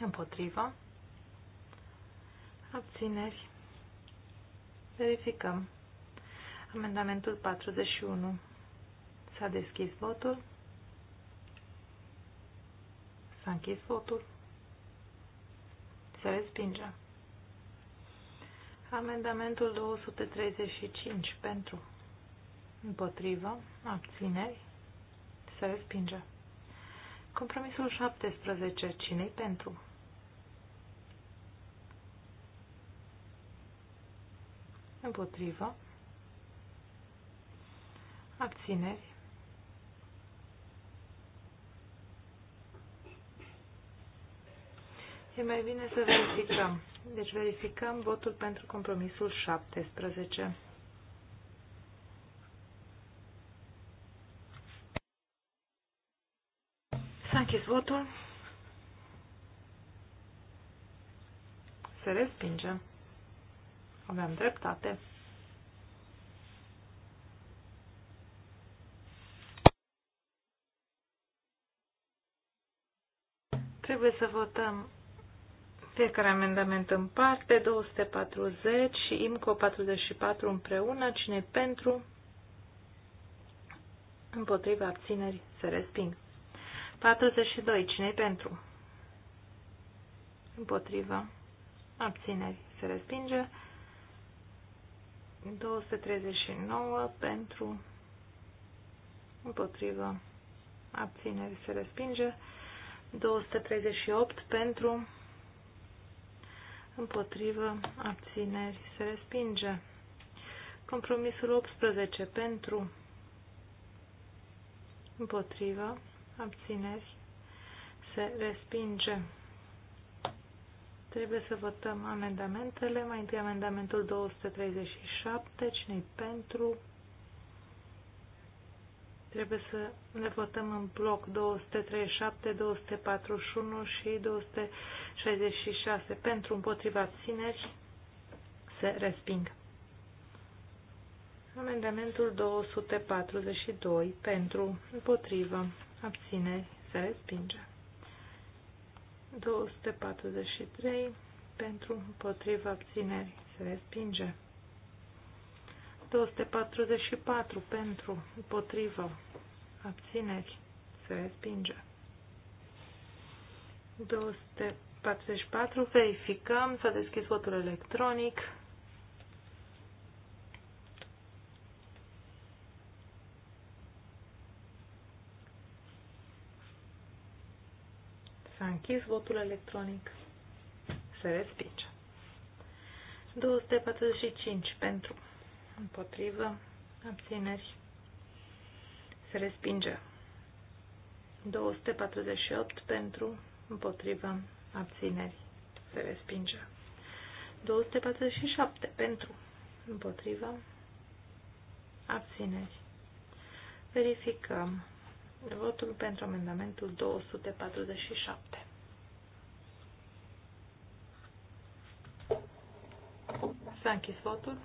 Împotrivă. Abțineri. Verificăm. Amendamentul 41. S-a deschis votul. S-a închis votul. Se respinge. Amendamentul 235 pentru. Împotrivă. Abțineri. Se respinge. Compromisul 17. cine pentru? Împotrivă. Abțineri. E mai bine să verificăm. Deci verificăm votul pentru compromisul 17. S-a închis votul. Se respinge. Aveam dreptate. Trebuie să votăm fiecare amendament în parte, 240 și IMCO 44 împreună, cine pentru, împotriva abțineri, se resping. 42. cine pentru? Împotriva abțineri, se respinge. 239 pentru, împotriva abțineri, se respinge. 238 pentru, împotrivă, abțineri, se respinge. Compromisul 18 pentru, împotrivă, abțineri, se respinge. Trebuie să votăm amendamentele. Mai întâi amendamentul 237, cine pentru, Trebuie să le votăm în bloc 237, 241 și 266. Pentru împotriva țineri se resping. Amendamentul 242 pentru împotrivă abțineri se respinge. 243 pentru împotriva abțineri se respinge. 244 pentru împotriva abțineri, se respinge. 244, verificăm, s-a deschis votul electronic. S-a închis votul electronic. Se respinge. 245 pentru, împotrivă, abțineri, se respinge. 248 pentru, împotriva, abțineri, se respinge. 247 pentru, împotriva, abțineri. Verificăm votul pentru amendamentul 247. S-a închis votul.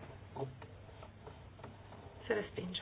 Se respinge.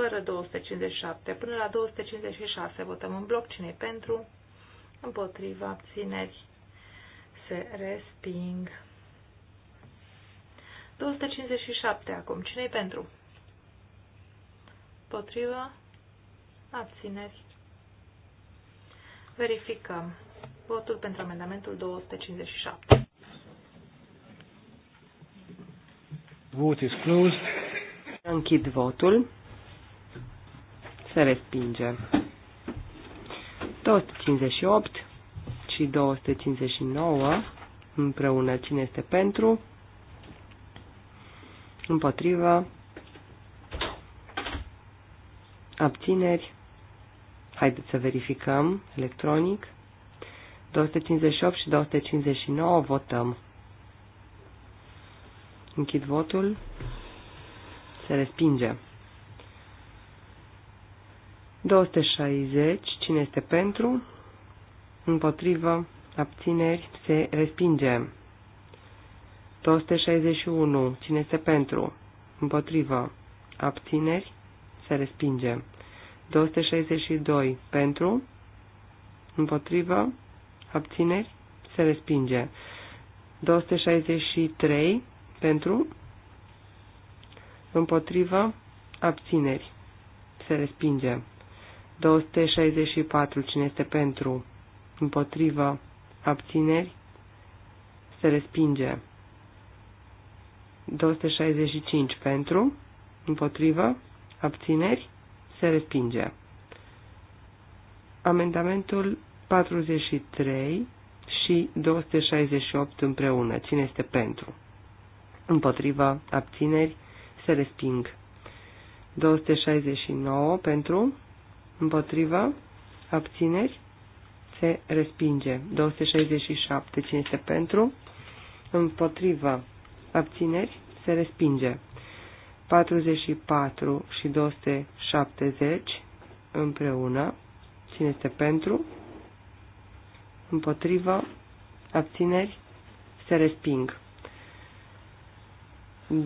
fără 257 până la 256. Votăm în bloc cine pentru, împotriva, abțineri, se resping. 257 acum. cine pentru? împotriva abțineri. Verificăm. Votul pentru amendamentul 257. Vot is closed. Închid votul se respinge. 258 și 259 împreună cine este pentru, împotrivă, abțineri, haideți să verificăm electronic, 258 și 259 votăm. Închid votul, se respinge. 260. Cine este pentru? Împotrivă. Abțineri. Se respinge. 261. Cine este pentru? Împotrivă. Abțineri. Se respinge. 262. Pentru? Împotrivă. Abțineri. Se respinge. 263. Pentru? Împotrivă. Abțineri. Se respinge. 264. Cine este pentru? Împotrivă. Abțineri. Se respinge. 265. Pentru. Împotrivă. Abțineri. Se respinge. Amendamentul 43 și 268 împreună. Cine este pentru? Împotriva abțineri se resping. 269 pentru, Împotrivă. Abțineri. Se respinge. 267. Cine este pentru? Împotrivă. Abțineri. Se respinge. 44 și 270 împreună. Cine este pentru? Împotrivă. Abțineri. Se resping.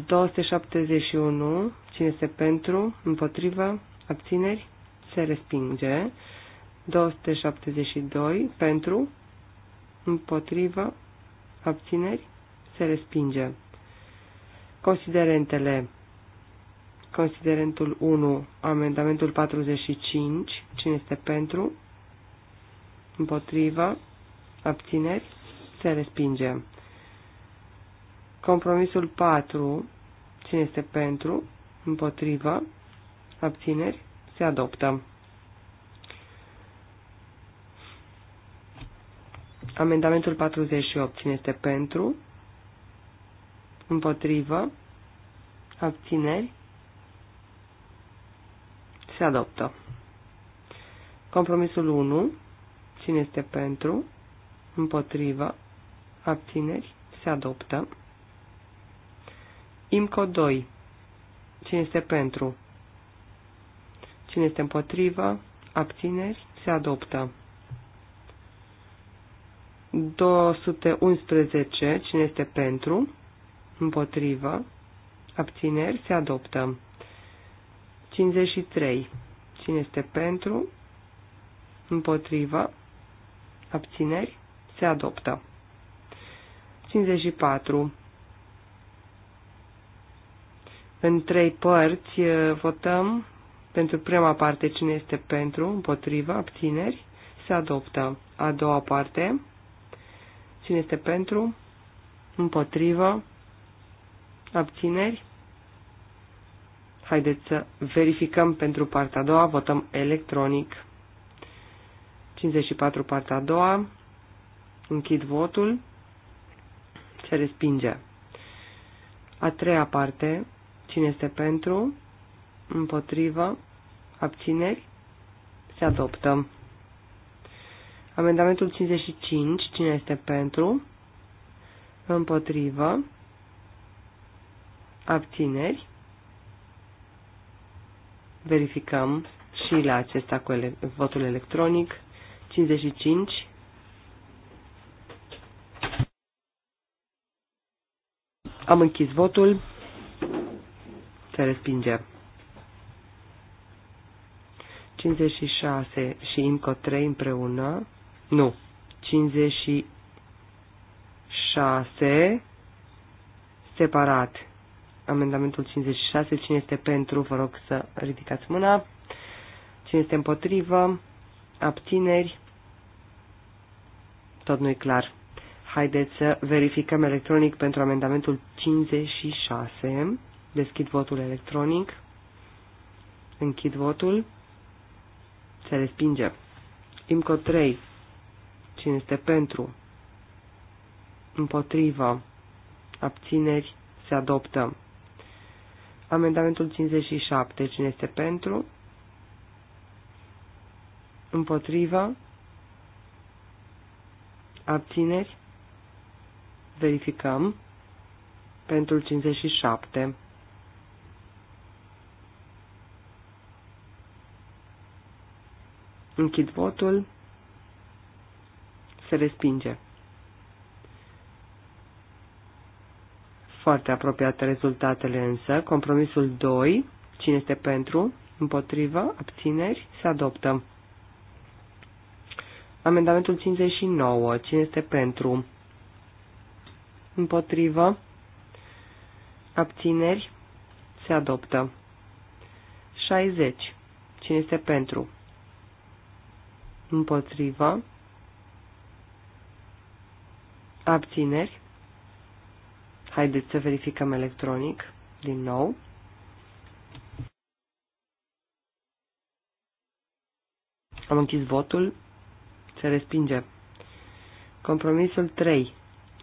271. Cine este pentru? Împotrivă? Abțineri? se respinge. 272 pentru, împotrivă, abțineri, se respinge. Considerentele. Considerentul 1, amendamentul 45, cine este pentru, împotrivă, abțineri, se respinge. Compromisul 4, cine este pentru, împotrivă, abțineri, se adoptă. Amendamentul 48. Cine este pentru? Împotrivă? Abțineri? Se adoptă. Compromisul 1. Cine este pentru? Împotrivă? Abțineri? Se adoptă. IMCO 2. Cine este pentru? Cine este împotrivă? Abțineri? Se adoptă. 211. Cine este pentru? Împotrivă? Abțineri? Se adoptă. 53. Cine este pentru? Împotrivă? Abțineri? Se adoptă. 54. În trei părți eh, votăm pentru prima parte, cine este pentru, împotriva, abțineri, se adoptă. A doua parte, cine este pentru, împotrivă, abțineri. Haideți să verificăm pentru partea a doua, votăm electronic. 54 partea a doua, închid votul, se respinge. A treia parte, cine este pentru, Împotrivă. Abțineri. Se adoptă. Amendamentul 55. Cine este pentru? Împotrivă. Abțineri. Verificăm și la acesta cu ele votul electronic. 55. Am închis votul. Se respinge. 56 și încă 3 împreună. Nu. 56 separat. Amendamentul 56. Cine este pentru, vă rog să ridicați mâna. Cine este împotrivă? Abțineri? Tot nu e clar. Haideți să verificăm electronic pentru amendamentul 56. Deschid votul electronic. Închid votul. Se respinge. Imco 3. Cine este pentru? Împotrivă. Abțineri. Se adoptă. Amendamentul 57. Cine este pentru? Împotrivă. Abțineri. Verificăm. Pentru 57. Închid votul. Se respinge. Foarte apropiate rezultatele însă. Compromisul 2. Cine este pentru? Împotrivă? Abțineri? Se adoptă. Amendamentul 59. Cine este pentru? Împotrivă? Abțineri? Se adoptă. 60. Cine este pentru? împotrivă, abțineri, haideți să verificăm electronic din nou. Am închis votul, se respinge. Compromisul 3.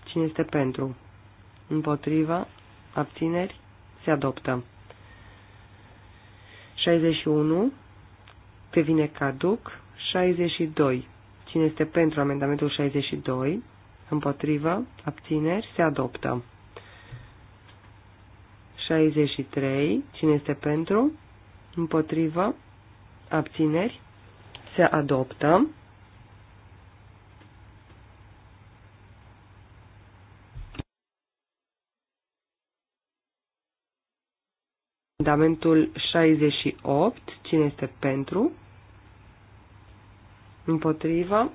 Cine este pentru? Împotriva, abțineri, se adoptă. 61. Devine caduc. 62. Cine este pentru amendamentul 62? Împotrivă? Abțineri? Se adoptă. 63. Cine este pentru? Împotrivă? Abțineri? Se adoptă. Amendamentul 68. Cine este pentru? Împotrivă.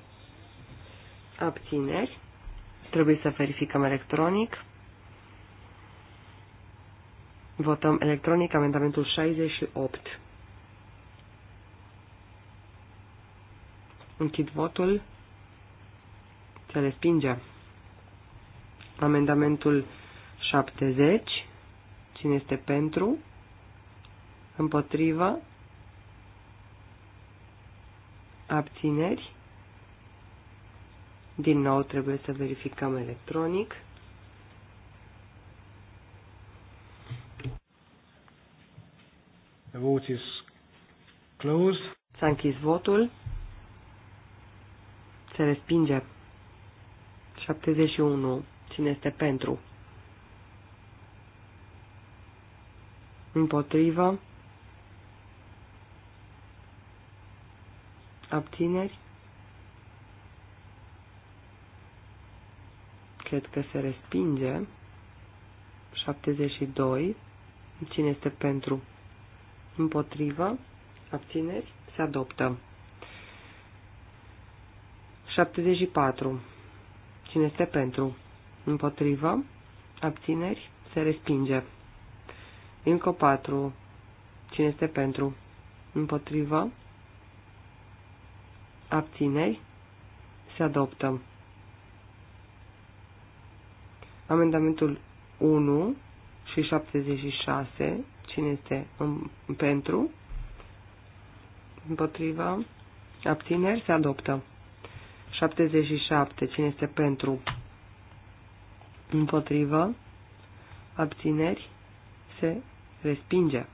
Abțineri. Trebuie să verificăm electronic. Votăm electronic amendamentul 68. Închid votul. Se respinge. Amendamentul 70. Cine este pentru? Împotrivă? abțineri. Din nou trebuie să verificăm electronic. The vote is closed. S-a închis votul. Se respinge. 71. Cine este pentru? Împotrivă. abțineri, cred că se respinge, 72, cine este pentru, împotrivă, abțineri, se adoptă. 74. Cine este pentru? Împotrivă? Abțineri? Se respinge. Încă 4. Cine este pentru? Împotrivă? abțineri, se adoptă. Amendamentul 1 și 76, cine este pentru, împotriva, abțineri, se adoptă. 77, cine este pentru, împotrivă, abțineri, se respinge.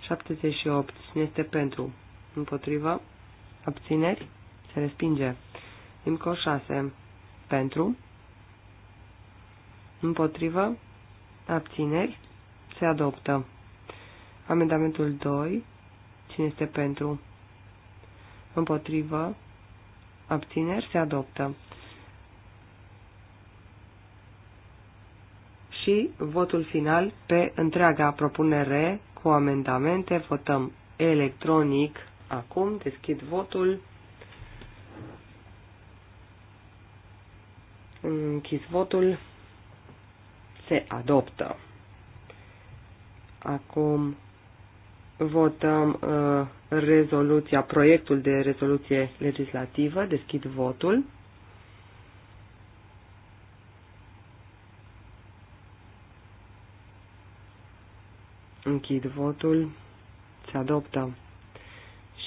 78, cine este pentru, împotriva, abțineri, se respinge. încă 6, pentru, împotrivă, abțineri, se adoptă. Amendamentul 2, cine este pentru, împotrivă, abțineri, se adoptă. și votul final pe întreaga propunere cu amendamente. Votăm electronic Acum deschid votul. Închis votul. Se adoptă. Acum votăm uh, rezoluția, proiectul de rezoluție legislativă. Deschid votul. Închid votul. Se adoptă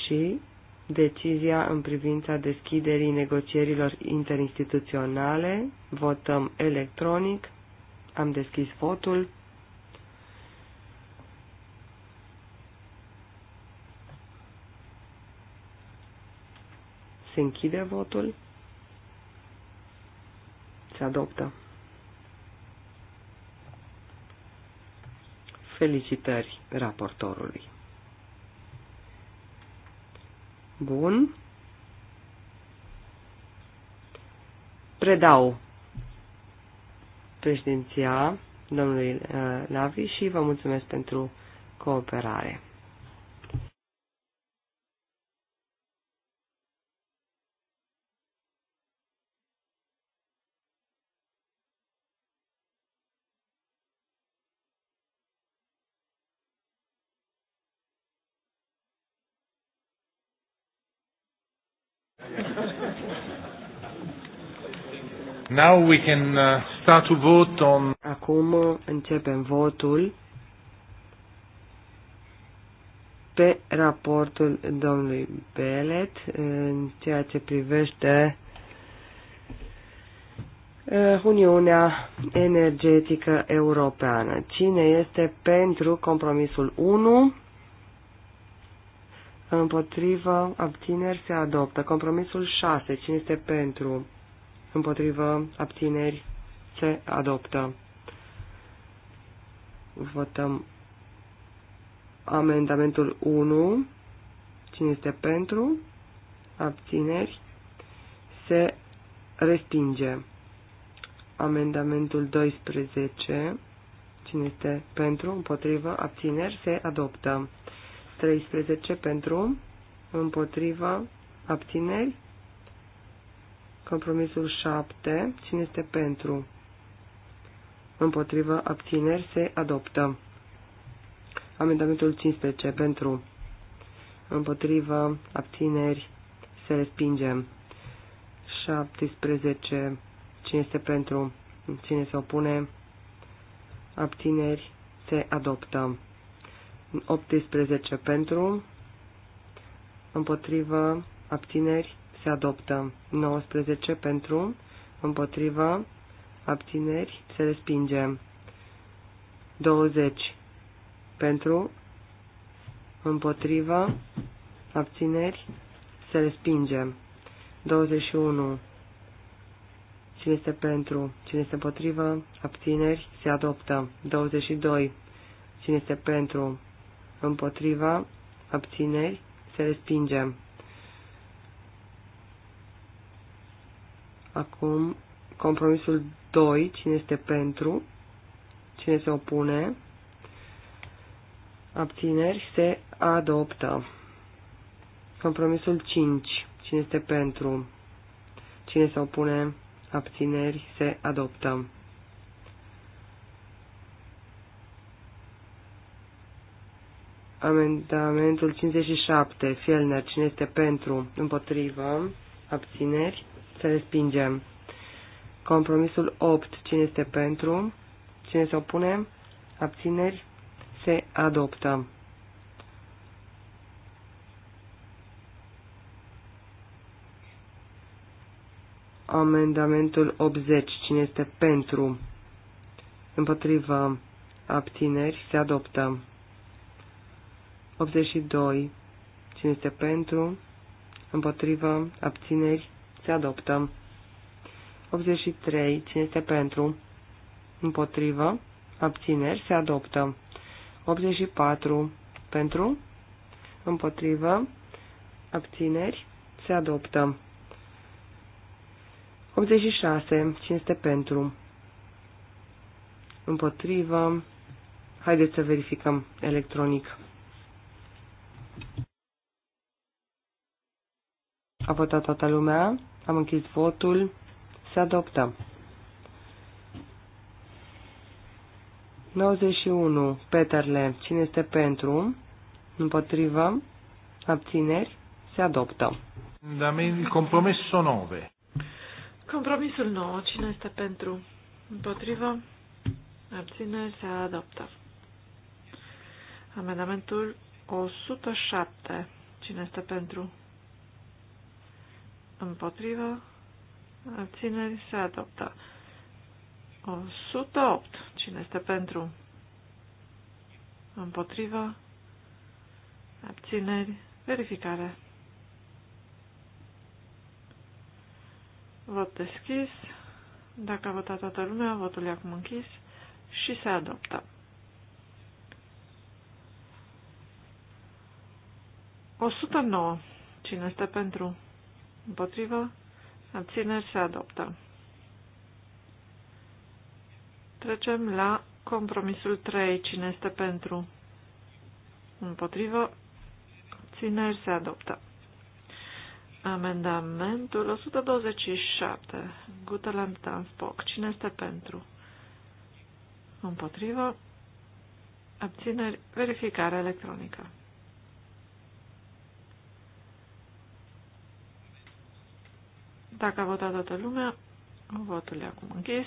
și decizia în privința deschiderii negocierilor interinstituționale. Votăm electronic. Am deschis votul. Se închide votul. Se adoptă. Felicitări raportorului. Bun. Predau președinția domnului uh, Lavi și vă mulțumesc pentru cooperare. Now we can uh, start to vote on... Acum începem votul pe raportul domnului Belet în ceea ce privește uh, Uniunea Energetică Europeană. Cine este pentru compromisul 1? Împotrivă, abțineri se adoptă. Compromisul 6. Cine este pentru? împotrivă, abțineri, se adoptă. Votăm amendamentul 1. Cine este pentru? Abțineri. Se respinge. Amendamentul 12. Cine este pentru? Împotrivă. Abțineri. Se adoptă. 13 pentru. Împotrivă. Abțineri. Compromisul 7. Cine este pentru? Împotrivă abțineri se adoptă. Amendamentul 15. Pentru. Împotrivă abțineri se respinge. 17. Cine este pentru? Cine se opune? Abțineri se adoptă. 18 pentru, împotrivă, abțineri, se adoptă. 19 pentru, împotrivă, abțineri, se respinge. 20 pentru, împotrivă, abțineri, se respinge. 21. Cine este pentru, cine este împotrivă, abțineri, se adoptă. 22. Cine este pentru, împotriva, abțineri, se respinge. Acum, compromisul 2, cine este pentru, cine se opune, abțineri, se adoptă. Compromisul 5, cine este pentru, cine se opune, abțineri, se adoptă. Amendamentul 57, Fielner, cine este pentru, împotrivă, abțineri, se respingem. Compromisul 8. Cine este pentru? Cine se opune? Abțineri? Se adoptă. Amendamentul 80. Cine este pentru? Împotriva Abțineri? Se adoptă. 82. Cine este pentru? Împotriva Abțineri? se adoptă. 83. Cine este pentru? Împotrivă. Abțineri se adoptă. 84. Pentru? Împotrivă. Abțineri se adoptă. 86. Cine este pentru? Împotrivă. Haideți să verificăm electronic. A votat toată lumea? Am închis votul. Se adoptă. 91. Peterle. Cine este pentru? Împotrivă? Abțineri? Se adoptă. Compromisul 9. Compromisul 9. Cine este pentru? Împotrivă? Abțineri? Se adoptă. Amendamentul 107. Cine este pentru? împotrivă, abțineri se adoptă. 108. Cine este pentru? Împotrivă, abțineri, verificare. Vot deschis. Dacă a votat toată lumea, votul e acum închis și se adoptă. 109. Cine este pentru? Împotrivă? Abțineri se adoptă. Trecem la compromisul 3. Cine este pentru? Împotrivă? Abțineri se adoptă. Amendamentul 127. Guteland Tanspoc. Cine este pentru? Împotrivă? Abțineri. Verificare electronică. Dacă a votat toată lumea, votul e acum închis.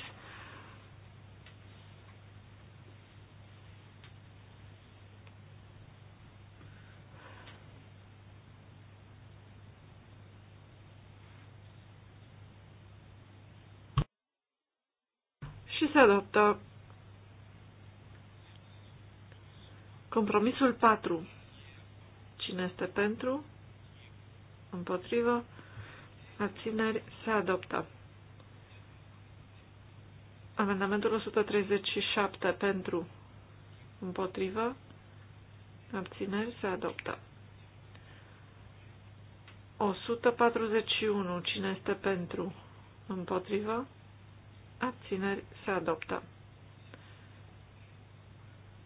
Și se adoptă compromisul 4. Cine este pentru? Împotrivă? abțineri, se adoptă. Amendamentul 137 pentru, împotrivă, abțineri, se adoptă. 141. Cine este pentru? Împotrivă? Abțineri se adoptă.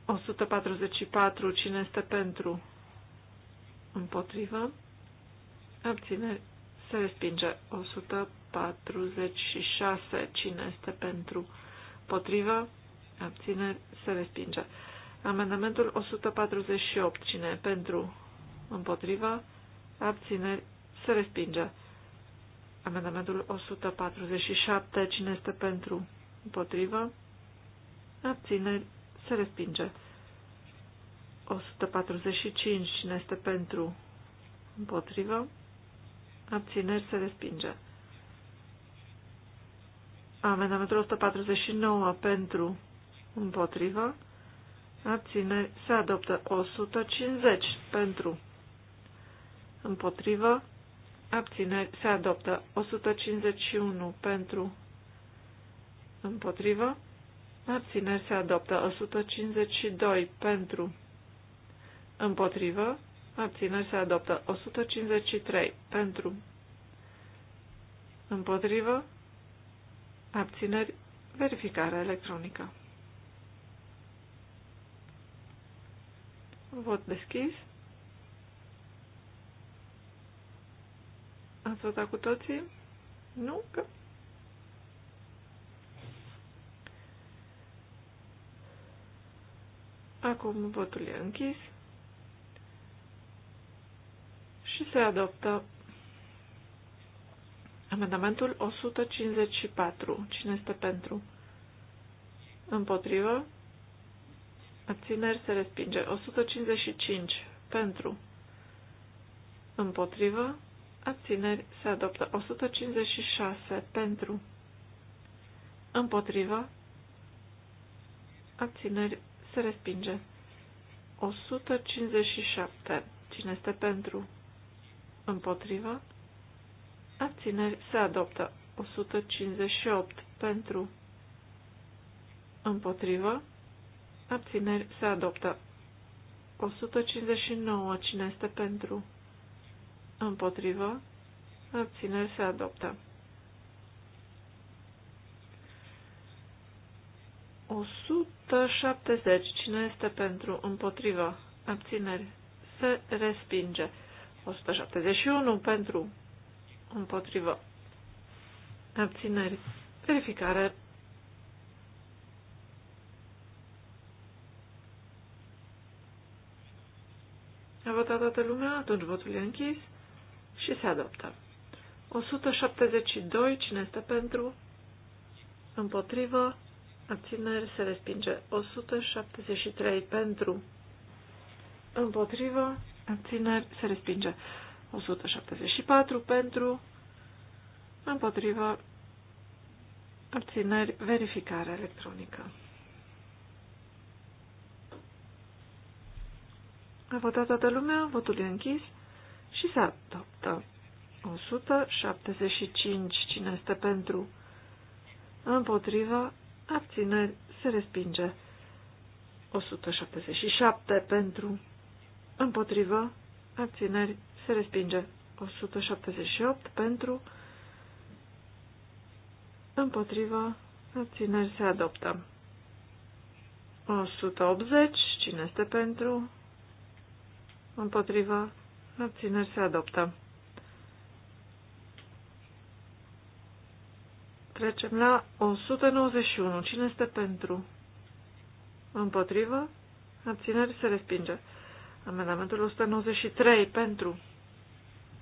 144. Cine este pentru? Împotrivă? Abțineri se respinge 146. Cine este pentru? Potrivă? abține Se respinge. Amendamentul 148. Cine pentru? Împotrivă? abține Se respinge. Amendamentul 147. Cine este pentru? Împotrivă? abține Se respinge. 145. Cine este pentru? Împotrivă? abțineri se respinge. Amendamentul 149 pentru împotrivă, abțineri se adoptă 150 pentru împotrivă, abțineri se adoptă 151 pentru împotrivă, abțineri se adoptă 152 pentru împotrivă, abțineri se adoptă. 153 pentru, împotrivă, abțineri, verificare electronică. Vot deschis. Ați votat cu toții? Nu? Că... Acum votul e închis și se adoptă amendamentul 154. Cine este pentru? Împotrivă? Abțineri se respinge. 155. Pentru. Împotrivă. Abțineri se adoptă. 156. Pentru. Împotrivă. Abțineri se respinge. 157. Cine este pentru? împotriva, abțineri se adoptă 158 pentru, împotriva, abțineri se adoptă 159 cine este pentru, împotriva, abțineri se adoptă. 170. Cine este pentru? Împotriva. Abțineri. Se respinge. 171 pentru împotrivă abțineri. Verificare. A votat toată lumea, atunci votul e închis și se adoptă. 172, cine este pentru? Împotrivă, abțineri, se respinge. 173 pentru, împotrivă, abțineri, se respinge. 174 pentru, împotrivă, abțineri, verificare electronică. A votat toată lumea, votul e închis și se adoptă. 175. Cine este pentru? împotrivă, abțineri, se respinge. 177 pentru împotrivă, abțineri, se respinge. 178 pentru, împotrivă, abțineri, se adoptă. 180, cine este pentru, împotrivă, abțineri, se adoptă. Trecem la 191. Cine este pentru? Împotrivă? Abțineri se respinge. Amendamentul 193 pentru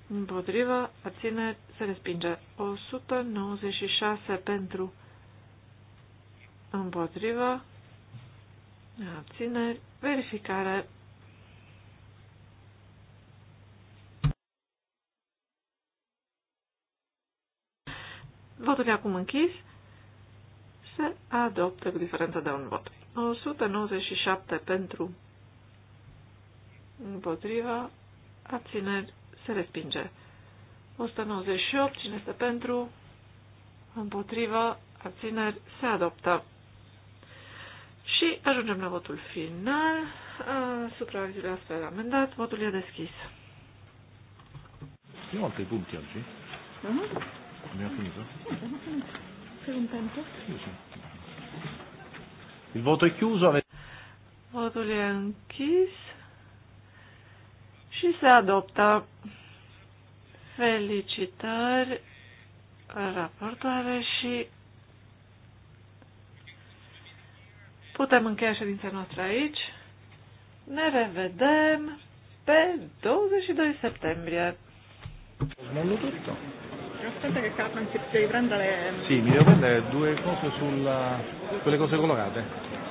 împotrivă, abțineri, se respinge. 196 pentru împotrivă, abțineri, verificare. Votul e acum închis. Se adoptă cu diferență de un vot. 197 pentru împotriva, abțineri, se respinge. 198, cine este pentru, împotriva, abțineri, se adoptă. Și ajungem la votul final. Asupra astfel amendat, votul e deschis. Mhm. Da? Nu am pe puncte chiar, Abbiamo finito? Per un Da, Il voto è chiuso. Votul e închis și se adoptă. Felicitări raportoare și putem încheia ședința noastră aici. Ne revedem pe 22 septembrie. Aspetta che Carmen si deve prendere... Sì, mi devo prendere due cose sulla... quelle cose colorate.